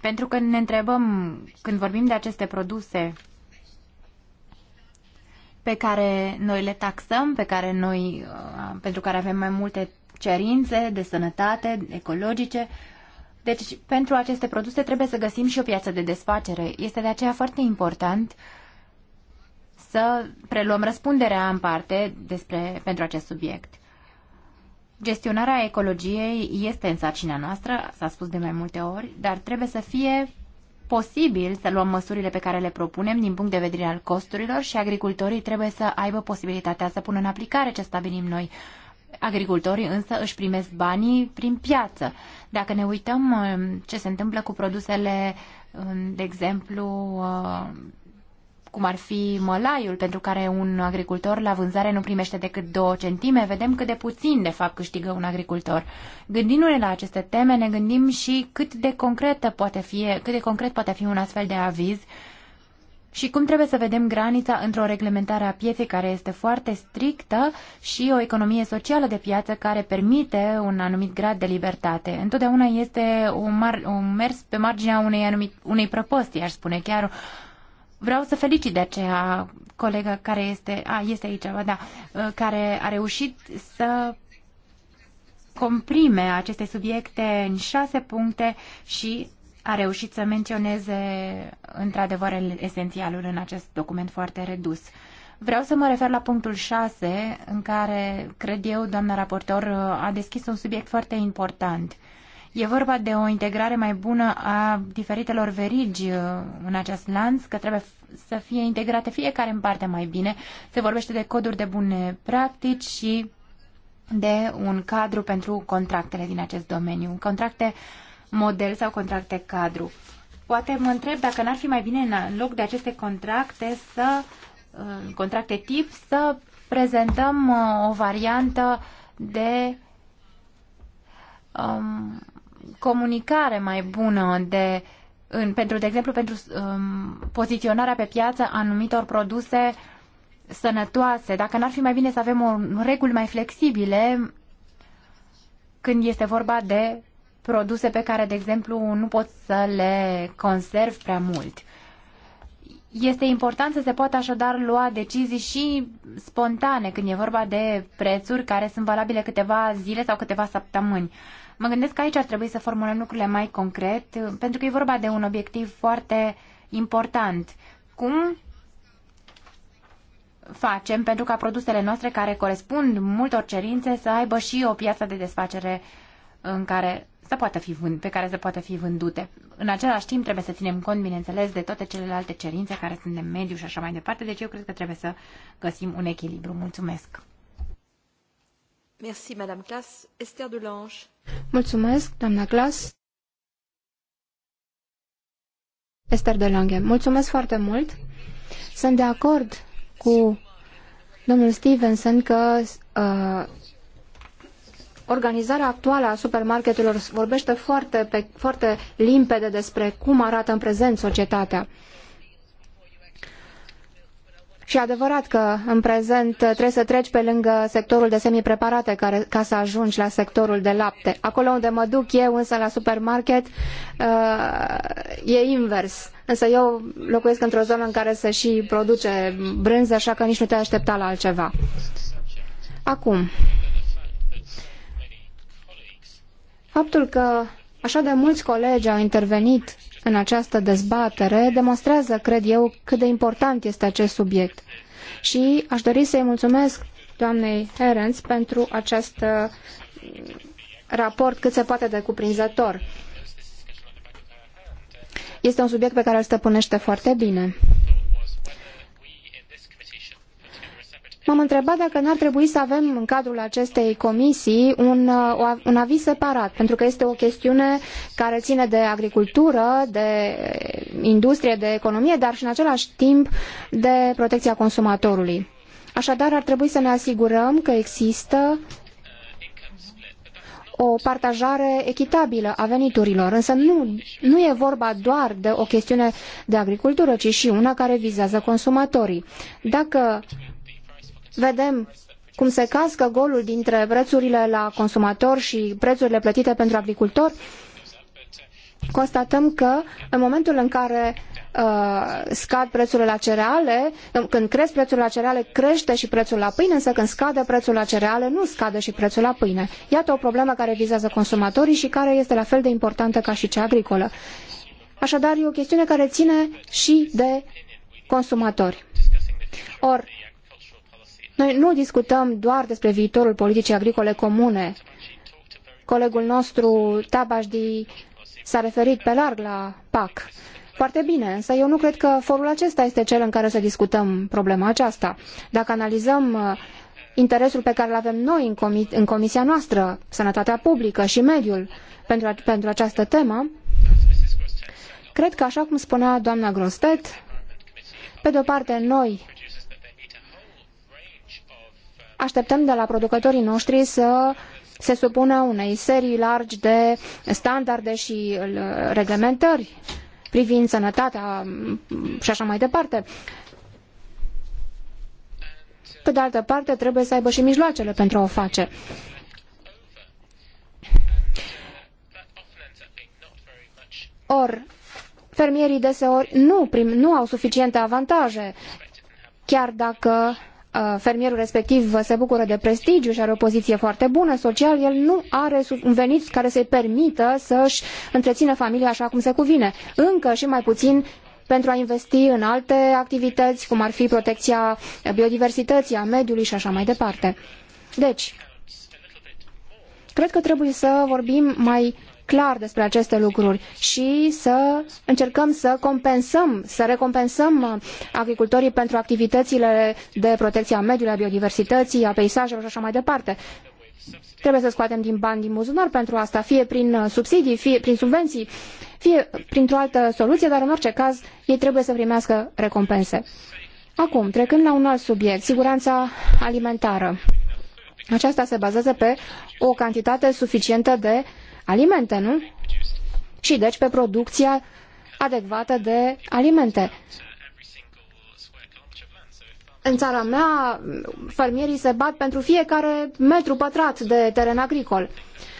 Pentru că ne întrebăm, când vorbim de aceste produse pe care noi le taxăm, pe care noi, uh, pentru care avem mai multe cerințe de sănătate, ecologice, deci, pentru aceste produse trebuie să găsim și o piață de desfacere. Este de aceea foarte important să preluăm răspunderea în parte despre, pentru acest subiect. Gestionarea ecologiei este în sarcina noastră, s-a spus de mai multe ori, dar trebuie să fie posibil să luăm măsurile pe care le propunem din punct de vedere al costurilor și agricultorii trebuie să aibă posibilitatea să pună în aplicare ce stabilim noi. Agricultorii însă își primesc banii prin piață. Dacă ne uităm uh, ce se întâmplă cu produsele, uh, de exemplu, uh, cum ar fi mălaiul, pentru care un agricultor la vânzare nu primește decât 2 centime, vedem cât de puțin, de fapt, câștigă un agricultor. Gândindu-ne la aceste teme, ne gândim și cât de, concretă poate fi, cât de concret poate fi un astfel de aviz și cum trebuie să vedem granița într-o reglementare a pieței care este foarte strictă și o economie socială de piață care permite un anumit grad de libertate. Întotdeauna este un, mar- un mers pe marginea unei, anumit, unei prăpostii, aș spune chiar Vreau să felicit de aceea colegă care este, a, este aici, da, ă, care a reușit să comprime aceste subiecte în șase puncte și a reușit să menționeze într-adevăr esențialul în acest document foarte redus. Vreau să mă refer la punctul 6, în care, cred eu, doamna raportor ă, a deschis un subiect foarte important. Uh, E vorba de o integrare mai bună a diferitelor verigi uh, în acest lanț, că trebuie să fie integrate fiecare în parte mai bine. Se vorbește de coduri de bune practici și de un cadru pentru contractele din acest domeniu, contracte model sau contracte cadru. Poate mă întreb dacă n-ar fi mai bine în loc de aceste contracte să uh, contracte tip să prezentăm uh, o variantă de um, comunicare mai bună de, în, pentru, de exemplu, pentru um, poziționarea pe piață a anumitor produse sănătoase. Dacă n-ar fi mai bine să avem o reguli mai flexibile când este vorba de produse pe care, de exemplu, nu pot să le conserv prea mult. Este important să se poată așadar lua decizii și spontane când e vorba de prețuri care sunt valabile câteva zile sau câteva săptămâni. Mă gândesc că aici ar trebui să formulăm lucrurile mai concret, pentru că e vorba de un obiectiv foarte important. Cum facem pentru ca produsele noastre care corespund multor cerințe să aibă și o piață de desfacere în care să poată fi vând, pe care să poată fi vândute. În același timp trebuie să ținem cont, bineînțeles, de toate celelalte cerințe care sunt de mediu și așa mai departe, deci eu cred că trebuie să găsim un echilibru. Mulțumesc! Merci, Madame Cass. Esther Delange. Mulțumesc, doamna Glas. Esther de Lange. Mulțumesc foarte mult. Sunt de acord cu domnul Stevenson că uh, organizarea actuală a supermarketelor vorbește foarte, pe, foarte limpede despre cum arată în prezent societatea. Uh, și adevărat că în prezent trebuie să treci pe lângă sectorul de semipreparate care, ca să ajungi la sectorul de lapte. Acolo unde mă duc eu însă la supermarket uh, e invers. Însă eu locuiesc într-o zonă în care se și produce brânză, așa că nici nu te aștepta la altceva. Acum, faptul că Așa de mulți colegi au intervenit în această dezbatere demonstrează, cred eu, cât de important este acest subiect. Și aș dori să-i mulțumesc doamnei Herens pentru acest uh, raport cât se poate de cuprinzător. Este un subiect pe care îl stăpânește foarte bine. am întrebat dacă n-ar trebui să avem în cadrul acestei comisii un, uh, un aviz separat, pentru că este o chestiune care ține de agricultură, de industrie, de economie, dar și în același timp de protecția consumatorului. Așadar, ar trebui să ne asigurăm că există o partajare echitabilă a veniturilor, însă nu, nu e vorba doar de o chestiune de agricultură, ci și una care vizează consumatorii. Dacă vedem cum se cască golul dintre prețurile la consumator și prețurile plătite pentru agricultori, constatăm că în momentul în care uh, scad prețurile la cereale, când cresc prețul la cereale, crește și prețul la pâine, însă când scade prețul la cereale, nu scade și prețul la pâine. Iată o problemă care vizează consumatorii și care este la fel de importantă ca și cea agricolă. Așadar, e o chestiune care ține și de consumatori. Or, noi nu discutăm doar despre viitorul politicii agricole comune. Colegul nostru, Tabajdi, s-a referit pe larg la PAC. Foarte bine, însă eu nu cred că forul acesta este cel în care să discutăm problema aceasta. Dacă analizăm uh, interesul pe care îl avem noi în, comi în comisia noastră, sănătatea publică și mediul, pentru, pentru această temă, cred că, așa cum spunea doamna Grostet, pe de o parte noi Așteptăm de la producătorii noștri să se supună unei serii largi de standarde și uh, reglementări privind sănătatea mm, și așa mai departe. Pe de altă parte, trebuie să aibă și mijloacele pentru a o face. Or, fermierii deseori nu, prim, nu au suficiente avantaje, chiar dacă Uh, fermierul respectiv se bucură de prestigiu și are o poziție foarte bună social, el nu are un venit care să-i permită să-și întrețină familia așa cum se cuvine. Încă și mai puțin pentru a investi în alte activități, cum ar fi protecția biodiversității, a mediului și așa mai departe. Deci, cred că trebuie să vorbim mai clar despre aceste lucruri și să încercăm să compensăm, să recompensăm agricultorii pentru activitățile de protecție a mediului, a biodiversității, a peisajelor și așa mai departe. Trebuie să scoatem din bani din buzunar pentru asta, fie prin subsidii, fie prin subvenții, fie printr-o altă soluție, dar în orice caz ei trebuie să primească recompense. Acum, trecând la un alt subiect, siguranța alimentară. Aceasta se bazează pe o cantitate suficientă de alimente, nu? Și deci pe producția adecvată de alimente. În țara mea, fermierii se bat pentru fiecare metru pătrat de teren agricol.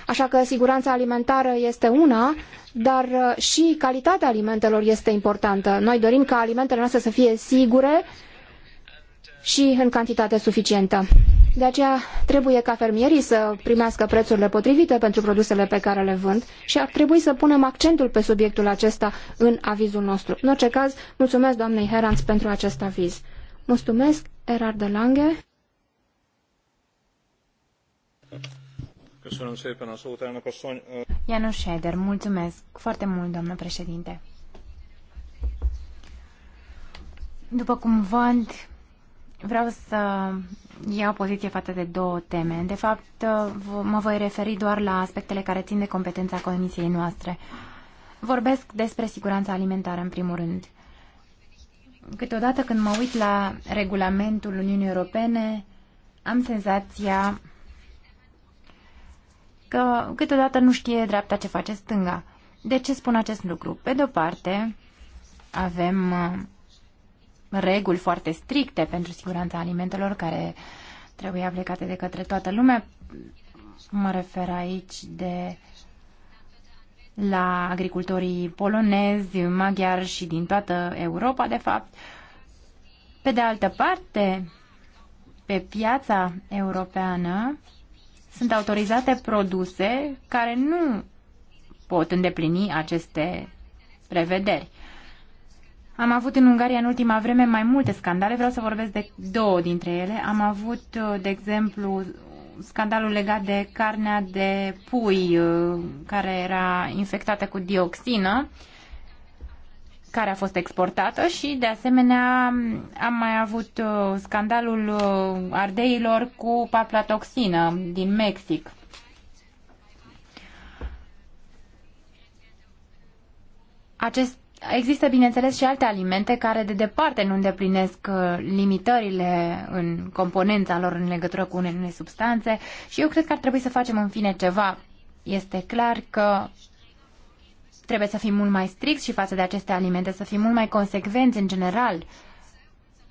Așa că siguranța alimentară este una, dar uh, și calitatea alimentelor este importantă. Noi dorim ca alimentele noastre să fie sigure, și în cantitate suficientă. De aceea trebuie ca fermierii să primească prețurile potrivite pentru produsele pe care le vând și ar trebui să punem accentul pe subiectul acesta în avizul nostru. În orice caz, mulțumesc doamnei Heranz pentru acest aviz. Mulțumesc, Erard de Lange. Ianus Scheder, mulțumesc foarte mult, doamnă președinte. După cum vând. Vreau să iau poziție față de două teme. De fapt, mă voi referi doar la aspectele care țin de competența comisiei noastre. Vorbesc despre siguranța alimentară, în primul rând. Câteodată când mă uit la regulamentul Uniunii Europene, am senzația că câteodată nu știe dreapta ce face stânga. De ce spun acest lucru? Pe de-o parte, avem uh, reguli foarte stricte pentru siguranța alimentelor care trebuie aplicate de către toată lumea. Mă refer aici de la agricultorii polonezi, maghiari și din toată Europa, de fapt. Pe de altă parte, pe piața europeană sunt autorizate produse care nu pot îndeplini aceste prevederi. Am avut în Ungaria în ultima vreme mai multe scandale, vreau să vorbesc de două dintre ele. Am avut, uh, de exemplu, scandalul legat de carnea de pui uh, care era infectată cu dioxină care a fost exportată și de asemenea am mai avut uh, scandalul ardeilor cu paplatoxină din Mexic. Acest Există, bineînțeles, și alte alimente care de departe nu îndeplinesc uh, limitările în componența lor în legătură cu unele substanțe și eu cred că ar trebui să facem în fine ceva. Este clar că trebuie să fim mult mai stricți și față de aceste alimente, să fim mult mai consecvenți în general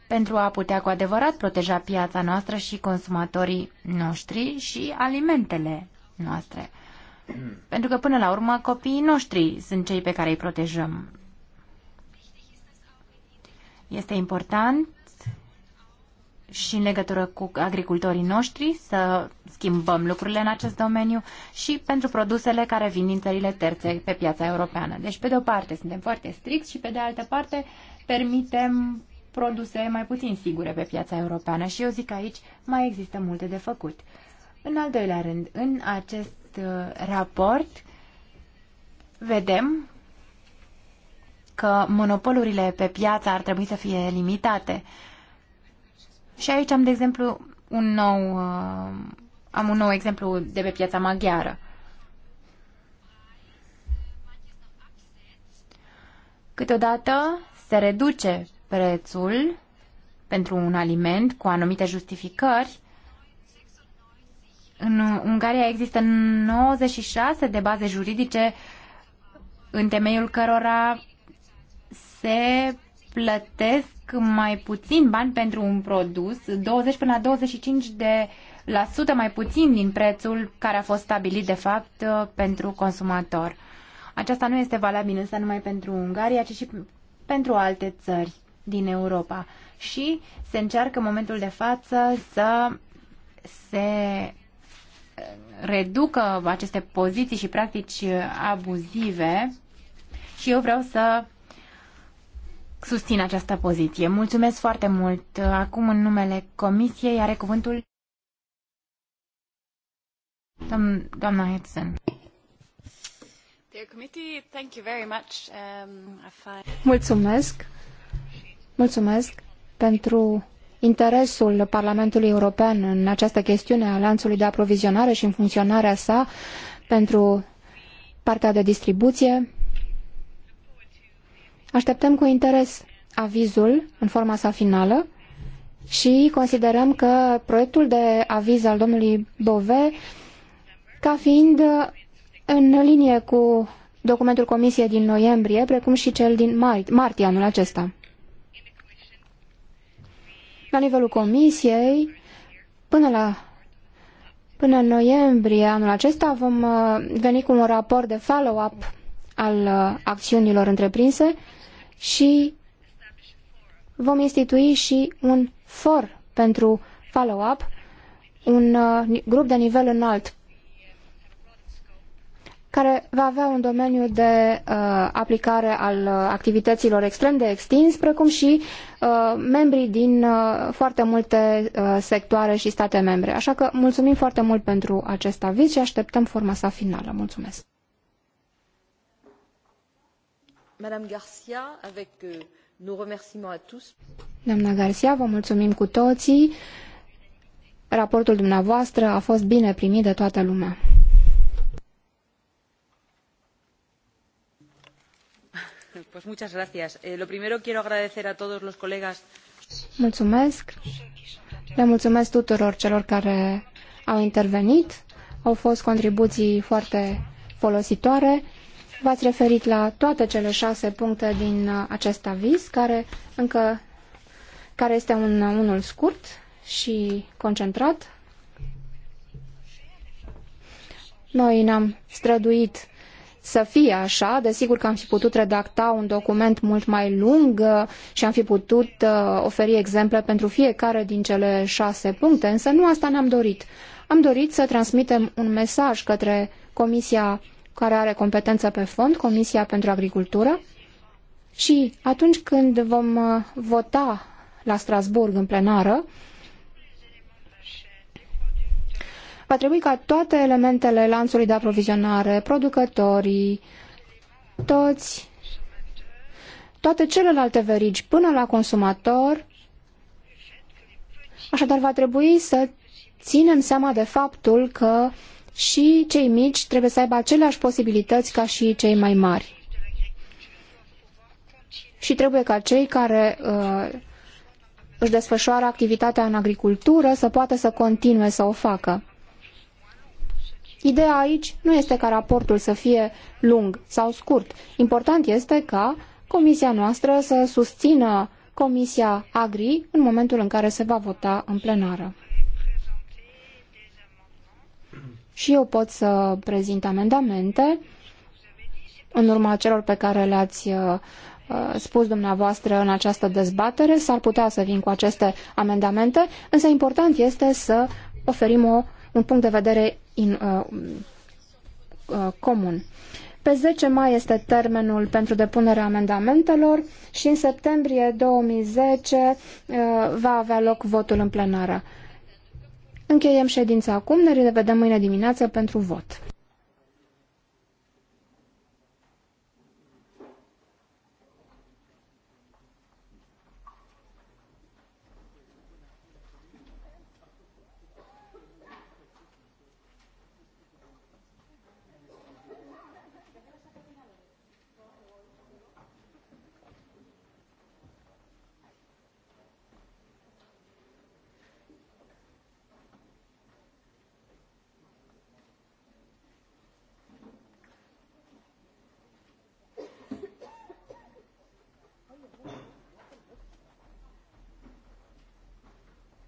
pentru a putea cu adevărat proteja piața noastră și consumatorii noștri și alimentele noastre. Mm. Pentru că, până la urmă, copiii noștri sunt cei pe care îi protejăm. Este important și în legătură cu agricultorii noștri să schimbăm lucrurile în acest domeniu și pentru produsele care vin din țările terțe pe piața europeană. Deci, pe de o parte, suntem foarte stricți și pe de altă parte permitem produse mai puțin sigure pe piața europeană și eu zic că aici mai există multe de făcut. În al doilea rând, în acest uh, raport vedem că monopolurile pe piață ar trebui să fie limitate. Și aici am, de exemplu, un nou, uh, am un nou exemplu de pe piața maghiară. Câteodată se reduce prețul pentru un aliment cu anumite justificări. În Ungaria există 96 de baze juridice în temeiul cărora se plătesc mai puțin bani pentru un produs, 20 până la 25 de la sută mai puțin din prețul care a fost stabilit de fapt pentru consumator. Aceasta nu este valabil însă numai pentru Ungaria, ci și pentru alte țări din Europa. Și se încearcă în momentul de față să se reducă aceste poziții și practici abuzive și eu vreau să susțin această poziție. Mulțumesc foarte mult. Acum, în numele Comisiei, are cuvântul doamna Hetzen. Um, Mulțumesc. Mulțumesc pentru interesul Parlamentului European în această chestiune a lanțului de aprovizionare și în funcționarea sa pentru partea de distribuție. Așteptăm cu interes avizul în forma sa finală și considerăm că proiectul de aviz al domnului Bove ca fiind în linie cu documentul comisiei din noiembrie, precum și cel din martie anul acesta. La nivelul comisiei, până la Până în noiembrie anul acesta vom uh, veni cu un raport de follow-up al uh, acțiunilor întreprinse și vom institui și un for pentru follow-up, un uh, grup de nivel înalt care va avea un domeniu de uh, aplicare al uh, activităților extrem de extins, precum și uh, membrii din uh, foarte multe uh, sectoare și state membre. Așa că mulțumim foarte mult pentru acest aviz și așteptăm forma sa finală. Mulțumesc! Madame Garcia, euh, Doamna Garcia, vă mulțumim cu toții. Raportul dumneavoastră a fost bine primit de toată lumea. Pues muchas gracias. Eh, lo primero quiero agradecer a todos los colegas. Mulțumesc. Le mulțumesc tuturor celor care au intervenit. Au fost contribuții foarte folositoare. V-ați referit la toate cele șase puncte din uh, acest aviz, care încă care este un, uh, unul scurt și concentrat. Noi ne-am străduit să fie așa. Desigur că am fi putut redacta un document mult mai lung uh, și am fi putut oferi exemple pentru fiecare din cele șase puncte, însă nu asta ne-am dorit. Am dorit să transmitem un mesaj către Comisia care are competență pe fond, Comisia pentru Agricultură, și atunci când vom uh, vota la Strasburg în plenară, va trebui ca toate elementele lanțului de aprovizionare, producătorii, toți, toate celelalte verigi până la consumator, așadar va trebui să ținem seama de faptul că și cei mici trebuie să aibă aceleași posibilități ca și cei mai mari. Și trebuie ca cei care uh, își desfășoară activitatea în agricultură să poată să continue să o facă. Ideea aici nu este ca raportul să fie lung sau scurt. Important este ca comisia noastră să susțină Comisia Agri în momentul în care se va vota în plenară. și eu pot să prezint amendamente în urma celor pe care le-ați uh, uh, spus dumneavoastră în această dezbatere, s-ar putea să vin cu aceste amendamente, însă important este să oferim o, un punct de vedere in, uh, uh, comun. Pe 10 mai este termenul pentru depunerea amendamentelor și în septembrie 2010 uh, va avea loc votul în plenară. Încheiem ședința acum, ne revedem mâine dimineață pentru vot.